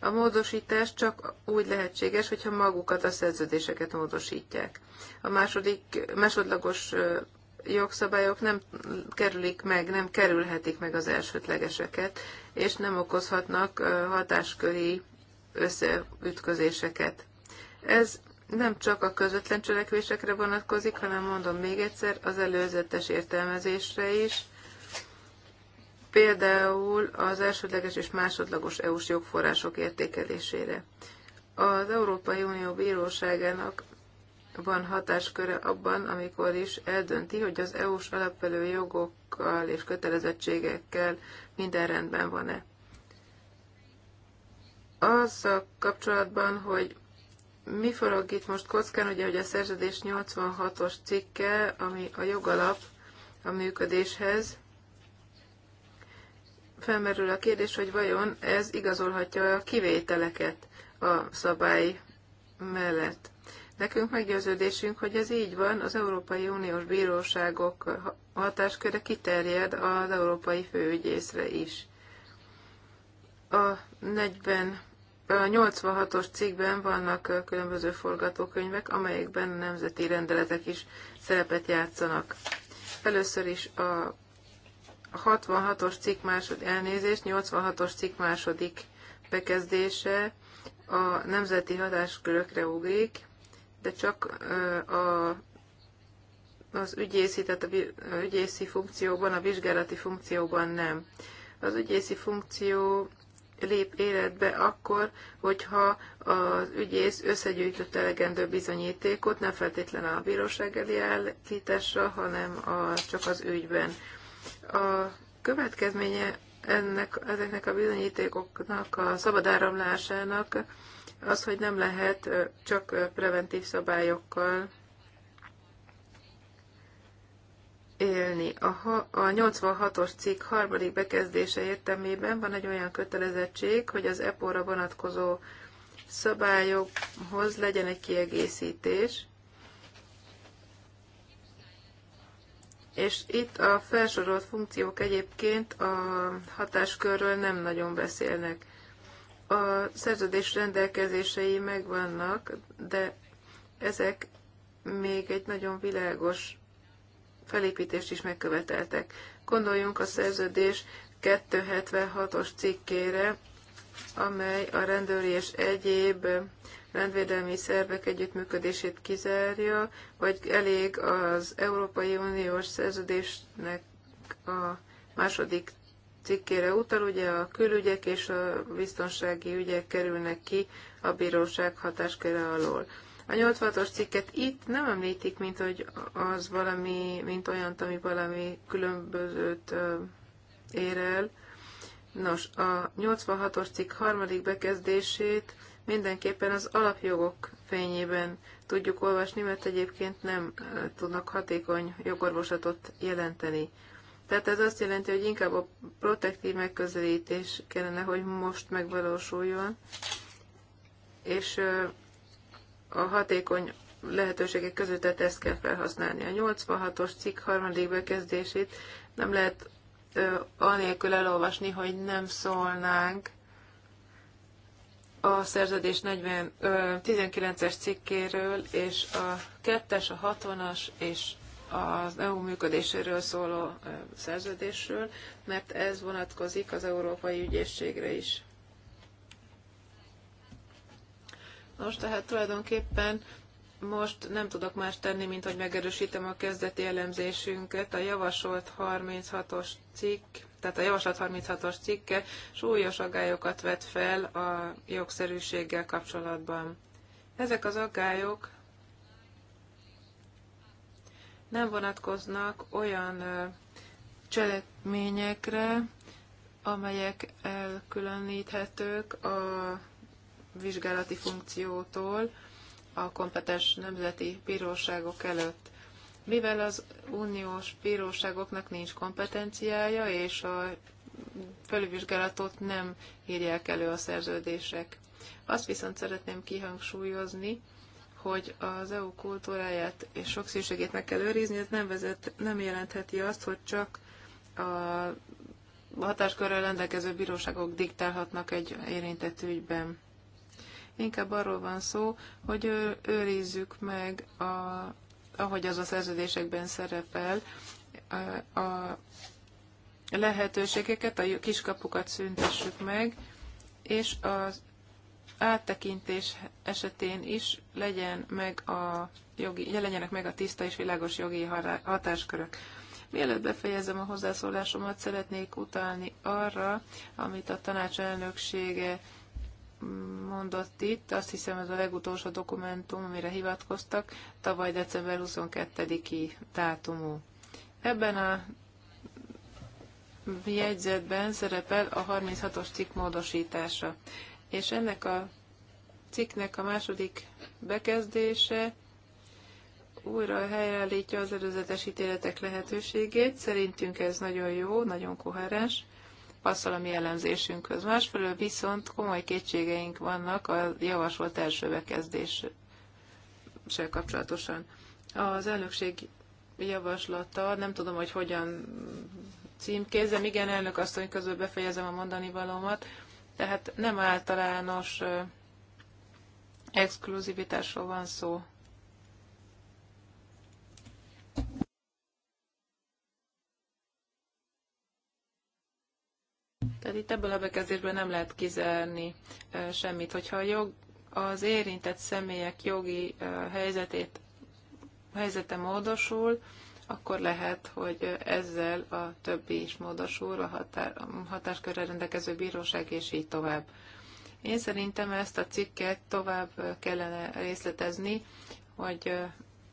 A módosítás csak úgy lehetséges, hogyha magukat a szerződéseket módosítják. A második, másodlagos jogszabályok nem kerülik meg, nem kerülhetik meg az elsődlegeseket, és nem okozhatnak hatásköri összeütközéseket. Ez nem csak a közvetlen cselekvésekre vonatkozik, hanem mondom még egyszer, az előzetes értelmezésre is. Például az elsődleges és másodlagos EU-s jogforrások értékelésére. Az Európai Unió Bíróságának van hatásköre abban, amikor is eldönti, hogy az EU-s alapvető jogokkal és kötelezettségekkel minden rendben van-e. Azzal kapcsolatban, hogy mi forog itt most kockán, ugye, hogy a szerződés 86-os cikke, ami a jogalap a működéshez, felmerül a kérdés, hogy vajon ez igazolhatja a kivételeket a szabály mellett. Nekünk meggyőződésünk, hogy ez így van, az Európai Uniós Bíróságok hatásköre kiterjed az Európai Főügyészre is. A 40 a 86-os cikkben vannak különböző forgatókönyvek, amelyekben nemzeti rendeletek is szerepet játszanak. Először is a 66-os cikk második elnézést, 86-os cikk második bekezdése a nemzeti hatáskörökre ugrik, de csak a, az ügyészi, tehát a ügyészi funkcióban, a vizsgálati funkcióban nem. Az ügyészi funkció lép életbe akkor, hogyha az ügyész összegyűjtött elegendő bizonyítékot, nem feltétlenül a bíróság elé állításra, hanem a, csak az ügyben. A következménye ennek, ezeknek a bizonyítékoknak a szabad áramlásának az, hogy nem lehet csak preventív szabályokkal élni. A, a 86-os cikk harmadik bekezdése értelmében van egy olyan kötelezettség, hogy az EPO-ra vonatkozó szabályokhoz legyen egy kiegészítés, és itt a felsorolt funkciók egyébként a hatáskörről nem nagyon beszélnek. A szerződés rendelkezései megvannak, de ezek még egy nagyon világos felépítést is megköveteltek. Gondoljunk a szerződés 276-os cikkére, amely a rendőri és egyéb rendvédelmi szervek együttműködését kizárja, vagy elég az Európai Uniós szerződésnek a második cikkére utal, ugye a külügyek és a biztonsági ügyek kerülnek ki a bíróság hatáskere alól. A 86-os cikket itt nem említik, mint hogy az valami, mint olyan, ami valami különbözőt ér el. Nos, a 86-os cikk harmadik bekezdését mindenképpen az alapjogok fényében tudjuk olvasni, mert egyébként nem tudnak hatékony jogorvoslatot jelenteni. Tehát ez azt jelenti, hogy inkább a protektív megközelítés kellene, hogy most megvalósuljon, és a hatékony lehetőségek között, tehát ezt kell felhasználni. A 86-os cikk harmadik bekezdését nem lehet ö, anélkül elolvasni, hogy nem szólnánk a szerződés 40, 19-es cikkéről, és a 2-es, a 60-as és az EU működéséről szóló szerződésről, mert ez vonatkozik az Európai Ügyészségre is. Nos, tehát tulajdonképpen most nem tudok más tenni, mint hogy megerősítem a kezdeti elemzésünket. A javasolt 36-os cikk, tehát a javaslat 36-os cikke súlyos aggályokat vet fel a jogszerűséggel kapcsolatban. Ezek az aggályok nem vonatkoznak olyan cselekményekre, amelyek elkülöníthetők a vizsgálati funkciótól a kompetens nemzeti bíróságok előtt. Mivel az uniós bíróságoknak nincs kompetenciája, és a felülvizsgálatot nem írják elő a szerződések. Azt viszont szeretném kihangsúlyozni, hogy az EU kultúráját és sokszínűségét meg kell őrizni, ez nem, vezet, nem jelentheti azt, hogy csak a hatáskörrel rendelkező bíróságok diktálhatnak egy érintett ügyben. Inkább arról van szó, hogy őrizzük meg, a, ahogy az a szerződésekben szerepel, a, a lehetőségeket, a kiskapukat szüntessük meg, és az áttekintés esetén is legyen meg a jogi, legyenek meg a tiszta és világos jogi hatáskörök. Mielőtt befejezem a hozzászólásomat, szeretnék utalni arra, amit a tanács elnöksége mondott itt, azt hiszem ez a legutolsó dokumentum, amire hivatkoztak, tavaly december 22-i dátumú. Ebben a jegyzetben szerepel a 36-os cikk módosítása, és ennek a cikknek a második bekezdése újra helyreállítja az előzetes ítéletek lehetőségét. Szerintünk ez nagyon jó, nagyon koherens passzol a mi elemzésünkhöz. Másfelől viszont komoly kétségeink vannak a javasolt első bekezdéssel kapcsolatosan. Az elnökség javaslata, nem tudom, hogy hogyan címkézem, igen, elnök asszony közül befejezem a mondani valómat, tehát nem általános exkluzivitásról van szó. Tehát itt ebből a bekezdésből nem lehet kizárni semmit. Hogyha a jog, az érintett személyek jogi helyzetét, helyzete módosul, akkor lehet, hogy ezzel a többi is módosul, a, határ, a hatáskörre rendelkező bíróság, és így tovább. Én szerintem ezt a cikket tovább kellene részletezni, hogy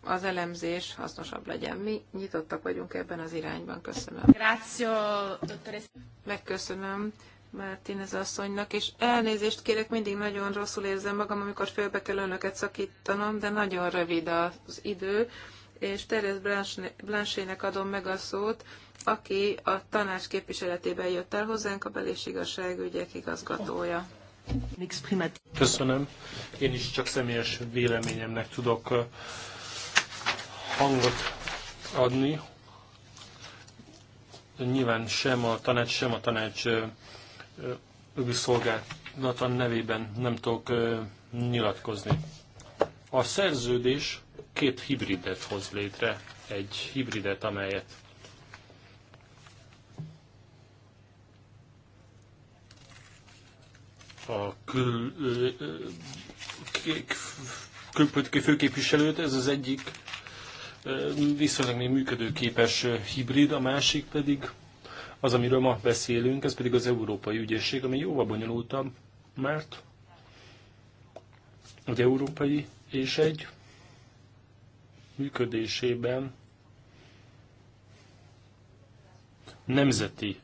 az elemzés hasznosabb legyen. Mi nyitottak vagyunk ebben az irányban. Köszönöm. Grazie, dottoressa. Megköszönöm Mártinez asszonynak, és elnézést kérek, mindig nagyon rosszul érzem magam, amikor fölbe kell önöket szakítanom, de nagyon rövid az idő, és Teres Blanchének adom meg a szót, aki a tanács képviseletében jött el hozzánk, a bel- igazságügyek igazgatója. Köszönöm. Én is csak személyes véleményemnek tudok hangot adni. Nyilván sem a tanács, sem a tanács jogi szolgálata nevében nem tudok nyilatkozni. A szerződés két hibridet hoz létre. Egy hibridet, amelyet a kül, kül, külpolitikai főképviselőt, ez az egyik viszonylag még működőképes hibrid, a másik pedig az, amiről ma beszélünk, ez pedig az Európai Ügyészség, ami jóval bonyolultabb, mert az Európai és egy működésében nemzeti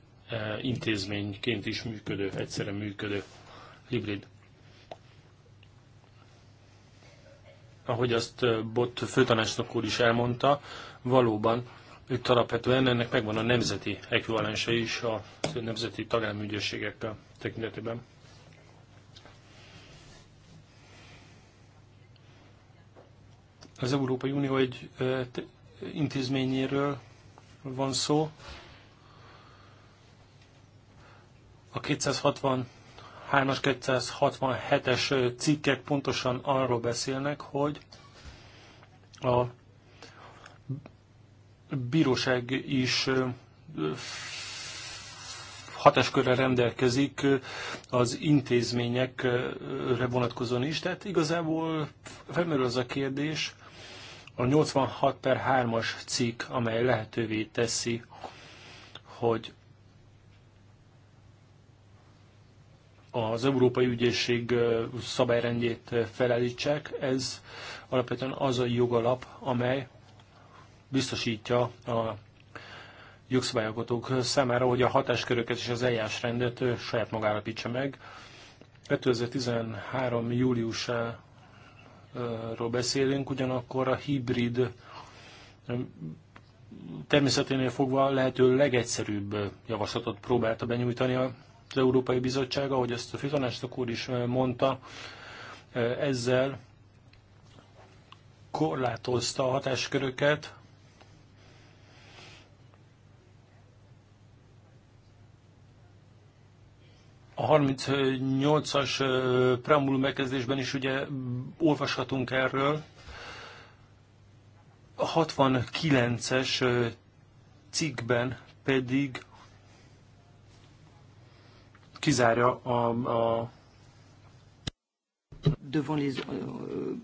intézményként is működő, egyszerre működő hibrid ahogy azt Bot főtanácsnok úr is elmondta, valóban itt alapvetően ennek megvan a nemzeti ekvivalense is a nemzeti tagállami ügyészségek tekintetében. Az Európai Unió egy intézményéről van szó. A 260 3-as 267-es cikkek pontosan arról beszélnek, hogy a bíróság is hatáskörre rendelkezik az intézményekre vonatkozóan is. Tehát igazából felmerül az a kérdés, a 86 per 3-as cikk, amely lehetővé teszi, hogy az Európai Ügyészség szabályrendjét felelítsek. Ez alapvetően az a jogalap, amely biztosítja a jogszabályalkotók számára, hogy a hatásköröket és az eljárásrendet saját magára állapítsa meg. 2013. júliusáról beszélünk, ugyanakkor a hibrid természeténél fogva lehető legegyszerűbb javaslatot próbálta benyújtani a Európai Bizottság, ahogy ezt a főtanácsnok úr is mondta, ezzel korlátozta a hatásköröket, a 38-as preambulum megkezdésben is ugye olvashatunk erről. A 69-es cikkben pedig kizárja a, a devant les euh,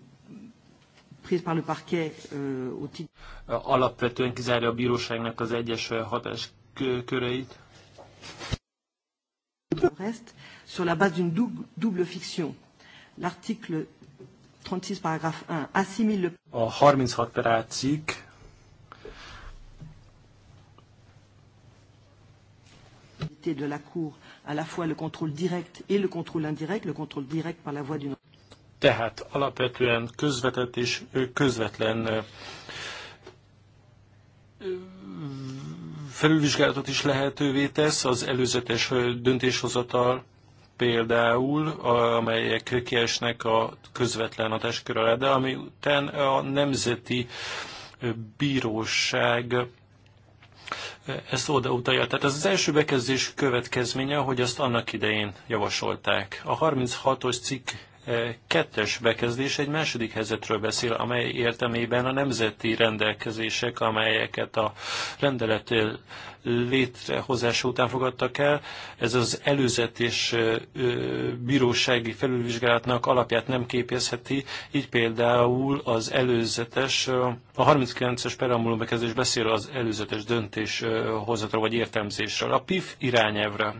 euh, euh, Alapvetően kizárja a bíróságnak az egyes hatás köreit. Rest sur la base d'une double, fiction. L'article 36 paragraphe 1 assimile le... A 36 per cikk de la Cour à la fois le contrôle direct et le contrôle indirect, le contrôle direct par la voie d'une... Tehát alapvetően közvetett és közvetlen felülvizsgálatot is lehetővé tesz az előzetes döntéshozatal például, amelyek kiesnek a közvetlen hatáskör alá, de amiután a Nemzeti Bíróság ezt e, oda utalja. Tehát ez az első bekezdés következménye, hogy azt annak idején javasolták. A 36-os cikk kettes bekezdés egy második helyzetről beszél, amely értelmében a nemzeti rendelkezések, amelyeket a rendelet létrehozása után fogadtak el, ez az előzetes bírósági felülvizsgálatnak alapját nem képezheti, így például az előzetes, a 39-es perambulum bekezdés beszél az előzetes döntéshozatról vagy értelmezésről. A PIF irányelvre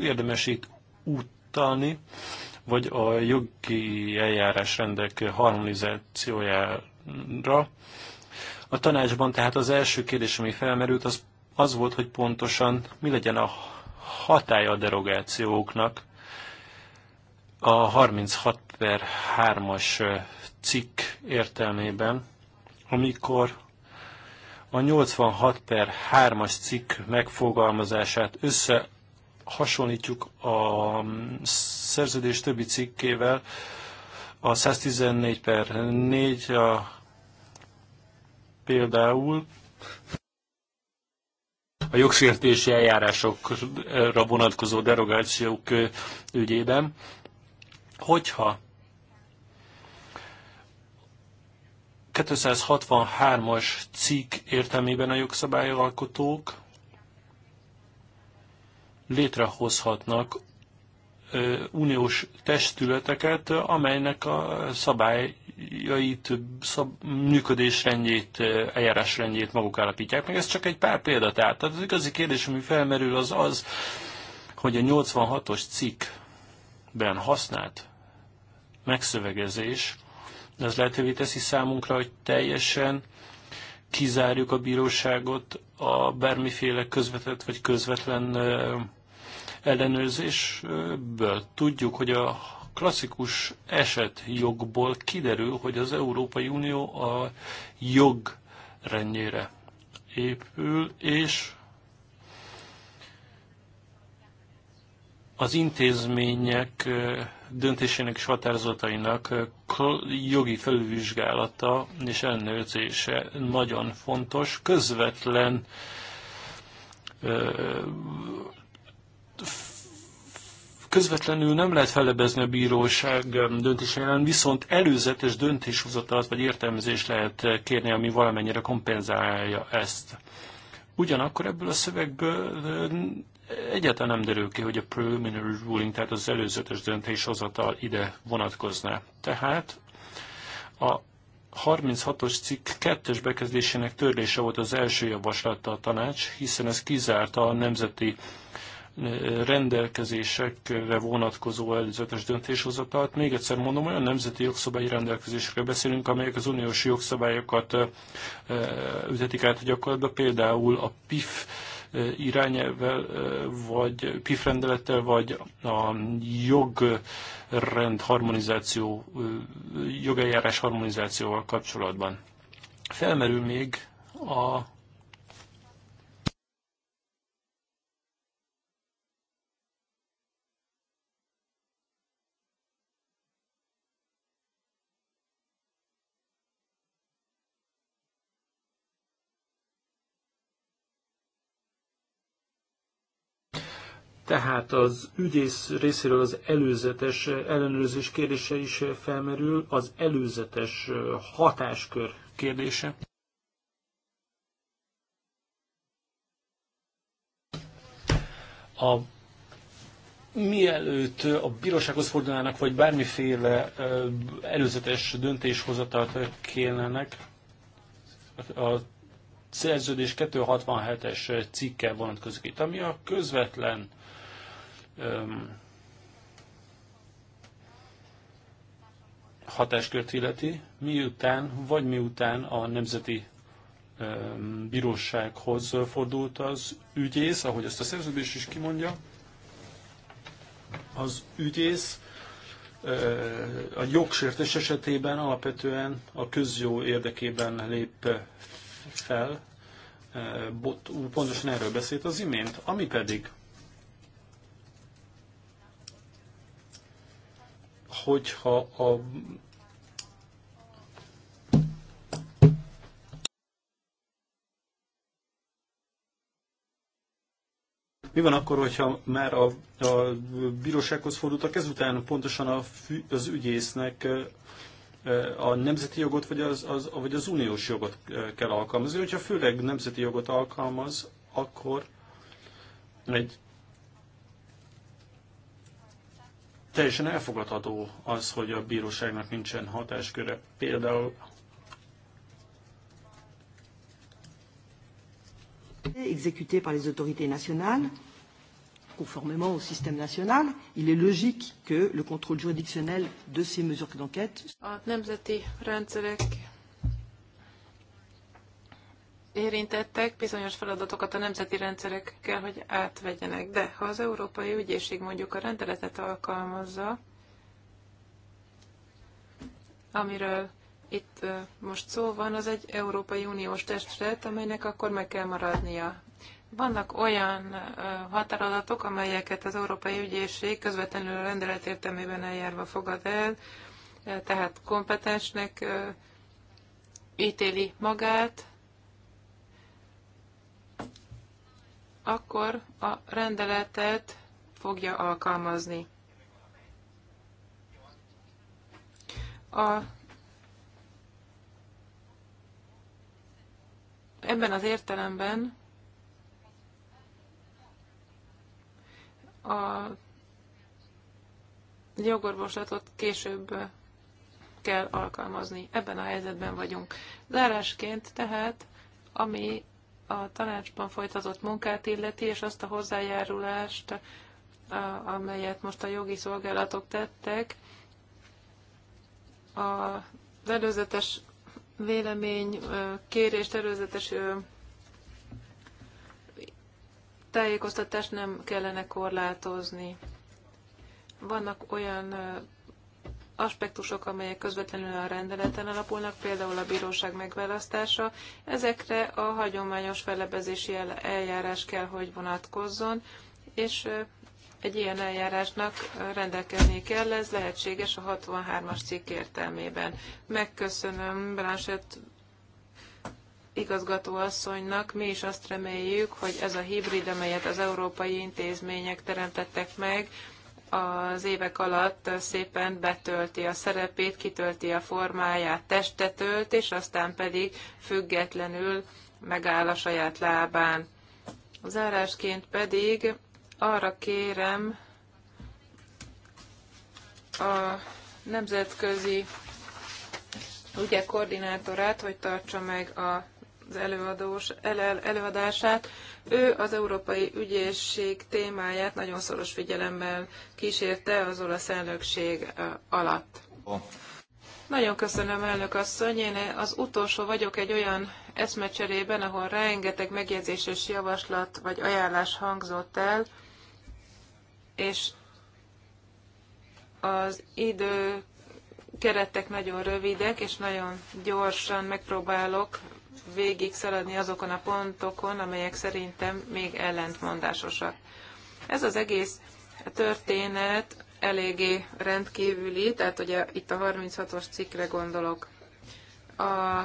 érdemes itt utalni vagy a jogi eljárásrendek harmonizációjára. A tanácsban tehát az első kérdés, ami felmerült, az, az volt, hogy pontosan mi legyen a hatája a derogációknak a 36 per 3-as cikk értelmében, amikor a 86 per 3-as cikk megfogalmazását össze hasonlítjuk a szerződés többi cikkével, a 114 per 4 a, például a jogsértési eljárásokra vonatkozó derogációk ügyében, hogyha 263-as cikk értelmében a jogszabályalkotók létrehozhatnak uniós testületeket, amelynek a szabályait, szab, működésrendjét, eljárásrendjét maguk állapítják meg. Ez csak egy pár példa. Tehát az igazi kérdés, ami felmerül, az az, hogy a 86-os cikkben használt megszövegezés, ez lehetővé teszi számunkra, hogy teljesen kizárjuk a bíróságot a bármiféle közvetett vagy közvetlen ellenőrzésből. Tudjuk, hogy a klasszikus eset jogból kiderül, hogy az Európai Unió a jog rendjére épül, és az intézmények döntésének és határozatainak jogi felülvizsgálata és ellenőrzése nagyon fontos, közvetlen közvetlenül nem lehet felebezni a bíróság um, döntése ellen, viszont előzetes döntéshozatalat vagy értelmezést lehet kérni, ami valamennyire kompenzálja ezt. Ugyanakkor ebből a szövegből um, egyáltalán nem derül ki, hogy a preliminary ruling, tehát az előzetes döntéshozatal ide vonatkozná. Tehát a 36-os cikk kettes bekezdésének törlése volt az első javaslata a tanács, hiszen ez kizárta a nemzeti rendelkezésekre vonatkozó előzetes döntéshozatalt. Még egyszer mondom, olyan nemzeti jogszabályi rendelkezésekről beszélünk, amelyek az uniós jogszabályokat ütetik át a gyakorlatba, például a PIF irányelvvel, vagy PIF rendelettel, vagy a jogrend harmonizáció, jogeljárás harmonizációval kapcsolatban. Felmerül még a Tehát az ügyész részéről az előzetes eh, ellenőrzés kérdése is eh, felmerül, az előzetes eh, hatáskör kérdése. A mielőtt a bírósághoz fordulnának, vagy bármiféle előzetes döntéshozatalt kérlenek, a szerződés 267-es cikke vonatkozik itt, ami a közvetlen hatáskört illeti, miután vagy miután a Nemzeti Bírósághoz fordult az ügyész, ahogy ezt a szerződés is kimondja, az ügyész a jogsértés esetében alapvetően a közjó érdekében lép fel. Pontosan erről beszélt az imént. Ami pedig hogyha a Mi van akkor, hogyha már a, a bírósághoz fordultak, ezután pontosan a, az ügyésznek a nemzeti jogot vagy az, az, vagy az uniós jogot kell alkalmazni? Hogyha főleg nemzeti jogot alkalmaz, akkor egy teljesen elfogadható az, hogy a bíróságnak nincsen hatásköre. Például exécuté par les autorités nationales, conformément au système national, il est logique que le contrôle juridictionnel de ces mesures d'enquête. A nemzeti rendszerek érintettek bizonyos feladatokat a nemzeti rendszerek kell, hogy átvegyenek. De ha az Európai Ügyészség mondjuk a rendeletet alkalmazza, amiről itt most szó van, az egy Európai Uniós testület, amelynek akkor meg kell maradnia. Vannak olyan határadatok, amelyeket az Európai Ügyészség közvetlenül a rendelet értelmében eljárva fogad el, tehát kompetensnek ítéli magát, akkor a rendeletet fogja alkalmazni. A ebben az értelemben a jogorvoslatot később kell alkalmazni. Ebben a helyzetben vagyunk. Zárásként tehát, ami a tanácsban folytatott munkát illeti, és azt a hozzájárulást, amelyet most a jogi szolgálatok tettek, az előzetes vélemény kérést, előzetes tájékoztatást nem kellene korlátozni. Vannak olyan aspektusok, amelyek közvetlenül a rendeleten alapulnak, például a bíróság megválasztása, ezekre a hagyományos fellebezési eljárás kell, hogy vonatkozzon, és egy ilyen eljárásnak rendelkezni kell, ez lehetséges a 63-as cikk értelmében. Megköszönöm Blanchett igazgatóasszonynak, mi is azt reméljük, hogy ez a hibrid, amelyet az európai intézmények teremtettek meg, az évek alatt szépen betölti a szerepét, kitölti a formáját, testet ölt, és aztán pedig függetlenül megáll a saját lábán. Zárásként pedig arra kérem a nemzetközi ügyek koordinátorát, hogy tartsa meg a az előadós, elel, előadását. Ő az Európai Ügyészség témáját nagyon szoros figyelemmel kísérte az olasz elnökség alatt. Nagyon köszönöm, elnök asszony. Én az utolsó vagyok egy olyan eszmecserében, ahol rengeteg megjegyzés és javaslat vagy ajánlás hangzott el, és az idő keretek nagyon rövidek, és nagyon gyorsan megpróbálok végig szaladni azokon a pontokon, amelyek szerintem még ellentmondásosak. Ez az egész történet eléggé rendkívüli, tehát ugye itt a 36-os cikkre gondolok. A,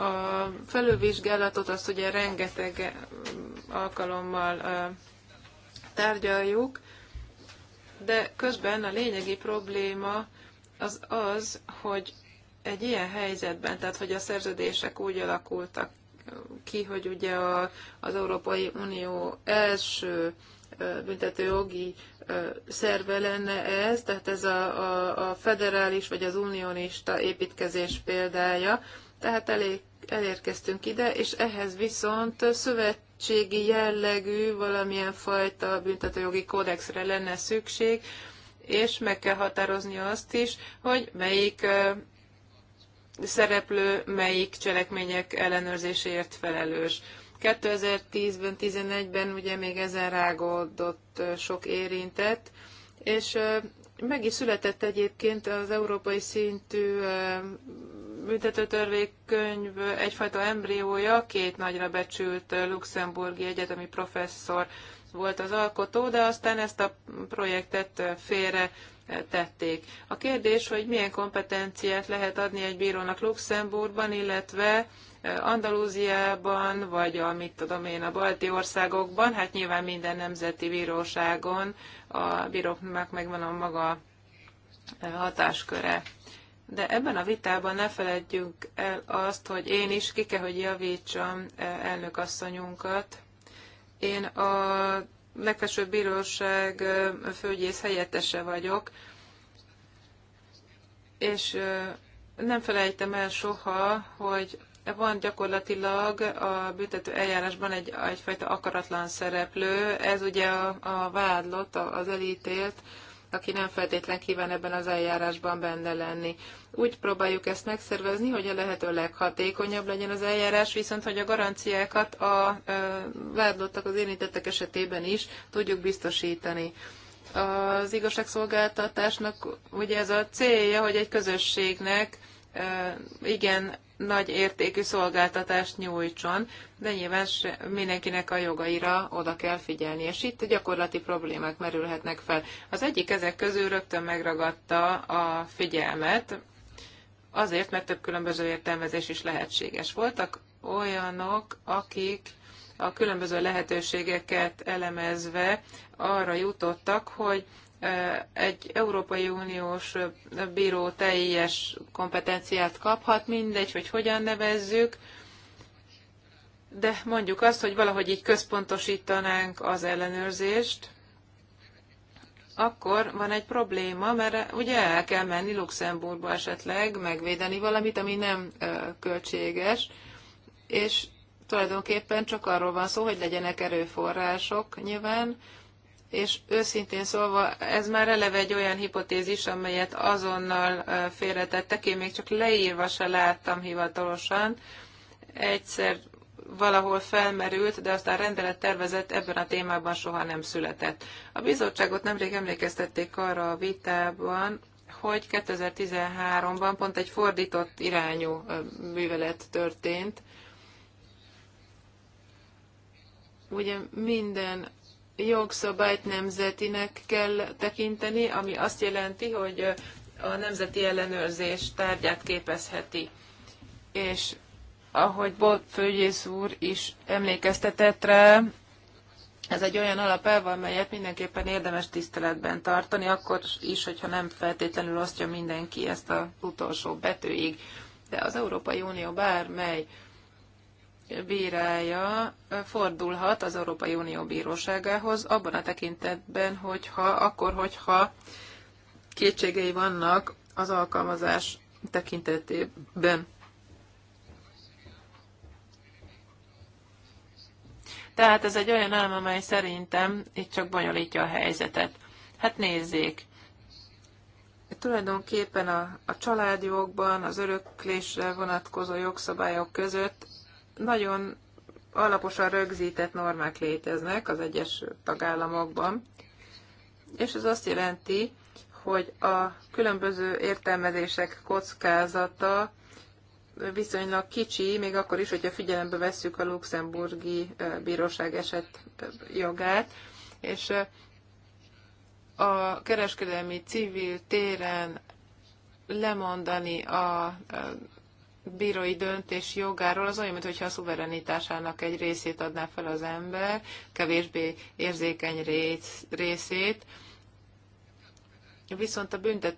a felülvizsgálatot azt ugye rengeteg alkalommal tárgyaljuk, de közben a lényegi probléma az az, hogy egy ilyen helyzetben, tehát hogy a szerződések úgy alakultak ki, hogy ugye a, az Európai Unió első büntetőjogi szerve lenne ez, tehát ez a, a, a federális vagy az unionista építkezés példája, tehát elég, elérkeztünk ide, és ehhez viszont szövetségi jellegű valamilyen fajta büntetőjogi kódexre lenne szükség, és meg kell határozni azt is, hogy melyik szereplő melyik cselekmények ellenőrzéséért felelős. 2010-ben, 11-ben ugye még ezen rágódott sok érintett, és meg is született egyébként az európai szintű büntetőtörvénykönyv egyfajta embriója, két nagyra becsült luxemburgi egyetemi professzor volt az alkotó, de aztán ezt a projektet félre tették. A kérdés, hogy milyen kompetenciát lehet adni egy bírónak Luxemburgban, illetve e, Andalúziában, vagy a, mit tudom én, a balti országokban, hát nyilván minden nemzeti bíróságon a bíróknak megvan a maga e, hatásköre. De ebben a vitában ne feledjünk el azt, hogy én is ki kell, hogy javítsam e, elnökasszonyunkat. Én a legfelsőbb bíróság főgyész helyettese vagyok, és nem felejtem el soha, hogy van gyakorlatilag a büntető eljárásban egy, egyfajta akaratlan szereplő, ez ugye a, a vádlott, az elítélt, aki nem feltétlen kíván ebben az eljárásban benne lenni. Úgy próbáljuk ezt megszervezni, hogy a lehető leghatékonyabb legyen az eljárás, viszont hogy a garanciákat a vádlottak, az érintettek esetében is tudjuk biztosítani az igazságszolgáltatásnak ugye ez a célja, hogy egy közösségnek igen nagy értékű szolgáltatást nyújtson, de nyilván mindenkinek a jogaira oda kell figyelni, és itt gyakorlati problémák merülhetnek fel. Az egyik ezek közül rögtön megragadta a figyelmet, azért, mert több különböző értelmezés is lehetséges. Voltak olyanok, akik a különböző lehetőségeket elemezve arra jutottak, hogy egy Európai Uniós bíró teljes kompetenciát kaphat, mindegy, hogy hogyan nevezzük, de mondjuk azt, hogy valahogy így központosítanánk az ellenőrzést, akkor van egy probléma, mert ugye el kell menni Luxemburgba esetleg megvédeni valamit, ami nem költséges, és tulajdonképpen csak arról van szó, hogy legyenek erőforrások nyilván, és őszintén szólva ez már eleve egy olyan hipotézis, amelyet azonnal félretettek, én még csak leírva se láttam hivatalosan. Egyszer valahol felmerült, de aztán rendelet tervezett ebben a témában soha nem született. A bizottságot nemrég emlékeztették arra a vitában, hogy 2013-ban pont egy fordított irányú művelet történt. Ugye minden jogszabályt nemzetinek kell tekinteni, ami azt jelenti, hogy a nemzeti ellenőrzés tárgyát képezheti. És ahogy Bob Főgyész úr is emlékeztetett rá, ez egy olyan alapelv, amelyet mindenképpen érdemes tiszteletben tartani, akkor is, hogyha nem feltétlenül osztja mindenki ezt az utolsó betűig. De az Európai Unió bármely bírája fordulhat az Európai Unió bíróságához abban a tekintetben, hogyha akkor, hogyha kétségei vannak az alkalmazás tekintetében. Tehát ez egy olyan elem, amely szerintem itt csak bonyolítja a helyzetet. Hát nézzék, tulajdonképpen a, a családjogban, az öröklésre vonatkozó jogszabályok között nagyon alaposan rögzített normák léteznek az egyes tagállamokban, és ez azt jelenti, hogy a különböző értelmezések kockázata viszonylag kicsi, még akkor is, hogyha figyelembe vesszük a luxemburgi bíróság eset jogát, és a kereskedelmi civil téren lemondani a bírói döntés jogáról az olyan, mintha a szuverenitásának egy részét adná fel az ember, kevésbé érzékeny rész, részét, Viszont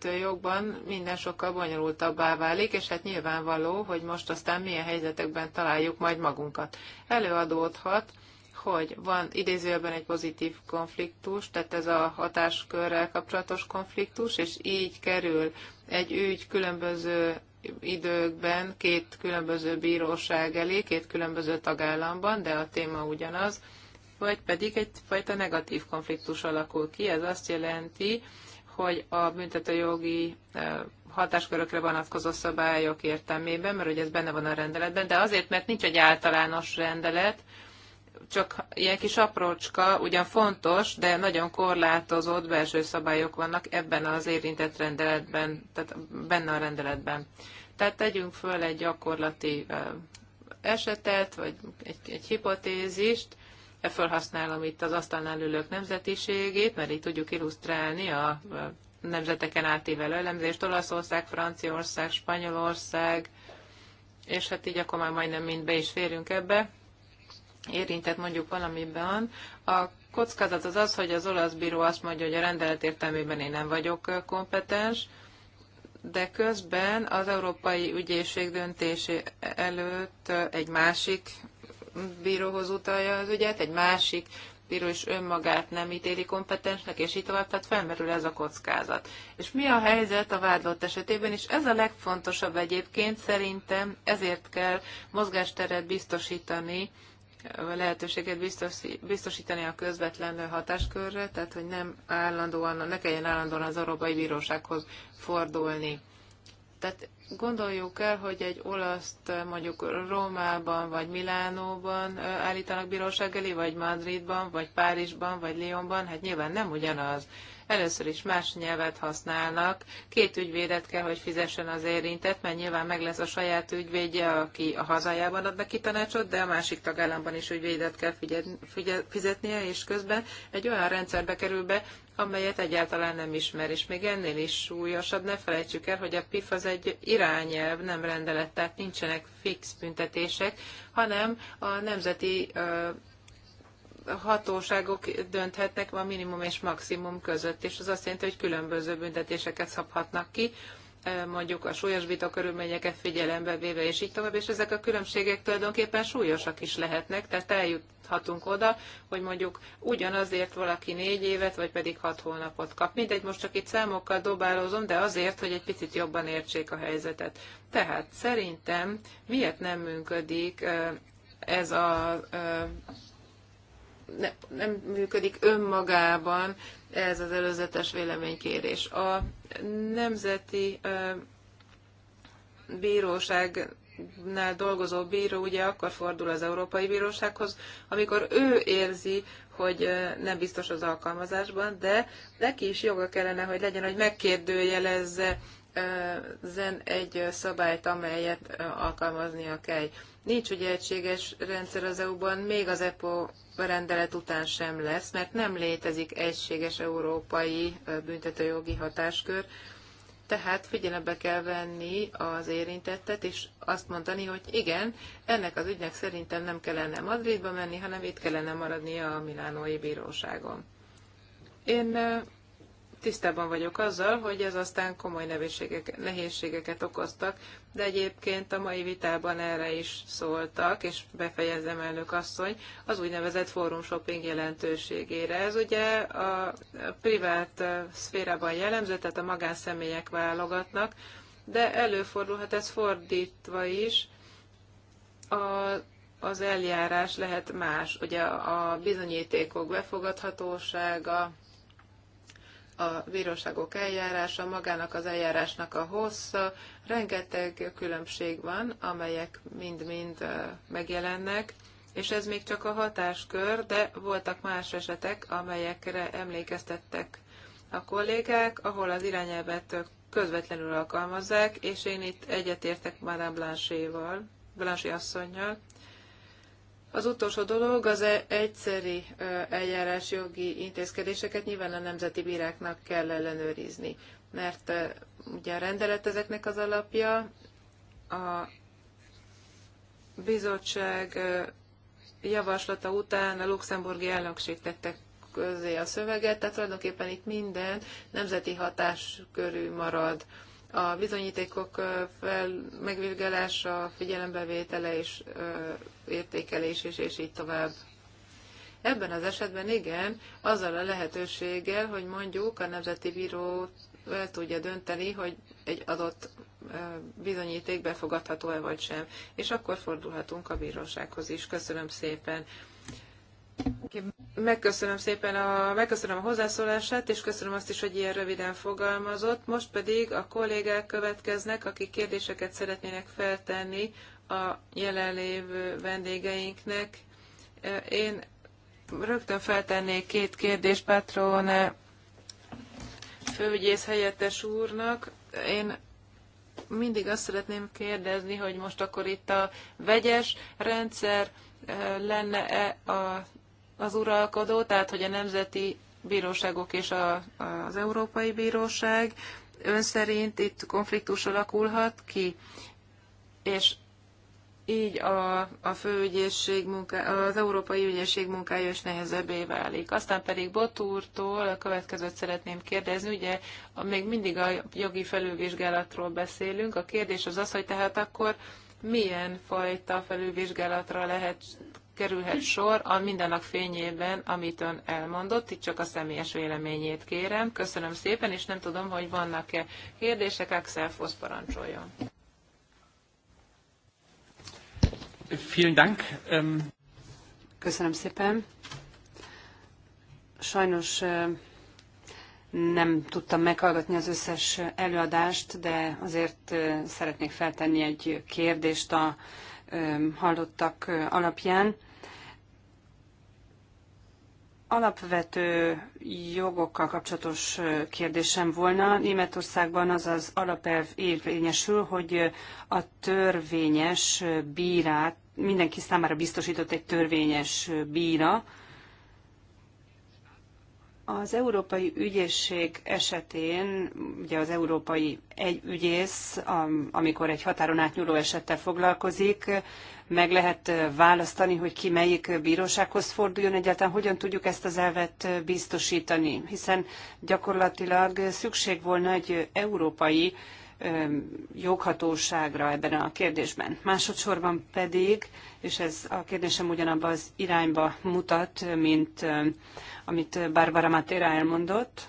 a jogban minden sokkal bonyolultabbá válik, és hát nyilvánvaló, hogy most aztán milyen helyzetekben találjuk majd magunkat. Előadódhat, hogy van idézőjelben egy pozitív konfliktus, tehát ez a hatáskörrel kapcsolatos konfliktus, és így kerül egy ügy különböző időkben két különböző bíróság elé, két különböző tagállamban, de a téma ugyanaz, vagy pedig egyfajta negatív konfliktus alakul ki. Ez azt jelenti, hogy a büntetőjogi eh, hatáskörökre vonatkozó szabályok értelmében, mert ugye ez benne van a rendeletben, de azért, mert nincs egy általános rendelet, csak ilyen kis aprócska, ugyan fontos, de nagyon korlátozott belső szabályok vannak ebben az érintett rendeletben, tehát benne a rendeletben. Tehát tegyünk föl egy gyakorlati esetet, vagy egy, egy hipotézist, e felhasználom itt az asztalnál ülők nemzetiségét, mert így tudjuk illusztrálni a nemzeteken átívelő elemzést, Olaszország, Franciaország, Spanyolország, és hát így akkor már majdnem mind be is férünk ebbe érintett mondjuk valamiben, a kockázat az az, hogy az olasz bíró azt mondja, hogy a rendelet értelmében én nem vagyok kompetens, de közben az Európai Ügyészség döntése előtt egy másik bíróhoz utalja az ügyet, egy másik bíró is önmagát nem ítéli kompetensnek, és így tovább, tehát felmerül ez a kockázat. És mi a helyzet a vádlott esetében, és ez a legfontosabb egyébként, szerintem ezért kell mozgásteret biztosítani lehetőséget biztosítani a közvetlen hatáskörre, tehát hogy nem állandóan, ne kelljen állandóan az Európai Bírósághoz fordulni. Tehát gondoljuk el, hogy egy olaszt mondjuk Rómában, vagy Milánóban állítanak bíróság elé, vagy Madridban, vagy Párizsban, vagy Lyonban, hát nyilván nem ugyanaz. Először is más nyelvet használnak, két ügyvédet kell, hogy fizessen az érintett, mert nyilván meg lesz a saját ügyvédje, aki a hazájában ad neki tanácsot, de a másik tagállamban is ügyvédet kell fizetnie, és közben egy olyan rendszerbe kerül be, amelyet egyáltalán nem ismer, és még ennél is súlyosabb, ne felejtsük el, hogy a PIF az egy irányelv, nem rendelet, tehát nincsenek fix büntetések, hanem a nemzeti hatóságok dönthetnek a minimum és maximum között, és az azt jelenti, hogy különböző büntetéseket szabhatnak ki, e, mondjuk a súlyos körülményeket figyelembe véve, és így tovább, és ezek a különbségek tulajdonképpen súlyosak is lehetnek, tehát eljuthatunk oda, hogy mondjuk ugyanazért valaki négy évet, vagy pedig hat hónapot kap. Mindegy, most csak itt számokkal dobálózom, de azért, hogy egy picit jobban értsék a helyzetet. Tehát szerintem miért nem működik e, ez a e, ne, nem működik önmagában ez az előzetes véleménykérés. A Nemzeti Bíróság nál dolgozó bíró ugye akkor fordul az Európai Bírósághoz, amikor ő érzi, hogy nem biztos az alkalmazásban, de neki is joga kellene, hogy legyen, hogy megkérdőjelezze zen egy szabályt, amelyet alkalmaznia kell. Nincs ugye egységes rendszer az EU-ban, még az EPO rendelet után sem lesz, mert nem létezik egységes európai büntetőjogi hatáskör, tehát figyelembe kell venni az érintettet, és azt mondani, hogy igen, ennek az ügynek szerintem nem kellene Madridba menni, hanem itt kellene maradnia a Milánói Bíróságon. Én tisztában vagyok azzal, hogy ez aztán komoly nehézségeket okoztak, de egyébként a mai vitában erre is szóltak, és befejezem elnök asszony, az úgynevezett fórum shopping jelentőségére. Ez ugye a privát szférában jellemző, tehát a magánszemélyek válogatnak, de előfordulhat ez fordítva is, a, az eljárás lehet más. Ugye a bizonyítékok befogadhatósága, a bíróságok eljárása, magának az eljárásnak a hossza, rengeteg különbség van, amelyek mind-mind megjelennek, és ez még csak a hatáskör, de voltak más esetek, amelyekre emlékeztettek a kollégák, ahol az irányelvet közvetlenül alkalmazzák, és én itt egyetértek Madame Blanchéval, Blanché asszonynal, az utolsó dolog az e- egyszeri eljárásjogi intézkedéseket nyilván a nemzeti bíráknak kell ellenőrizni, mert ugye a rendelet ezeknek az alapja, a bizottság javaslata után a luxemburgi elnökség tette közé a szöveget, tehát tulajdonképpen itt minden nemzeti hatás körül marad a bizonyítékok fel, megvizsgálása, figyelembevétele és értékelés is, és így tovább. Ebben az esetben igen, azzal a lehetőséggel, hogy mondjuk a Nemzeti Bíró el tudja dönteni, hogy egy adott bizonyíték befogadható-e vagy sem, és akkor fordulhatunk a bírósághoz is. Köszönöm szépen. Megköszönöm szépen a, megköszönöm a hozzászólását, és köszönöm azt is, hogy ilyen röviden fogalmazott. Most pedig a kollégák következnek, akik kérdéseket szeretnének feltenni a jelenlévő vendégeinknek. Én rögtön feltennék két kérdést Patrone főügyész helyettes úrnak. Én mindig azt szeretném kérdezni, hogy most akkor itt a vegyes rendszer eh, lenne-e a az uralkodó, tehát hogy a nemzeti bíróságok és a, az Európai Bíróság ön szerint itt konfliktus alakulhat ki, és így a, a főügyészség munká, az Európai Ügyészség munkája is nehezebbé válik. Aztán pedig Botúrtól a következőt szeretném kérdezni, ugye még mindig a jogi felülvizsgálatról beszélünk, a kérdés az az, hogy tehát akkor milyen fajta felülvizsgálatra lehet kerülhet sor a mindennak fényében, amit ön elmondott. Itt csak a személyes véleményét kérem. Köszönöm szépen, és nem tudom, hogy vannak-e kérdések. Axel Fosz parancsoljon. Vielen Dank. Ähm, Köszönöm szépen. Sajnos nem tudtam meghallgatni az összes előadást, de azért szeretnék feltenni egy kérdést a hallottak alapján alapvető jogokkal kapcsolatos kérdésem volna. Németországban az az alapelv érvényesül, hogy a törvényes bírát, mindenki számára biztosított egy törvényes bíra, az Európai Ügyészség esetén, ugye az Európai egy ügyész, amikor egy határon átnyúló esettel foglalkozik, meg lehet választani, hogy ki melyik bírósághoz forduljon egyáltalán, hogyan tudjuk ezt az elvet biztosítani, hiszen gyakorlatilag szükség volna egy európai joghatóságra ebben a kérdésben. Másodszorban pedig, és ez a kérdésem ugyanabba az irányba mutat, mint amit Barbara Matera elmondott,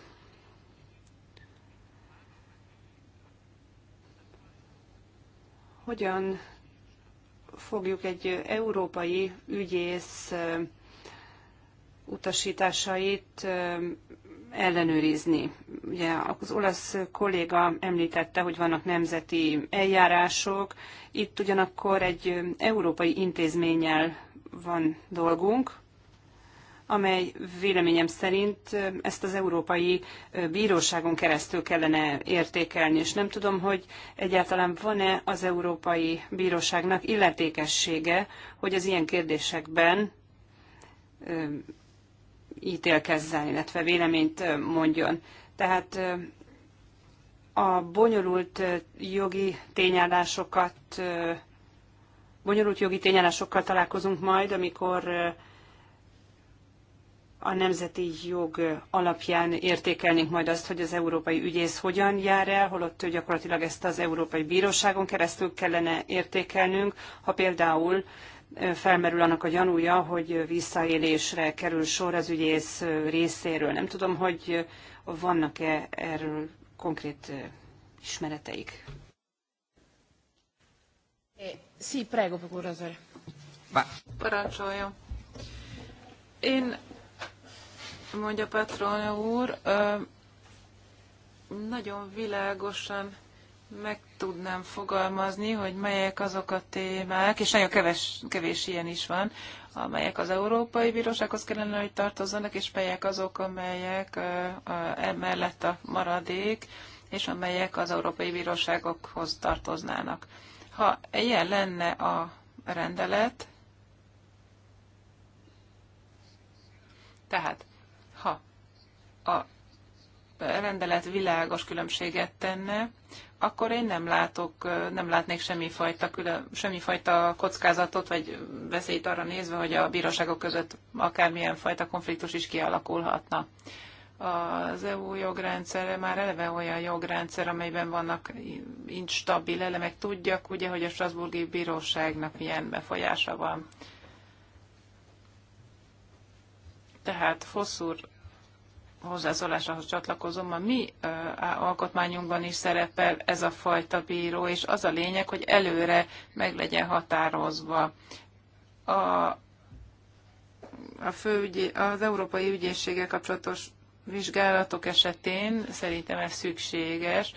hogyan fogjuk egy európai ügyész utasításait ellenőrizni. Ugye az olasz kolléga említette, hogy vannak nemzeti eljárások, itt ugyanakkor egy európai intézménnyel van dolgunk, amely véleményem szerint ezt az Európai Bíróságon keresztül kellene értékelni, és nem tudom, hogy egyáltalán van-e az Európai Bíróságnak illetékessége, hogy az ilyen kérdésekben ítélkezzen, illetve véleményt mondjon. Tehát a bonyolult jogi tényállásokat, bonyolult jogi tényállásokkal találkozunk majd, amikor a nemzeti jog alapján értékelnénk majd azt, hogy az európai ügyész hogyan jár el, holott gyakorlatilag ezt az Európai Bíróságon keresztül kellene értékelnünk, ha például felmerül annak a gyanúja, hogy visszaélésre kerül sor az ügyész részéről. Nem tudom, hogy vannak-e erről konkrét ismereteik. Eh, sí, prego, procuratore. Parancsoljon. Én, mondja Petrónia úr, nagyon világosan meg tudnám fogalmazni, hogy melyek azok a témák, és nagyon keves, kevés ilyen is van, amelyek az Európai Bírósághoz kellene, hogy tartozzanak, és melyek azok, amelyek emellett a maradék, és amelyek az Európai Bíróságokhoz tartoznának. Ha ilyen lenne a rendelet, tehát ha a rendelet világos különbséget tenne, akkor én nem látok, nem látnék semmifajta, külön, semmifajta kockázatot vagy veszélyt arra nézve, hogy a bíróságok között akármilyen fajta konfliktus is kialakulhatna. Az EU jogrendszere már eleve olyan jogrendszer, amelyben vannak instabil elemek. Tudjak ugye, hogy a Strasburgi Bíróságnak milyen befolyása van. Tehát Fosszúr hozzászólásához csatlakozom, a mi alkotmányunkban is szerepel ez a fajta bíró, és az a lényeg, hogy előre meg legyen határozva. A, a ügy, az Európai Ügyészséggel kapcsolatos vizsgálatok esetén szerintem ez szükséges,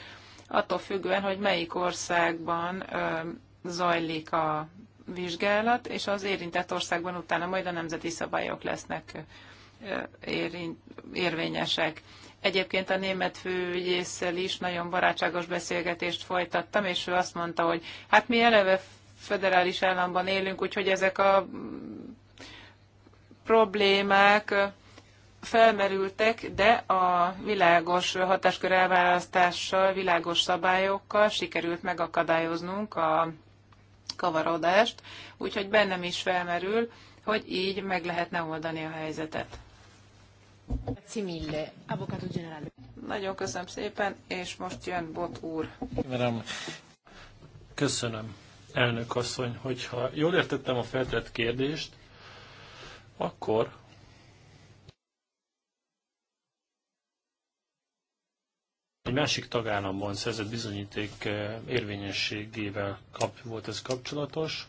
attól függően, hogy melyik országban zajlik a vizsgálat, és az érintett országban utána majd a nemzeti szabályok lesznek érint, érvényesek. Egyébként a német főügyészsel is nagyon barátságos beszélgetést folytattam, és ő azt mondta, hogy hát mi eleve federális államban élünk, úgyhogy ezek a problémák felmerültek, de a világos hatáskör elválasztással, világos szabályokkal sikerült megakadályoznunk a kavarodást, úgyhogy bennem is felmerül, hogy így meg lehetne oldani a helyzetet. Nagyon köszönöm szépen, és most jön Bot úr. Köszönöm. Köszönöm, elnök asszony, hogyha jól értettem a feltett kérdést, akkor egy másik tagállamban szerzett bizonyíték eh, érvényességével kap, volt ez kapcsolatos.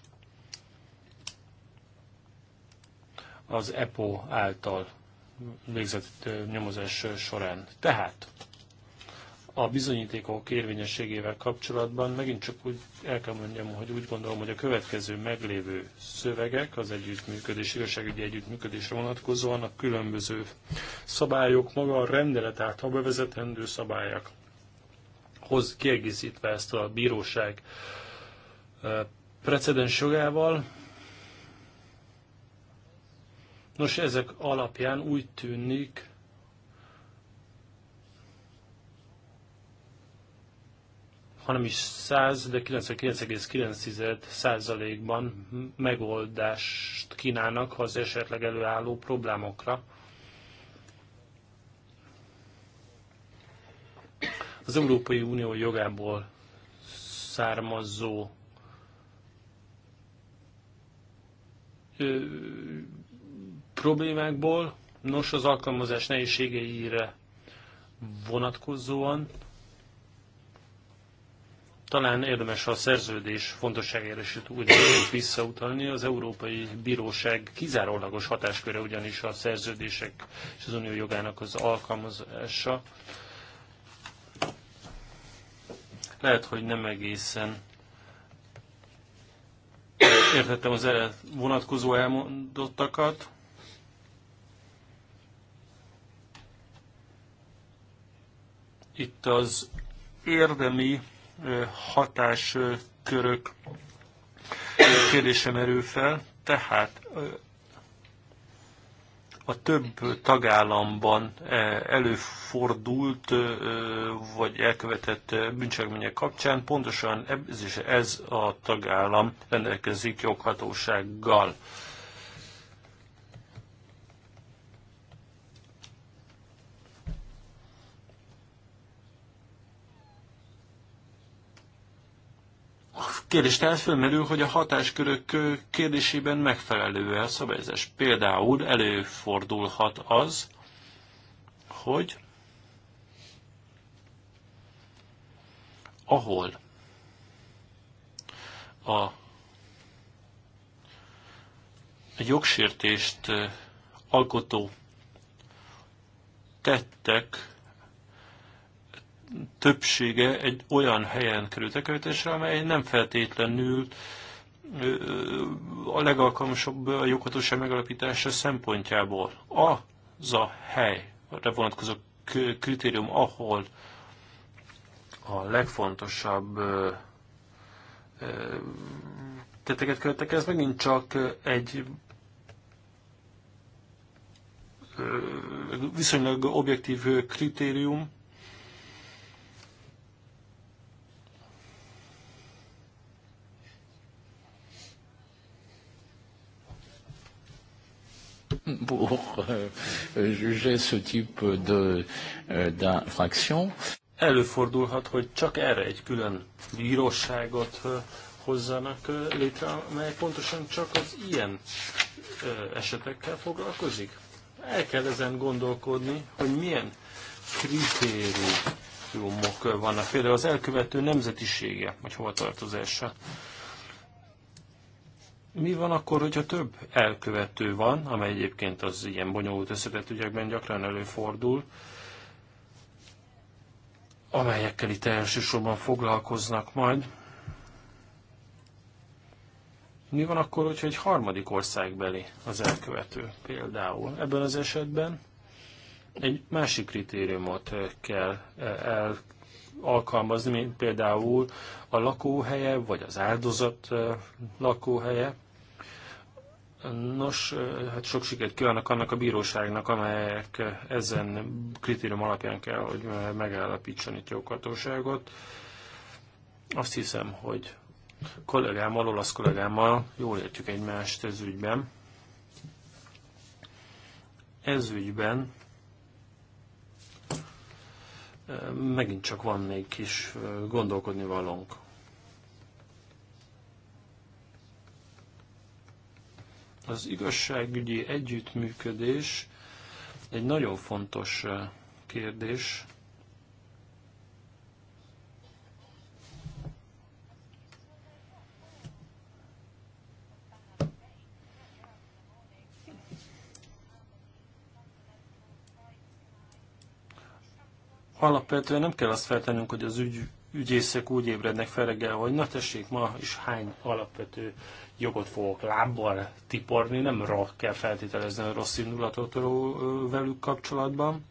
Az EPO által végzett nyomozás során. Tehát a bizonyítékok érvényességével kapcsolatban megint csak úgy el kell mondjam, hogy úgy gondolom, hogy a következő meglévő szövegek az együttműködés, igazságügyi együttműködésre vonatkozóan a különböző szabályok, maga a rendelet által bevezetendő szabályok hoz kiegészítve ezt a bíróság precedens jogával, Nos, ezek alapján úgy tűnik, hanem is 100, de 99,9 százalékban megoldást kínálnak az esetleg előálló problémokra. Az Európai Unió jogából származó problémákból. Nos, az alkalmazás nehézségeire vonatkozóan talán érdemes a szerződés fontosságára is ugyanis visszautalni. Az Európai Bíróság kizárólagos hatásköre ugyanis a szerződések és az unió jogának az alkalmazása. Lehet, hogy nem egészen értettem az vonatkozó elmondottakat. Itt az érdemi hatáskörök kérdése merül fel, tehát a több tagállamban előfordult vagy elkövetett bűncselekmények kapcsán pontosan ez, ez a tagállam rendelkezik joghatósággal. kérdés tehát fölmerül, hogy a hatáskörök kérdésében megfelelő-e a szabályozás. Például előfordulhat az, hogy ahol a jogsértést alkotó tettek többsége egy olyan helyen került elkövetésre, amely nem feltétlenül a legalkalmasabb a joghatóság megalapítása szempontjából. Az a hely, helyre vonatkozó kritérium, ahol a legfontosabb tetteket követtek, ez megint csak egy viszonylag objektív kritérium, [LAUGHS] Pour euh, juger ce type euh, d'infraction. Előfordulhat, hogy csak erre egy külön bíróságot euh, hozzanak létre, amely pontosan csak az ilyen esetekkel foglalkozik. El kell ezen gondolkodni, hogy milyen kritériumok vannak. Például az elkövető nemzetisége, vagy hova tartozása. Mi van akkor, hogyha több elkövető van, amely egyébként az ilyen bonyolult összetett ügyekben gyakran előfordul, amelyekkel itt elsősorban foglalkoznak majd. Mi van akkor, hogyha egy harmadik országbeli az elkövető például? Ebben az esetben egy másik kritériumot kell e, el alkalmazni, mint például a lakóhelye, vagy az áldozat e, lakóhelye. Nos, hát sok sikert kívánok annak a bíróságnak, amelyek ezen kritérium alapján kell, hogy megállapítson itt joghatóságot. Azt hiszem, hogy kollégámmal, olasz kollégámmal jól értjük egymást ez ügyben. Ez ügyben megint csak van még kis gondolkodni valónk. Az igazságügyi együttműködés egy nagyon fontos eh, kérdés. Alapvetően nem kell azt feltennünk, hogy az ügy ügyészek úgy ébrednek fel reggel, hogy na tessék, ma is hány alapvető jogot fogok lábbal tiporni, nem rá kell feltételezni a rossz indulatot velük kapcsolatban.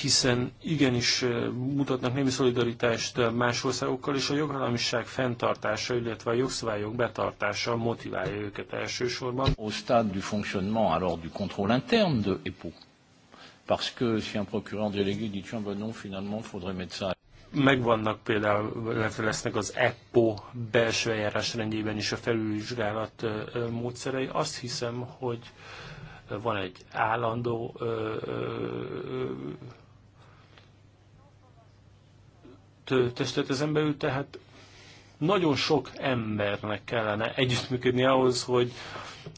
hiszen igenis mutatnak némi szolidaritást más országokkal, és a jogállamiság fenntartása, illetve a jogszabályok betartása motiválja őket elsősorban. Au stade du fonctionnement alors du contrôle interne de EPO parce que si un procureur délégué dit tiens, ben non, finalement, faudrait mettre ça. Megvannak például, illetve lesznek az EPPO belső eljárás rendjében is a felülvizsgálat módszerei. Azt hiszem, hogy van egy állandó testet ezen belül, tehát nagyon sok embernek kellene együttműködni ahhoz, hogy,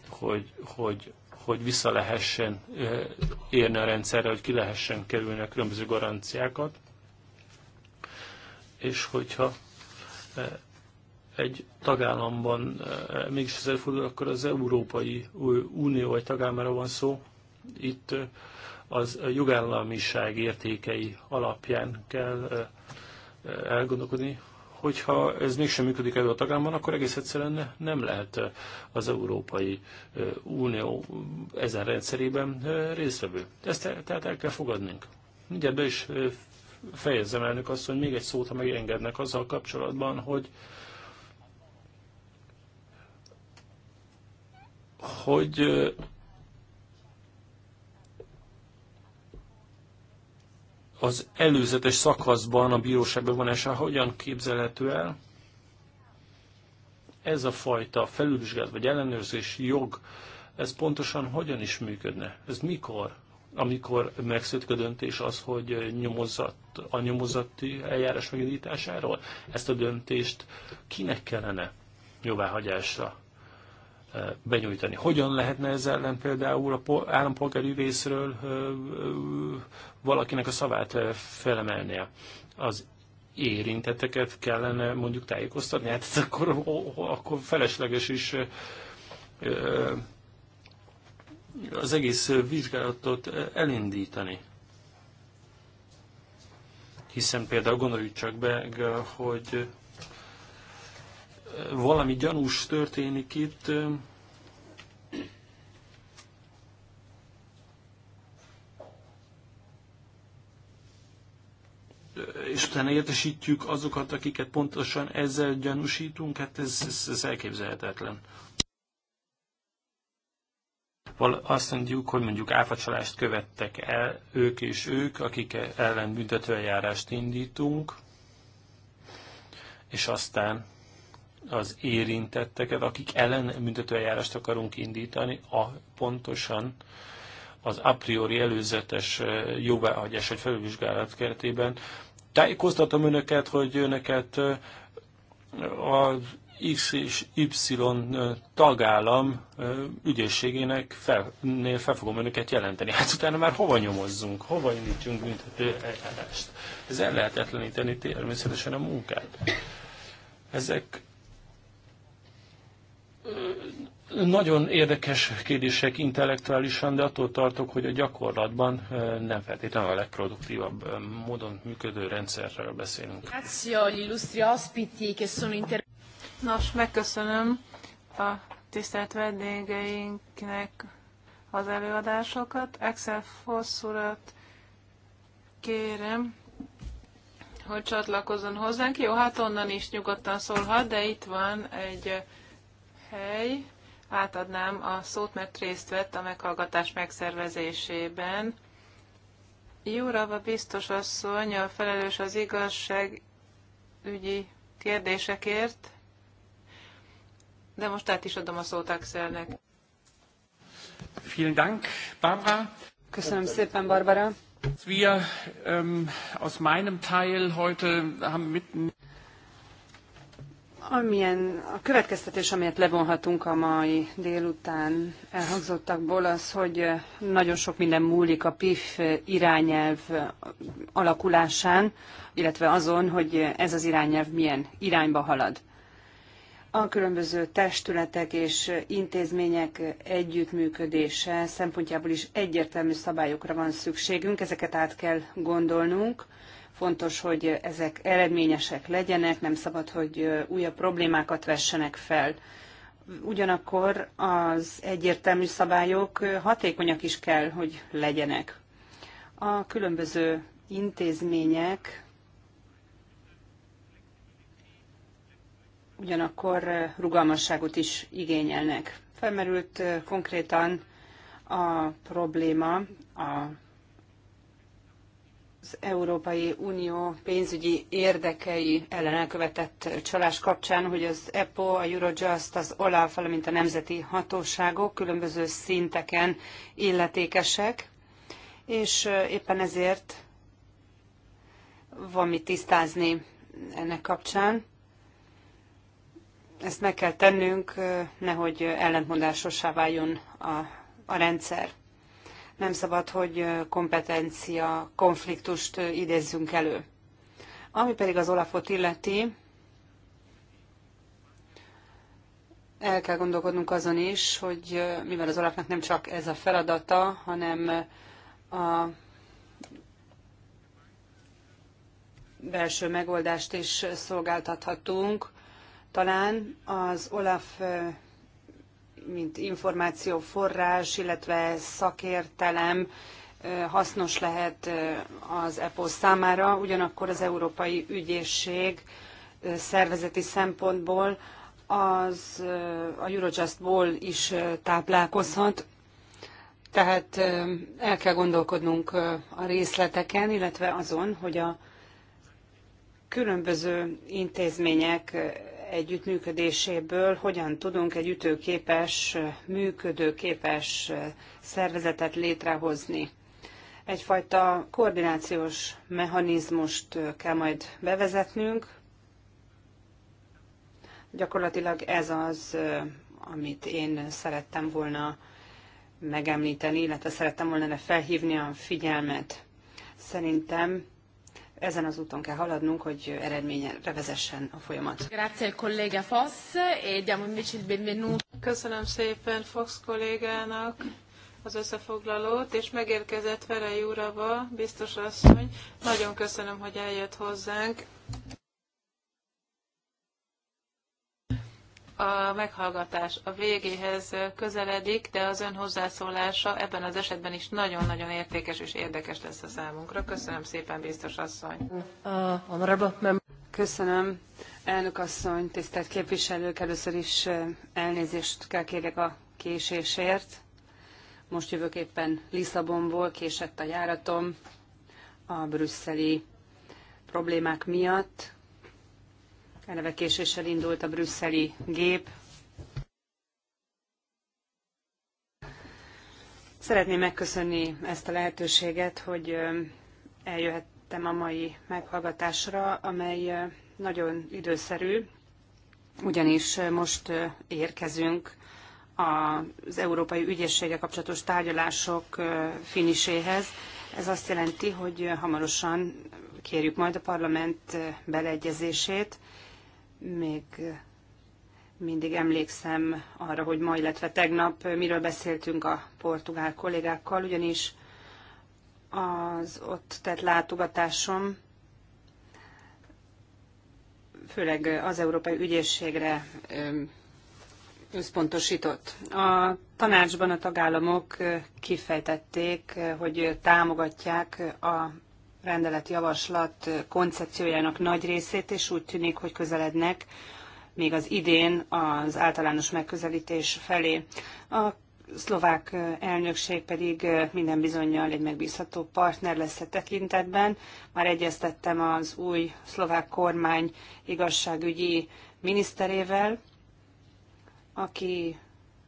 hogy, hogy hogy vissza lehessen érni a rendszerre, hogy ki lehessen kerülni a különböző garanciákat, és hogyha egy tagállamban mégis ez előfordul, akkor az Európai Unió egy tagállamára van szó, itt az jogállamiság értékei alapján kell elgondolkodni, hogyha ez mégsem működik ebben a tagállamban, akkor egész egyszerűen nem lehet az Európai Unió ezen rendszerében résztvevő. Ezt tehát el kell fogadnunk. Mindjárt be is fejezzem elnök azt, hogy még egy szót, ha megengednek azzal kapcsolatban, hogy hogy az előzetes szakaszban a bíróság bevonása hogyan képzelhető el? Ez a fajta felülvizsgálat vagy ellenőrzés jog, ez pontosan hogyan is működne? Ez mikor? Amikor megszületik a döntés az, hogy nyomozat, a nyomozati eljárás megindításáról? Ezt a döntést kinek kellene jóváhagyásra benyújtani. Hogyan lehetne ezzel ellen például a állampolgári részről valakinek a szavát felemelnie? Az érintetteket kellene mondjuk tájékoztatni? Hát akkor, akkor felesleges is az egész vizsgálatot elindítani. Hiszen például gondoljuk csak be, hogy valami gyanús történik itt. És utána értesítjük azokat, akiket pontosan ezzel gyanúsítunk, hát ez, ez, ez elképzelhetetlen. Azt mondjuk, hogy mondjuk áfacsalást követtek el ők és ők, akik ellen büntetőeljárást indítunk, és aztán az érintetteket, akik ellen büntetőeljárást akarunk indítani, a pontosan az a priori előzetes eh, jóváhagyás vagy felülvizsgálat keretében. Tájékoztatom önöket, hogy önöket eh, az X és Y eh, tagállam ügyészségének fel, fel fogom önöket jelenteni. Hát utána már hova nyomozzunk, hova indítsunk büntető eljárást. Ez el lehetetleníteni természetesen a munkát. Ezek nagyon érdekes kérdések intellektuálisan, de attól tartok, hogy a gyakorlatban nem feltétlenül a legproduktívabb módon működő rendszerről beszélünk. Nos, megköszönöm a tisztelt vendégeinknek az előadásokat. Excel Fosszurat kérem, hogy csatlakozzon hozzánk. Jó, hát onnan is nyugodtan szólhat, de itt van egy hely. Átadnám a szót, mert részt vett a meghallgatás megszervezésében. Jurava biztos asszony, a felelős az igazságügyi kérdésekért, de most át is adom a szót Axelnek. Vielen Dank, Barbara. Köszönöm szépen, Barbara. Wir ähm, aus meinem Teil heute haben mitten Amilyen a következtetés, amelyet levonhatunk a mai délután elhangzottakból, az, hogy nagyon sok minden múlik a PIF irányelv alakulásán, illetve azon, hogy ez az irányelv milyen irányba halad. A különböző testületek és intézmények együttműködése szempontjából is egyértelmű szabályokra van szükségünk, ezeket át kell gondolnunk Fontos, hogy ezek eredményesek legyenek, nem szabad, hogy újabb problémákat vessenek fel. Ugyanakkor az egyértelmű szabályok hatékonyak is kell, hogy legyenek. A különböző intézmények ugyanakkor rugalmasságot is igényelnek. Felmerült konkrétan a probléma a az Európai Unió pénzügyi érdekei ellen elkövetett csalás kapcsán, hogy az EPO, a Eurojust, az OLAF, valamint a nemzeti hatóságok különböző szinteken illetékesek, és éppen ezért van mit tisztázni ennek kapcsán. Ezt meg kell tennünk, nehogy ellentmondásossá váljon a, a rendszer nem szabad, hogy kompetencia konfliktust idézzünk elő. Ami pedig az Olafot illeti, el kell gondolkodnunk azon is, hogy mivel az Olafnak nem csak ez a feladata, hanem a belső megoldást is szolgáltathatunk, talán az Olaf mint információforrás, illetve szakértelem hasznos lehet az EPO számára, ugyanakkor az Európai Ügyészség szervezeti szempontból az a Eurojustból is táplálkozhat, tehát el kell gondolkodnunk a részleteken, illetve azon, hogy a különböző intézmények együttműködéséből hogyan tudunk egy ütőképes, működőképes szervezetet létrehozni. Egyfajta koordinációs mechanizmust kell majd bevezetnünk. Gyakorlatilag ez az, amit én szerettem volna megemlíteni, illetve szerettem volna felhívni a figyelmet. Szerintem ezen az úton kell haladnunk, hogy eredményre vezessen a folyamat. Grazie Foss, e Köszönöm szépen Fox kollégának az összefoglalót, és megérkezett Ferei Urava, biztos asszony. Nagyon köszönöm, hogy eljött hozzánk. a meghallgatás a végéhez közeledik, de az ön hozzászólása ebben az esetben is nagyon-nagyon értékes és érdekes lesz a számunkra. Köszönöm szépen, biztos asszony. Köszönöm, elnök asszony, tisztelt képviselők. Először is elnézést kell kérek a késésért. Most jövök éppen Lisszabonból, késett a járatom a brüsszeli problémák miatt, Eleve késéssel indult a brüsszeli gép. Szeretném megköszönni ezt a lehetőséget, hogy eljöhettem a mai meghallgatásra, amely nagyon időszerű, ugyanis most érkezünk az európai ügyészsége kapcsolatos tárgyalások finiséhez. Ez azt jelenti, hogy hamarosan kérjük majd a parlament beleegyezését még mindig emlékszem arra, hogy ma, illetve tegnap miről beszéltünk a portugál kollégákkal, ugyanis az ott tett látogatásom főleg az Európai Ügyészségre összpontosított. A tanácsban a tagállamok kifejtették, hogy támogatják a rendeletjavaslat koncepciójának nagy részét, és úgy tűnik, hogy közelednek még az idén az általános megközelítés felé. A szlovák elnökség pedig minden bizonyal egy megbízható partner lesz a e tekintetben. Már egyeztettem az új szlovák kormány igazságügyi miniszterével, aki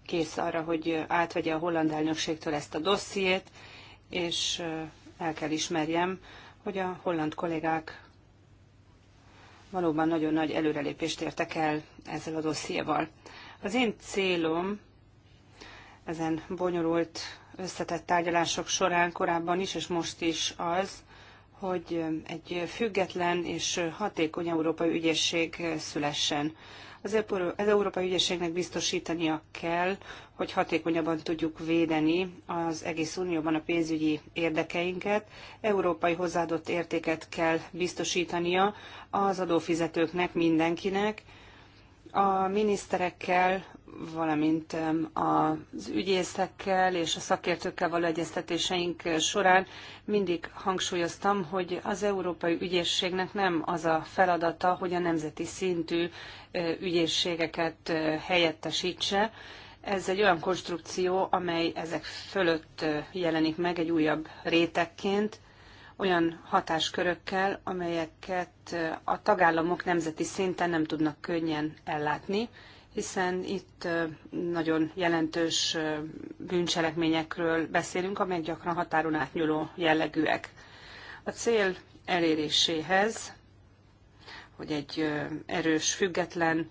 kész arra, hogy átvegye a holland elnökségtől ezt a dossziét, és el kell ismerjem, hogy a holland kollégák valóban nagyon nagy előrelépést értek el ezzel a dossziéval. Az én célom ezen bonyolult, összetett tárgyalások során korábban is, és most is az, hogy egy független és hatékony európai ügyészség szülessen. Az, az Európai Ügyészségnek biztosítania kell, hogy hatékonyabban tudjuk védeni az egész Unióban a pénzügyi érdekeinket. Európai hozzáadott értéket kell biztosítania az adófizetőknek, mindenkinek, a miniszterekkel, valamint az ügyészekkel és a szakértőkkel való egyeztetéseink során mindig hangsúlyoztam, hogy az Európai Ügyészségnek nem az a feladata, hogy a nemzeti szintű ügyészségeket helyettesítse. Ez egy olyan konstrukció, amely ezek fölött jelenik meg egy újabb rétegként, olyan hatáskörökkel, amelyeket a tagállamok nemzeti szinten nem tudnak könnyen ellátni, hiszen itt nagyon jelentős bűncselekményekről beszélünk, amelyek gyakran határon átnyúló jellegűek. A cél eléréséhez, hogy egy erős, független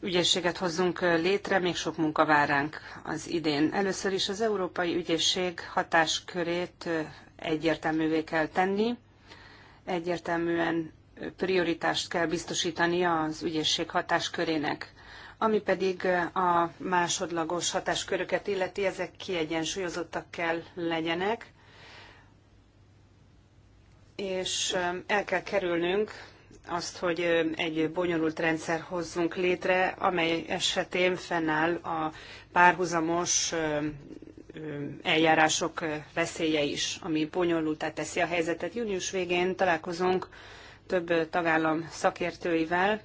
ügyészséget hozzunk létre, még sok munka vár ránk az idén. Először is az Európai Ügyészség hatáskörét egyértelművé kell tenni, egyértelműen prioritást kell biztosítania az ügyészség hatáskörének. Ami pedig a másodlagos hatásköröket illeti, ezek kiegyensúlyozottak kell legyenek, és el kell kerülnünk azt, hogy egy bonyolult rendszer hozzunk létre, amely esetén fennáll a párhuzamos eljárások veszélye is, ami bonyolultá teszi a helyzetet. Június végén találkozunk több tagállam szakértőivel.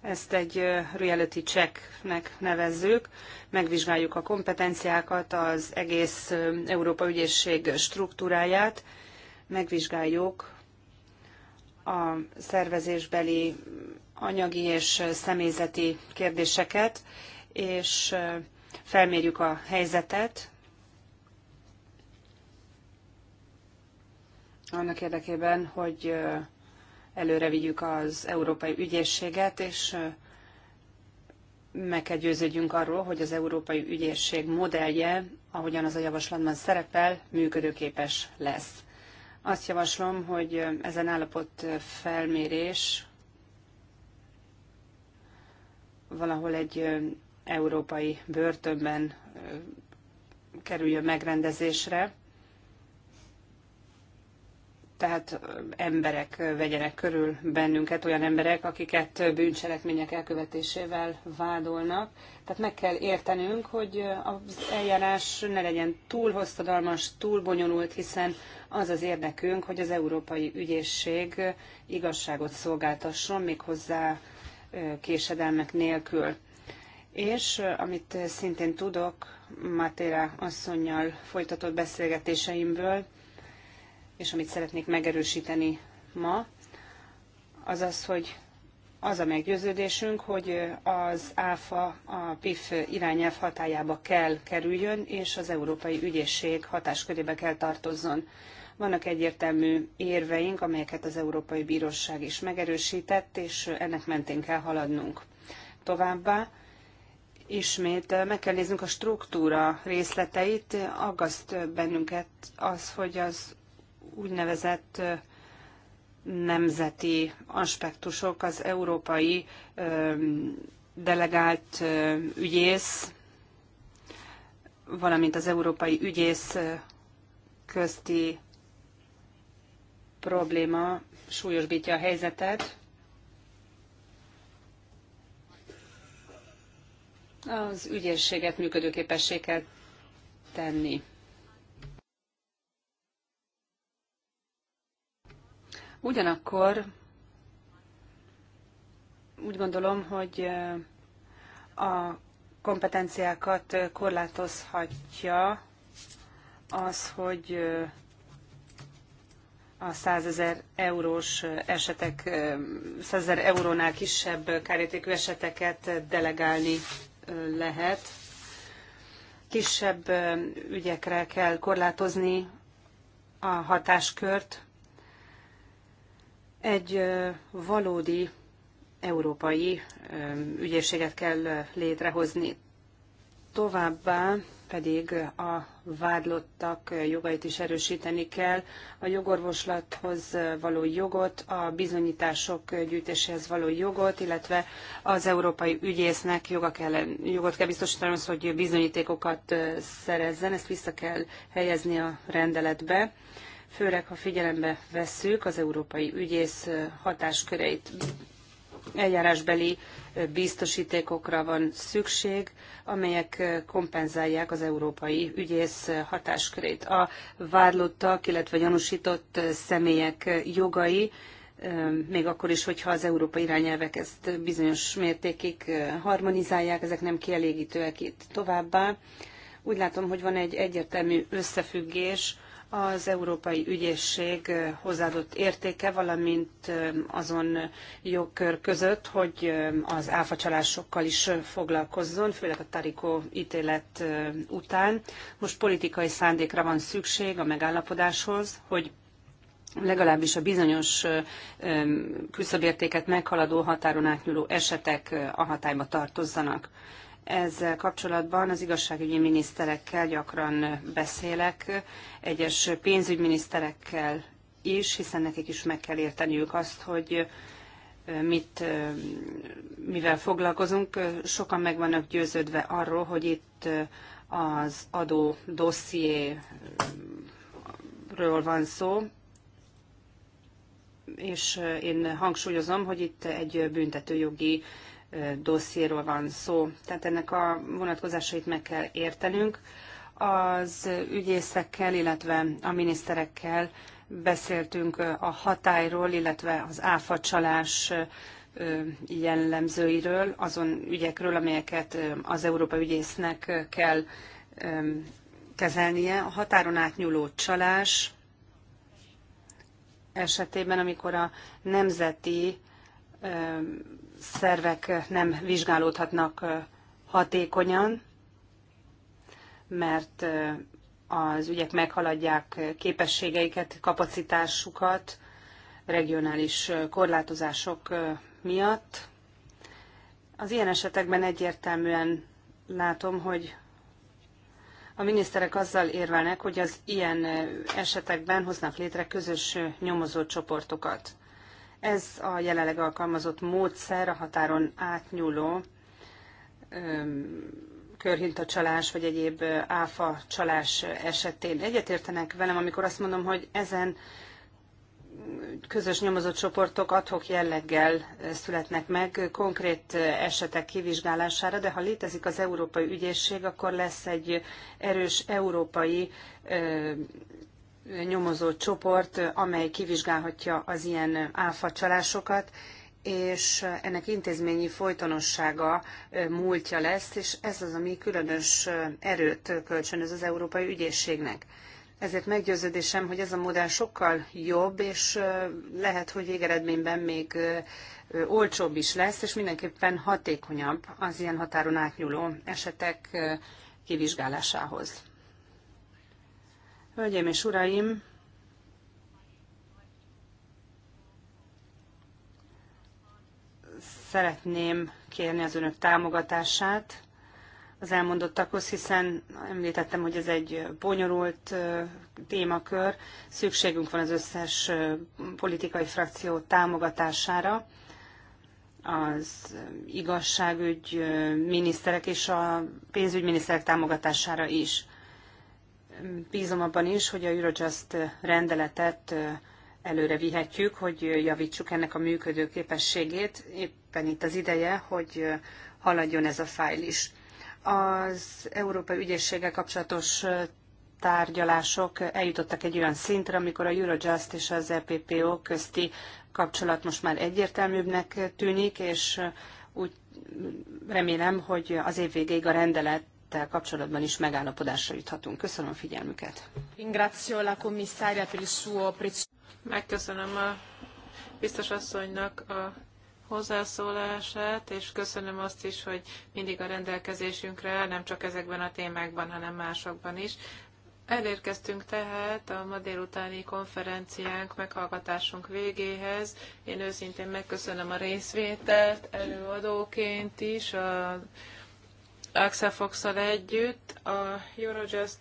Ezt egy reality checknek nevezzük. Megvizsgáljuk a kompetenciákat, az egész Európa ügyészség struktúráját, megvizsgáljuk a szervezésbeli anyagi és személyzeti kérdéseket, és felmérjük a helyzetet, annak érdekében, hogy előre vigyük az Európai Ügyészséget, és meg kell győződjünk arról, hogy az Európai Ügyészség modellje, ahogyan az a javaslatban szerepel, működőképes lesz. Azt javaslom, hogy ezen állapot felmérés valahol egy európai börtönben kerüljön megrendezésre, tehát emberek vegyenek körül bennünket, olyan emberek, akiket bűncselekmények elkövetésével vádolnak. Tehát meg kell értenünk, hogy az eljárás ne legyen túl hosszadalmas, túl bonyolult, hiszen az az érdekünk, hogy az Európai Ügyészség igazságot szolgáltasson, méghozzá késedelmek nélkül. És amit szintén tudok, Matéra asszonynal folytatott beszélgetéseimből, és amit szeretnék megerősíteni ma, az az, hogy az a meggyőződésünk, hogy az ÁFA a PIF irányelv hatájába kell kerüljön, és az Európai Ügyészség hatáskörébe kell tartozzon. Vannak egyértelmű érveink, amelyeket az Európai Bíróság is megerősített, és ennek mentén kell haladnunk. Továbbá ismét meg kell néznünk a struktúra részleteit. Aggaszt bennünket az, hogy az úgynevezett nemzeti aspektusok, az európai delegált ügyész, valamint az európai ügyész közti probléma súlyosbítja a helyzetet. Az ügyészséget működőképessé kell tenni. Ugyanakkor úgy gondolom, hogy eh, a kompetenciákat korlátozhatja az, hogy eh, a 100 ezer eurós esetek, 100 eh, ezer eurónál kisebb kárértékű eseteket delegálni lehet. Kisebb ügyekre kell korlátozni a hatáskört, egy valódi európai ügyészséget kell létrehozni. Továbbá pedig a vádlottak jogait is erősíteni kell, a jogorvoslathoz való jogot, a bizonyítások gyűjtéséhez való jogot, illetve az európai ügyésznek joga kell, jogot kell biztosítani hogy bizonyítékokat szerezzen, ezt vissza kell helyezni a rendeletbe főleg ha figyelembe vesszük az európai ügyész hatásköreit. Eljárásbeli biztosítékokra van szükség, amelyek kompenzálják az európai ügyész hatáskörét. A vádlottak, illetve gyanúsított személyek jogai, még akkor is, hogyha az európai irányelvek ezt bizonyos mértékig harmonizálják, ezek nem kielégítőek itt továbbá. Úgy látom, hogy van egy egyértelmű összefüggés az Európai Ügyészség hozzáadott értéke, valamint azon jogkör között, hogy az áfacsalásokkal is foglalkozzon, főleg a Tarikó ítélet után. Most politikai szándékra van szükség a megállapodáshoz, hogy legalábbis a bizonyos küszöbértéket meghaladó határon átnyúló esetek a hatályba tartozzanak. Ezzel kapcsolatban az igazságügyi miniszterekkel gyakran beszélek, egyes pénzügyminiszterekkel is, hiszen nekik is meg kell érteniük azt, hogy mit, mivel foglalkozunk. Sokan meg vannak győződve arról, hogy itt az adó dossziéről van szó, és én hangsúlyozom, hogy itt egy büntetőjogi dossziéról van szó, tehát ennek a vonatkozásait meg kell értenünk. Az ügyészekkel, illetve a miniszterekkel beszéltünk a hatályról, illetve az áfacsalás jellemzőiről, azon ügyekről, amelyeket az Európa ügyésznek kell kezelnie. A határon átnyúló csalás esetében, amikor a nemzeti szervek nem vizsgálódhatnak hatékonyan, mert az ügyek meghaladják képességeiket, kapacitásukat regionális korlátozások miatt. Az ilyen esetekben egyértelműen látom, hogy a miniszterek azzal érvelnek, hogy az ilyen esetekben hoznak létre közös nyomozócsoportokat. Ez a jelenleg alkalmazott módszer a határon átnyúló csalás vagy egyéb áfa csalás esetén. Egyetértenek velem, amikor azt mondom, hogy ezen közös nyomozott csoportok adhok jelleggel születnek meg konkrét esetek kivizsgálására, de ha létezik az Európai Ügyészség, akkor lesz egy erős európai nyomozó csoport, amely kivizsgálhatja az ilyen áfacsalásokat, és ennek intézményi folytonossága múltja lesz, és ez az, ami különös erőt kölcsönöz az Európai Ügyészségnek. Ezért meggyőződésem, hogy ez a modell sokkal jobb, és lehet, hogy végeredményben még olcsóbb is lesz, és mindenképpen hatékonyabb az ilyen határon átnyúló esetek kivizsgálásához. Hölgyeim és uraim, szeretném kérni az önök támogatását az elmondottakhoz, hiszen említettem, hogy ez egy bonyolult témakör, szükségünk van az összes politikai frakció támogatására az igazságügy miniszterek és a pénzügyminiszterek támogatására is bízom abban is, hogy a Eurojust rendeletet előre vihetjük, hogy javítsuk ennek a működő képességét. Éppen itt az ideje, hogy haladjon ez a fájl is. Az Európai Ügyészséggel kapcsolatos tárgyalások eljutottak egy olyan szintre, amikor a Eurojust és az EPPO közti kapcsolat most már egyértelműbbnek tűnik, és úgy remélem, hogy az év végéig a rendelet rendelettel kapcsolatban is megállapodásra juthatunk. Köszönöm a figyelmüket. Megköszönöm a biztos asszonynak a hozzászólását, és köszönöm azt is, hogy mindig a rendelkezésünkre áll, nem csak ezekben a témákban, hanem másokban is. Elérkeztünk tehát a ma délutáni konferenciánk meghallgatásunk végéhez. Én őszintén megköszönöm a részvételt előadóként is, a Axel fox együtt a Eurojust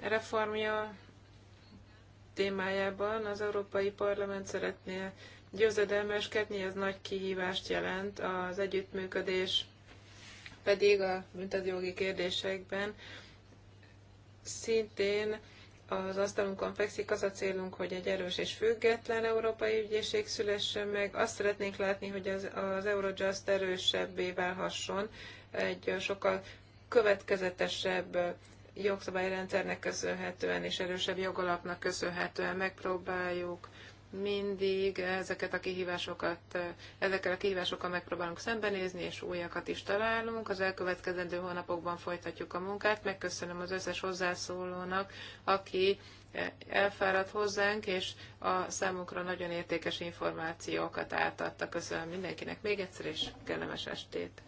reformja témájában az Európai Parlament szeretné győzedelmeskedni, ez nagy kihívást jelent az együttműködés pedig a büntetőjogi kérdésekben szintén az asztalunkon fekszik, az a célunk, hogy egy erős és független európai ügyészség szülessen meg. Azt szeretnénk látni, hogy az, az Eurojust erősebbé válhasson, egy sokkal következetesebb jogszabályrendszernek köszönhetően és erősebb jogalapnak köszönhetően megpróbáljuk mindig ezeket a kihívásokat, ezekkel a kihívásokkal megpróbálunk szembenézni, és újakat is találunk. Az elkövetkezendő hónapokban folytatjuk a munkát. Megköszönöm az összes hozzászólónak, aki elfáradt hozzánk, és a számunkra nagyon értékes információkat átadta. Köszönöm mindenkinek még egyszer, és kellemes estét!